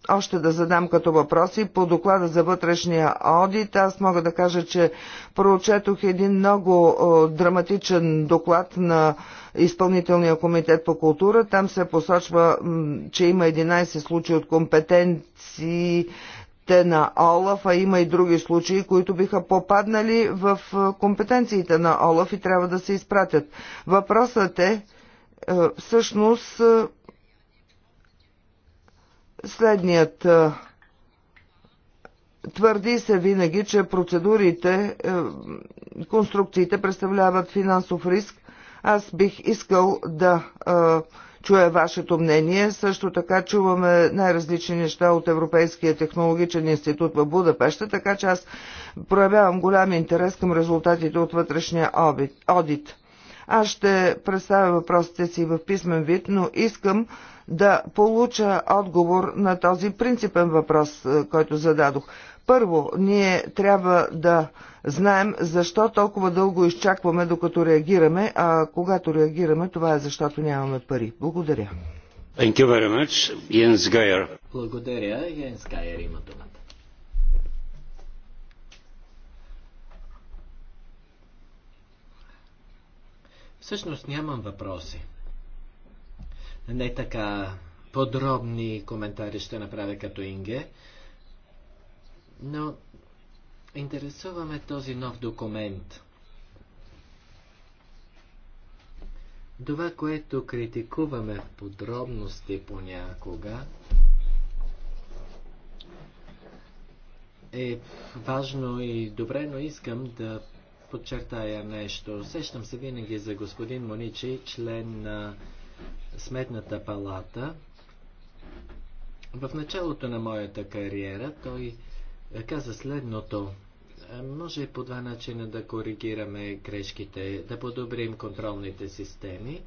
още да задам като въпроси. По доклада за вътрешния одит аз мога да кажа, че проучетох един много драматичен доклад на изпълнителния комитет по култура. Там се посочва, че има 11 случаи от компетенции те на Олаф, а има и други случаи, които биха попаднали в компетенциите на Олаф и трябва да се изпратят. Въпросът е всъщност следният. Твърди се винаги, че процедурите, конструкциите представляват финансов риск. Аз бих искал да чуя вашето мнение. Също така чуваме най-различни неща от Европейския технологичен институт в Будапеща, така че аз проявявам голям интерес към резултатите от вътрешния одит. Аз ще представя въпросите си в писмен вид, но искам да получа отговор на този принципен въпрос, който зададох. Първо, ние трябва да знаем защо толкова дълго изчакваме, докато реагираме, а когато реагираме, това е защото нямаме пари. Благодаря. Thank you very much. Jens Geier. Благодаря. Jens Geier има думата. Всъщност нямам въпроси. Не така подробни коментари ще направя като Инге. Но интересуваме този нов документ. Това, което критикуваме в подробности понякога, е важно и добре, но искам да подчертая нещо. Сещам се винаги за господин Моничи, член на Сметната палата. В началото на моята кариера той каза следното. Е, може по два начина да коригираме грешките, да подобрим контролните системи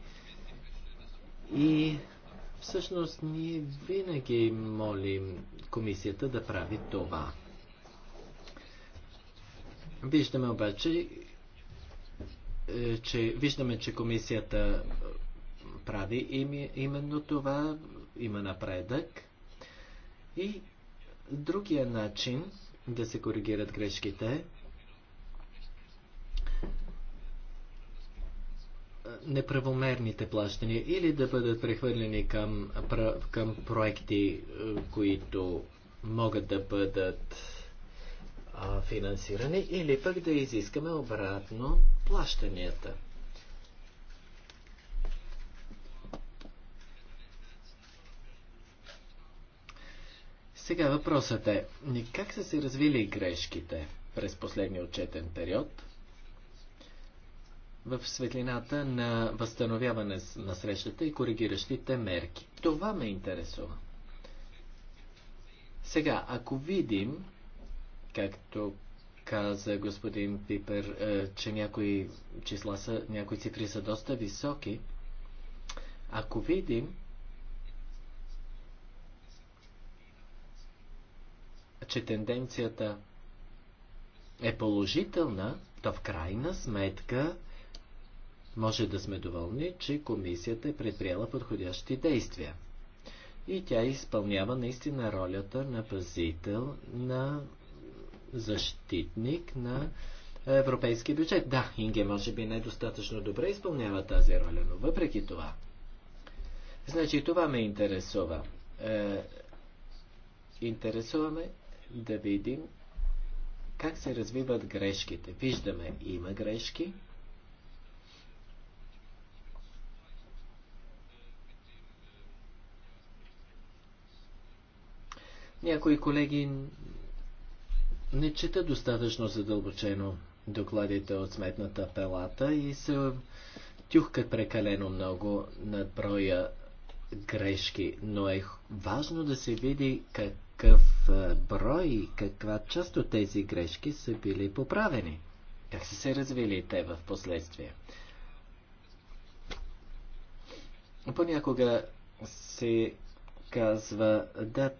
и всъщност ние винаги молим комисията да прави това. Виждаме обаче, е, че, виждаме, че комисията прави именно това, има напредък и Другия начин да се коригират грешките неправомерните плащания или да бъдат прехвърлени към, към проекти, е, които могат да бъдат а, финансирани, или пък да изискаме обратно плащанията. Сега въпросът е, как са се развили грешките през последния отчетен период в светлината на възстановяване на срещата и коригиращите мерки? Това ме интересува. Сега, ако видим, както каза господин Пипер, е, че някои числа са, някои цифри са доста високи, ако видим, че тенденцията е положителна, то в крайна сметка може да сме доволни, че комисията е предприела подходящи действия. И тя изпълнява наистина ролята на пазител, на защитник на европейски бюджет. Да, Инге може би недостатъчно добре изпълнява тази роля, но въпреки това. Значи това ме интересува. Е, интересуваме да видим как се развиват грешките. Виждаме, има грешки. Някои колеги не чета достатъчно задълбочено докладите от Сметната палата и се тюхкат прекалено много над броя грешки, но е важно да се види как какъв брой и каква част от тези грешки са били поправени? Как са се развили те в последствие? Понякога се казва, да,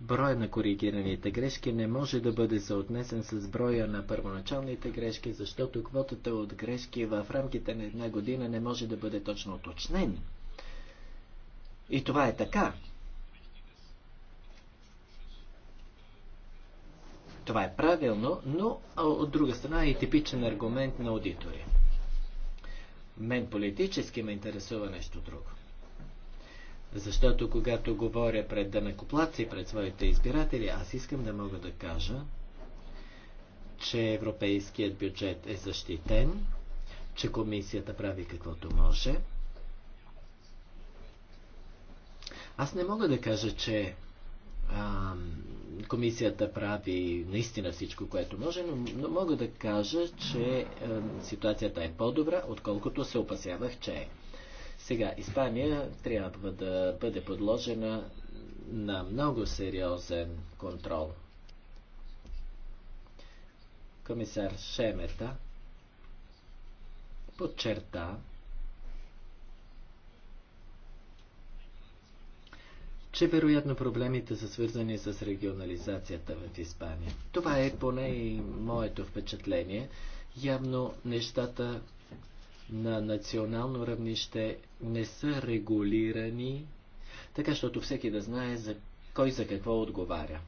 броя на коригираните грешки не може да бъде съотнесен с броя на първоначалните грешки, защото квотата от грешки в рамките на една година не може да бъде точно уточнен. И това е така. Това е правилно, но от друга страна е и типичен аргумент на аудитори. Мен политически ме интересува нещо друго. Защото когато говоря пред данакоплаци, пред своите избиратели, аз искам да мога да кажа, че европейският бюджет е защитен, че комисията прави каквото може. Аз не мога да кажа, че комисията прави наистина всичко, което може, но, но мога да кажа, че е, ситуацията е по-добра, отколкото се опасявах, че е. Сега, Испания трябва да бъде подложена на много сериозен контрол. Комисар Шемета подчерта, че вероятно проблемите са свързани с регионализацията в Испания. Това е поне и моето впечатление. Явно нещата на национално равнище не са регулирани, така защото всеки да знае за кой за какво отговаря.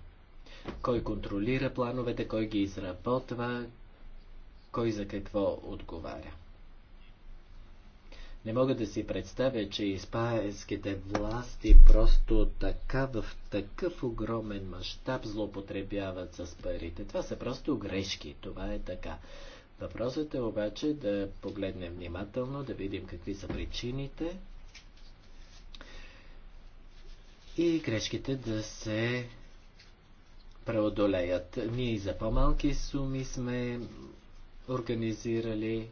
Кой контролира плановете, кой ги изработва, кой за какво отговаря. Не мога да си представя, че испанските власти просто така в такъв огромен мащаб злоупотребяват с парите. Това са просто грешки. Това е така. Въпросът е обаче да погледнем внимателно, да видим какви са причините и грешките да се преодолеят. Ние и за по-малки суми сме организирали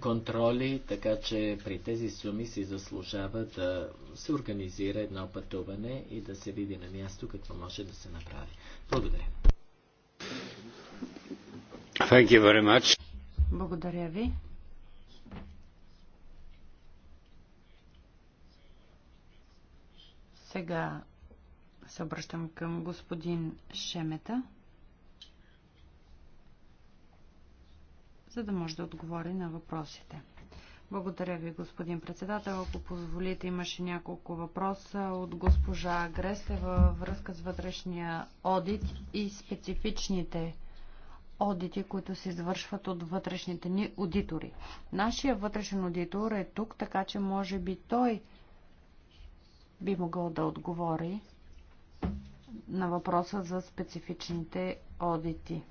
контроли, така че при тези суми си заслужава да се организира едно пътуване и да се види на място какво може да се направи. Благодаря. Thank you very much. Благодаря ви. Сега се обръщам към господин Шемета. за да може да отговори на въпросите. Благодаря ви, господин председател. Ако позволите, имаше няколко въпроса от госпожа Гресле във връзка с вътрешния одит и специфичните одити, които се извършват от вътрешните ни аудитори. Нашия вътрешен аудитор е тук, така че може би той би могъл да отговори на въпроса за специфичните одити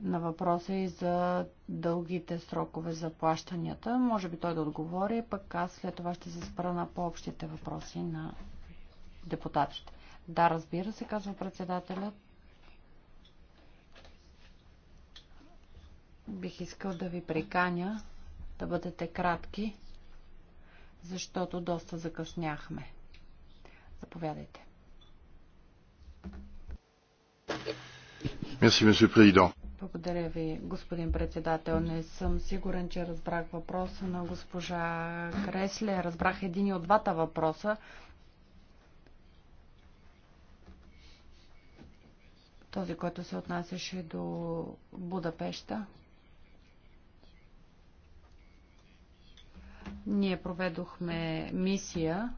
на въпроса и за дългите срокове за плащанията. Може би той да отговори, пък аз след това ще се спра на по-общите въпроси на депутатите. Да, разбира се, казва председателят. Бих искал да ви приканя да бъдете кратки, защото доста закъсняхме. Заповядайте. Merci, monsieur le président. Благодаря ви, господин председател. Не съм сигурен, че разбрах въпроса на госпожа Кресле. Разбрах един от двата въпроса. Този, който се отнасяше до Будапешта. Ние проведохме мисия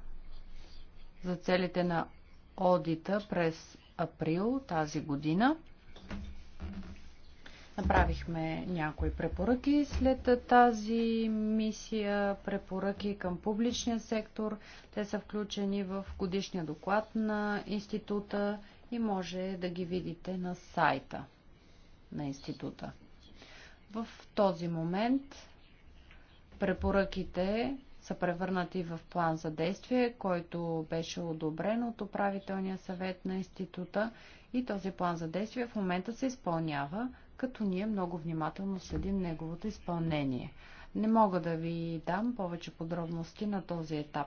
за целите на одита през април тази година. Направихме някои препоръки след тази мисия, препоръки към публичния сектор. Те са включени в годишния доклад на института и може да ги видите на сайта на института. В този момент препоръките са превърнати в план за действие, който беше одобрен от управителния съвет на института и този план за действие в момента се изпълнява като ние много внимателно следим неговото изпълнение. Не мога да ви дам повече подробности на този етап.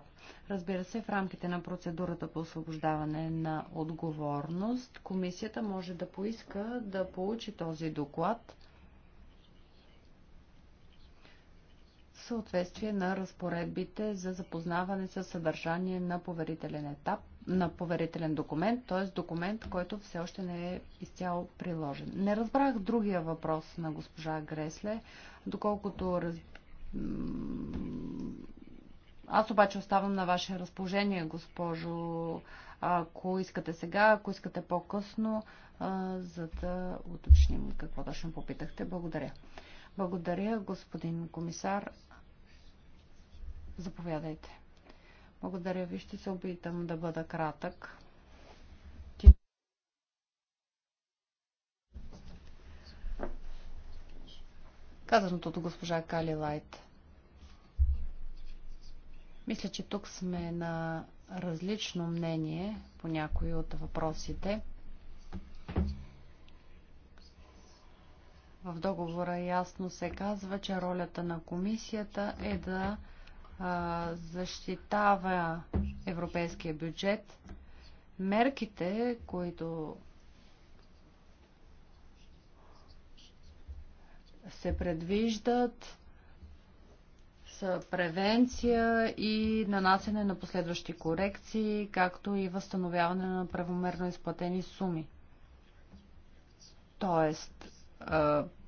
Разбира се, в рамките на процедурата по освобождаване на отговорност, комисията може да поиска да получи този доклад в съответствие на разпоредбите за запознаване с съдържание на поверителен етап на поверителен документ, т.е. документ, който все още не е изцяло приложен. Не разбрах другия въпрос на госпожа Гресле, доколкото раз... аз обаче оставам на ваше разположение, госпожо, ако искате сега, ако искате по-късно, за да уточним какво точно попитахте. Благодаря. Благодаря, господин комисар. Заповядайте. Благодаря ви. Ще се опитам да бъда кратък. Казаното от госпожа Кали Лайт. Мисля, че тук сме на различно мнение по някои от въпросите. В договора ясно се казва, че ролята на комисията е да защитава европейския бюджет, мерките, които се предвиждат, са превенция и нанасене на последващи корекции, както и възстановяване на правомерно изплатени суми. Тоест,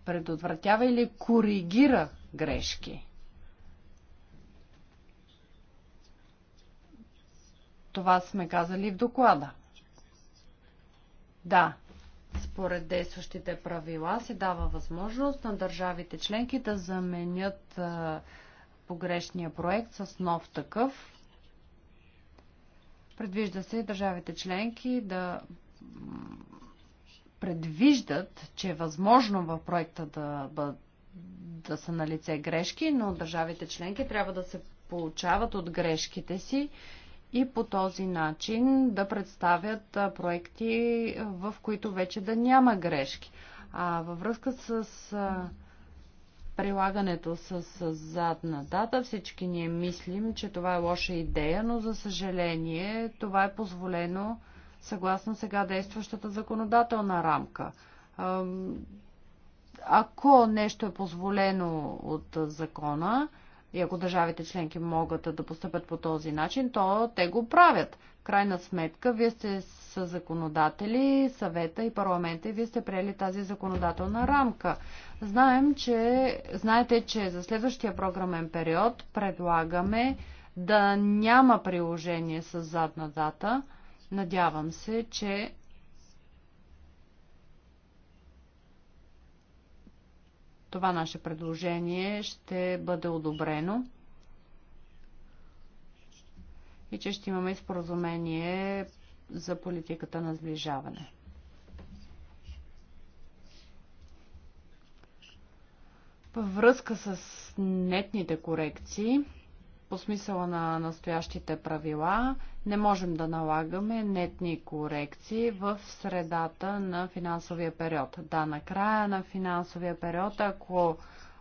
предотвратява или коригира грешки. Това сме казали в доклада. Да, според действащите правила се дава възможност на държавите членки да заменят погрешния проект с нов такъв. Предвижда се държавите членки да предвиждат, че е възможно в проекта да, да са на лице грешки, но държавите членки трябва да се получават от грешките си и по този начин да представят проекти, в които вече да няма грешки. А във връзка с прилагането с задна дата, всички ние мислим, че това е лоша идея, но за съжаление това е позволено съгласно сега действащата законодателна рамка. Ако нещо е позволено от закона, и ако държавите членки могат да постъпят по този начин, то те го правят. В крайна сметка, вие сте с законодатели, съвета и парламента и вие сте приели тази законодателна рамка. Знаем, че, знаете, че за следващия програмен период предлагаме да няма приложение с задна дата. Надявам се, че това наше предложение ще бъде одобрено и че ще имаме споразумение за политиката на сближаване. Във връзка с нетните корекции, по смисъла на настоящите правила не можем да налагаме нетни корекции в средата на финансовия период. Да, на края на финансовия период, ако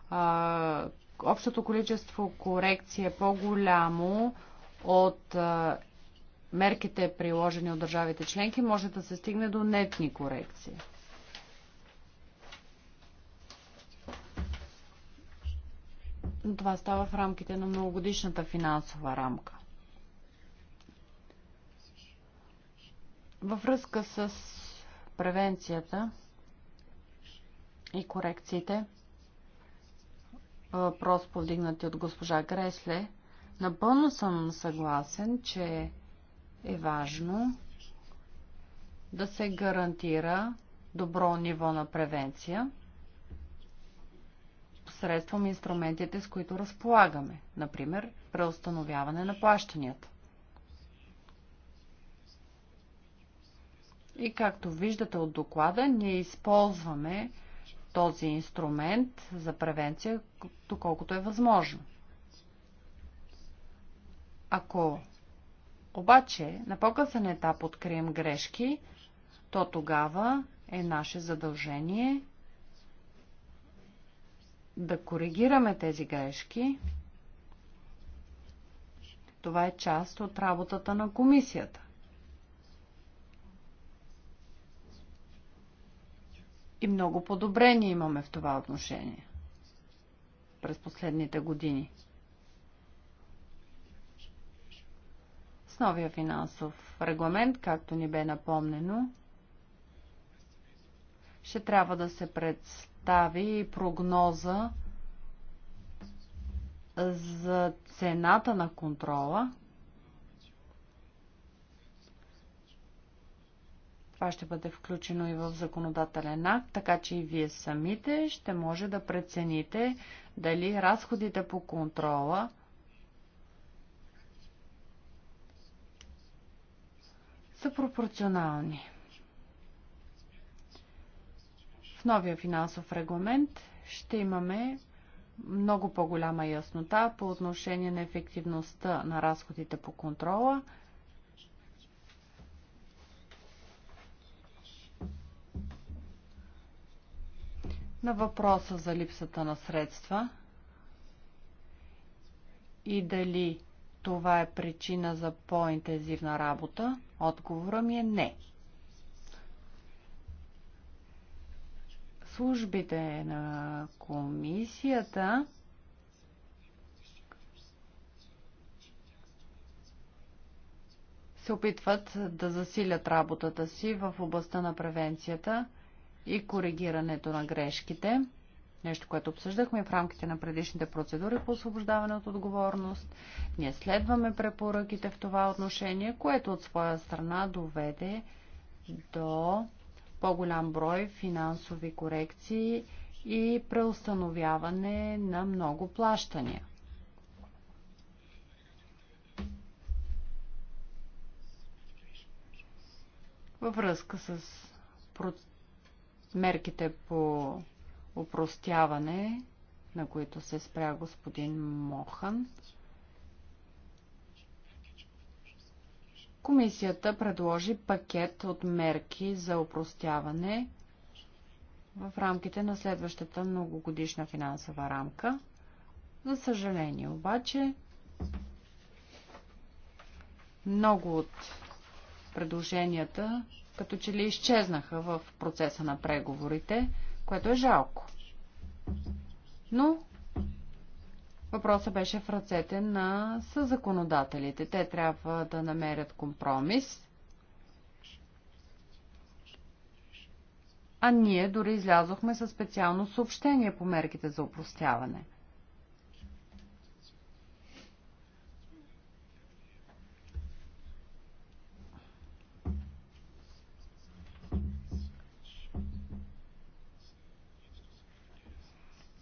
а, общото количество корекции е по-голямо от а, мерките, приложени от държавите членки, може да се стигне до нетни корекции. но това става в рамките на многогодишната финансова рамка. Във връзка с превенцията и корекциите, въпрос повдигнати от госпожа Гресле, напълно съм съгласен, че е важно да се гарантира добро ниво на превенция посредством инструментите, с които разполагаме, например преустановяване на плащанията. И както виждате от доклада, ние използваме този инструмент за превенция, доколкото е възможно. Ако обаче на по-късен етап открием грешки, то тогава е наше задължение да коригираме тези грешки, това е част от работата на комисията. И много подобрения имаме в това отношение през последните години. С новия финансов регламент, както ни бе напомнено, ще трябва да се представи представи прогноза за цената на контрола. Това ще бъде включено и в законодателен акт, така че и вие самите ще може да прецените дали разходите по контрола са пропорционални. В новия финансов регламент ще имаме много по-голяма яснота по отношение на ефективността на разходите по контрола. На въпроса за липсата на средства и дали това е причина за по-интензивна работа, отговора ми е не. службите на комисията се опитват да засилят работата си в областта на превенцията и коригирането на грешките. Нещо, което обсъждахме в рамките на предишните процедури по освобождаване от отговорност. Ние следваме препоръките в това отношение, което от своя страна доведе до по-голям брой финансови корекции и преустановяване на много плащания. Във връзка с мерките по упростяване, на които се спря господин Мохан, Комисията предложи пакет от мерки за упростяване в рамките на следващата многогодишна финансова рамка. За съжаление обаче, много от предложенията като че ли изчезнаха в процеса на преговорите, което е жалко. Но Въпросът беше в ръцете на съзаконодателите. Те трябва да намерят компромис. А ние дори излязохме със специално съобщение по мерките за упростяване –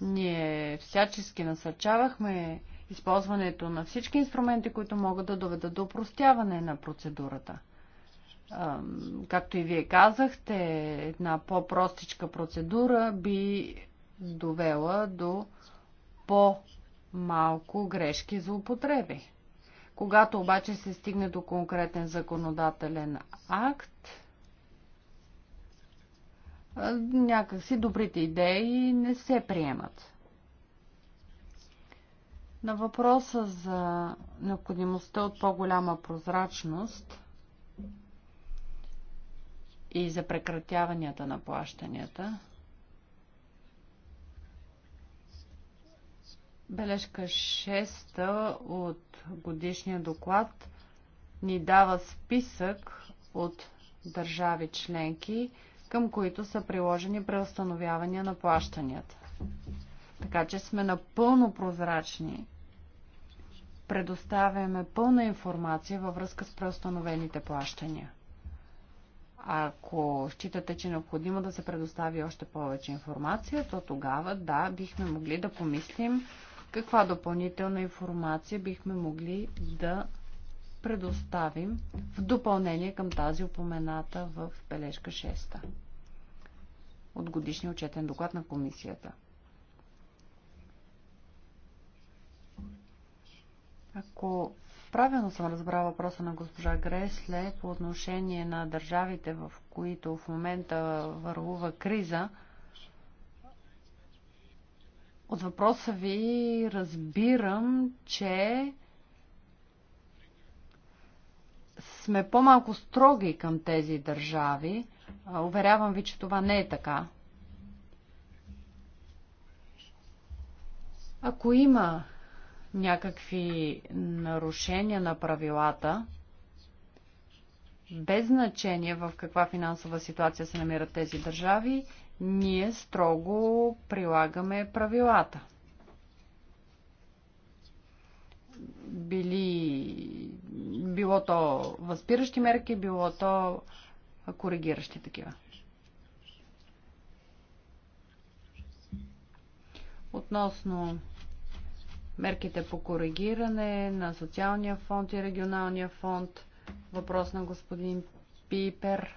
Ние всячески насърчавахме използването на всички инструменти, които могат да доведат до упростяване на процедурата. Както и вие казахте, една по-простичка процедура би довела до по-малко грешки за употреби. Когато обаче се стигне до конкретен законодателен акт, някакси добрите идеи не се приемат. На въпроса за необходимостта от по-голяма прозрачност и за прекратяванията на плащанията, бележка 6 от годишния доклад ни дава списък от държави членки, към които са приложени преустановявания на плащанията. Така че сме напълно прозрачни. Предоставяме пълна информация във връзка с преустановените плащания. Ако считате, че е необходимо да се предостави още повече информация, то тогава да, бихме могли да помислим каква допълнителна информация бихме могли да предоставим в допълнение към тази упомената в бележка 6 от годишния отчетен доклад на комисията. Ако правилно съм разбрала въпроса на госпожа Гресле по отношение на държавите, в които в момента върлува криза, от въпроса ви разбирам, че сме по-малко строги към тези държави. Уверявам ви, че това не е така. Ако има някакви нарушения на правилата, без значение в каква финансова ситуация се намират тези държави, ние строго прилагаме правилата. Били било то възпиращи мерки, било то коригиращи такива. Относно мерките по коригиране на социалния фонд и регионалния фонд, въпрос на господин Пипер.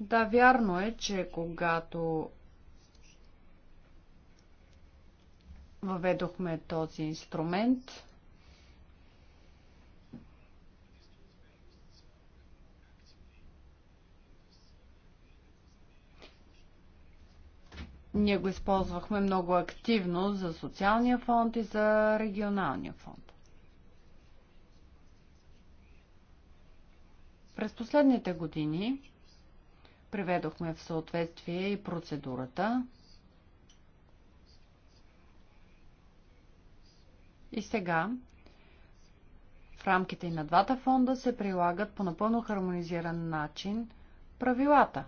Да, вярно е, че когато въведохме този инструмент. Ние го използвахме много активно за социалния фонд и за регионалния фонд. През последните години приведохме в съответствие и процедурата, И сега в рамките и на двата фонда се прилагат по напълно хармонизиран начин правилата.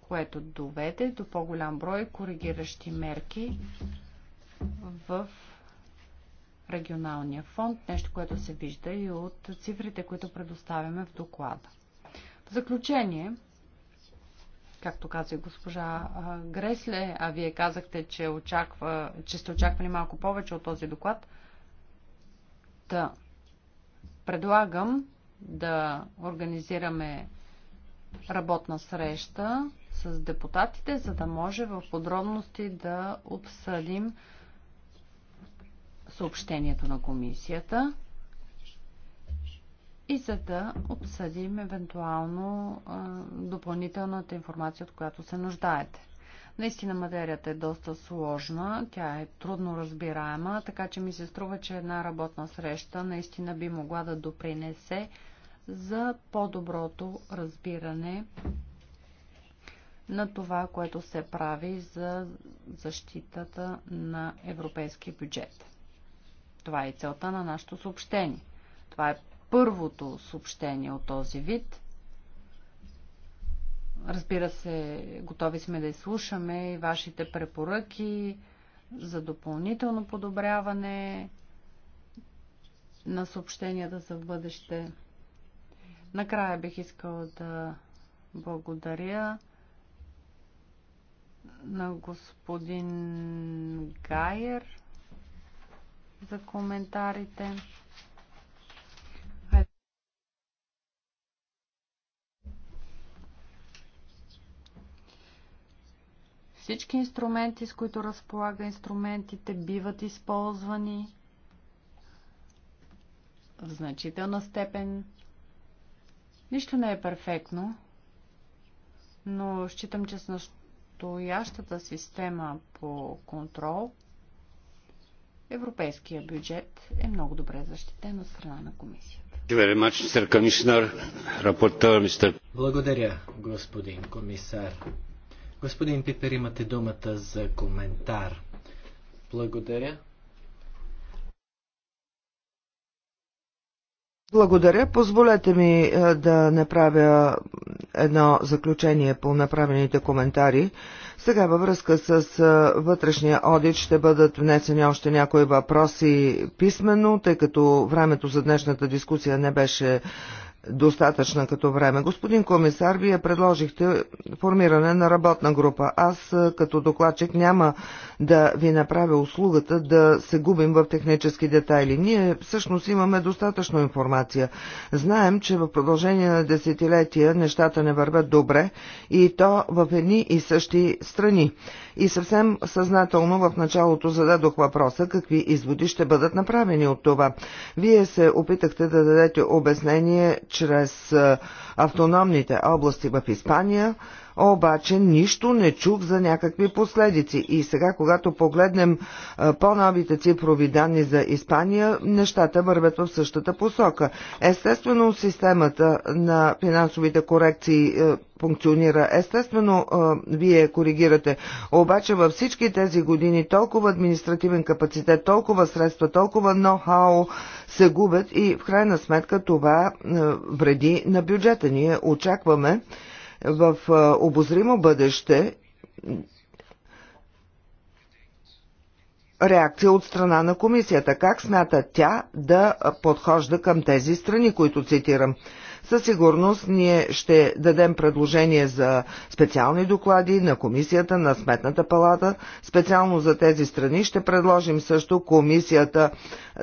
което доведе до по-голям брой коригиращи мерки в регионалния фонд, нещо, което се вижда и от цифрите, които предоставяме в доклада. В заключение, както каза и госпожа Гресле, а вие казахте, че, очаква, че сте очаквали малко повече от този доклад. Та, предлагам да организираме работна среща с депутатите, за да може в подробности да обсъдим съобщението на комисията и за да обсъдим евентуално допълнителната информация, от която се нуждаете. Наистина материята е доста сложна, тя е трудно разбираема, така че ми се струва, че една работна среща наистина би могла да допринесе за по-доброто разбиране на това, което се прави за защитата на европейския бюджет. Това е и целта на нашето съобщение. Това е първото съобщение от този вид. Разбира се, готови сме да изслушаме и вашите препоръки за допълнително подобряване на съобщенията за в бъдеще. Накрая бих искала да благодаря на господин Гайер за коментарите. Всички инструменти, с които разполага инструментите, биват използвани в значителна степен. Нищо не е перфектно, но считам, че с настоящата система по контрол европейския бюджет е много добре защитен от страна на комисията. Благодаря, господин комисар. Господин Пипер, имате думата за коментар. Благодаря. Благодаря. Позволете ми е, да направя едно заключение по направените коментари. Сега във връзка с е, вътрешния одит ще бъдат внесени още някои въпроси писменно, тъй като времето за днешната дискусия не беше е, достатъчна като време. Господин комисар, вие предложихте формиране на работна група. Аз като докладчик няма да ви направя услугата да се губим в технически детайли. Ние всъщност имаме достатъчно информация. Знаем, че в продължение на десетилетия нещата не вървят добре и то в едни и същи страни и съвсем съзнателно в началото зададох въпроса какви изводи ще бъдат направени от това. Вие се опитахте да дадете обяснение чрез автономните области в Испания – обаче нищо не чух за някакви последици. И сега, когато погледнем по-новите цифрови данни за Испания, нещата вървят в същата посока. Естествено, системата на финансовите корекции функционира. Естествено, вие коригирате. Обаче във всички тези години толкова административен капацитет, толкова средства, толкова ноу-хау се губят и в крайна сметка това вреди на бюджета. Ние очакваме в обозримо бъдеще реакция от страна на комисията. Как смята тя да подхожда към тези страни, които цитирам? Със сигурност ние ще дадем предложение за специални доклади на комисията на Сметната палата. Специално за тези страни ще предложим също комисията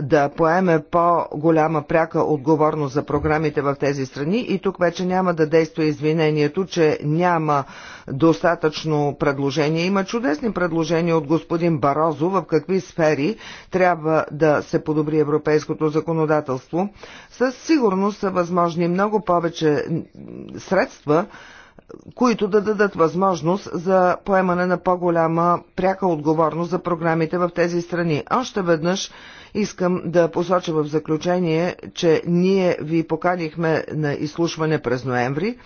да поеме по-голяма пряка отговорност за програмите в тези страни и тук вече няма да действа извинението, че няма достатъчно предложения. Има чудесни предложения от господин Барозо в какви сфери трябва да се подобри европейското законодателство. Със сигурност са възможни много повече средства, които да дадат възможност за поемане на по-голяма пряка отговорност за програмите в тези страни. Още веднъж искам да посоча в заключение, че ние ви поканихме на изслушване през ноември.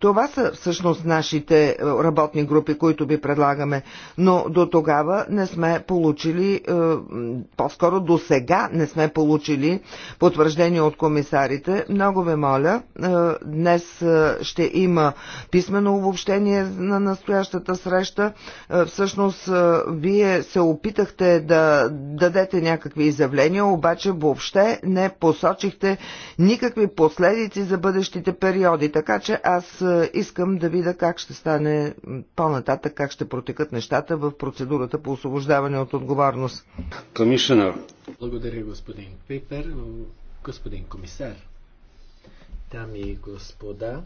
Това са всъщност нашите е, работни групи, които ви предлагаме, но до тогава не сме получили, е, по-скоро до сега не сме получили потвърждение от комисарите. Много ви моля, е, днес ще има писмено обобщение на настоящата среща. Всъщност, вие се опитахте да дадете някакви изявления, обаче въобще не посочихте никакви последици за бъдещите периоди, така че аз е, искам да видя как ще стане по-нататък, как ще протекат нещата в процедурата по освобождаване от отговорност. Комишенър. Благодаря, господин Пипер. Господин комисар. Дами и господа,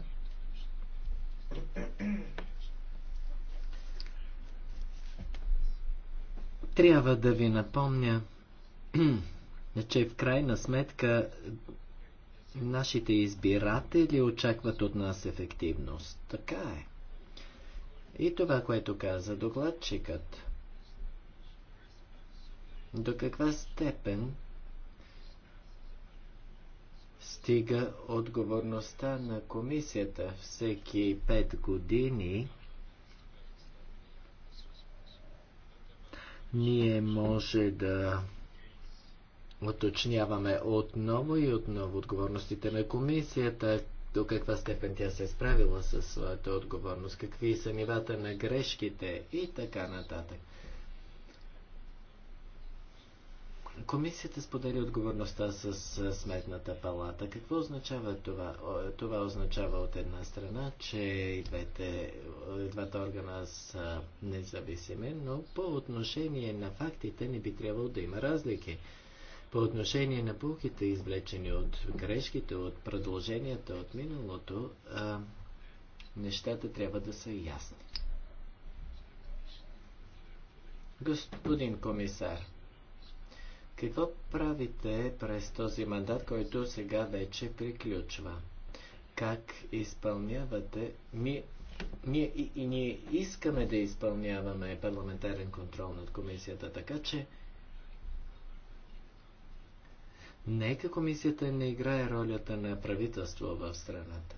трябва да ви напомня, че в крайна сметка Нашите избиратели очакват от нас ефективност. Така е. И това, което каза докладчикът. До каква степен стига отговорността на комисията всеки пет години? Ние може да Оточняваме отново и отново отговорностите на комисията, до каква степен тя се е справила с своята отговорност, какви са нивата на грешките и така нататък. Комисията сподели отговорността с Сметната палата. Какво означава това? Това означава от една страна, че и двете, двата органа са независими, но по отношение на фактите не би трябвало да има разлики. По отношение на пулките, извлечени от грешките, от продълженията, от миналото, а, нещата трябва да са ясни. Господин комисар, какво правите през този мандат, който сега вече приключва? Как изпълнявате? Ми, ние, и, и ние искаме да изпълняваме парламентарен контрол над комисията, така че Нека комисията не играе ролята на правителство в страната.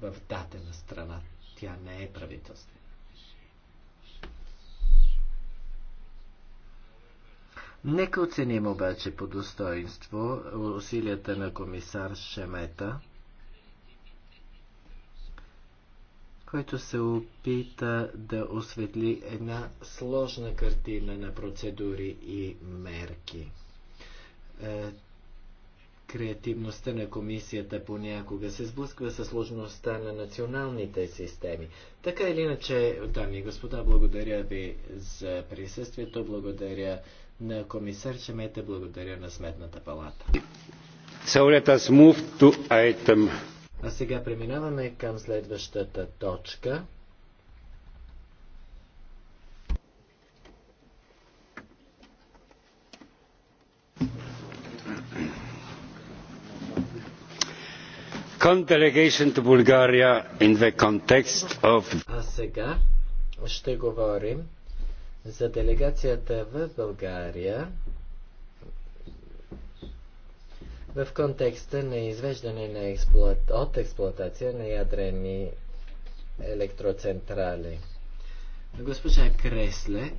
В дадена страна. Тя не е правителство. Нека оценим обаче по достоинство усилията на комисар Шемета, който се опита да осветли една сложна картина на процедури и мерки. Е, креативността на комисията понякога се сблъсква с сложността на националните системи. Така или иначе, дами и господа, благодаря ви за присъствието, благодаря на комисар Чемета, благодаря на Сметната палата. а сега преминаваме към следващата точка. current delegation to Bulgaria in the context of... А сега ще говорим за делегацията в България в контекста на извеждане на експлуат... от експлуатация на ядрени електроцентрали. Госпожа Кресле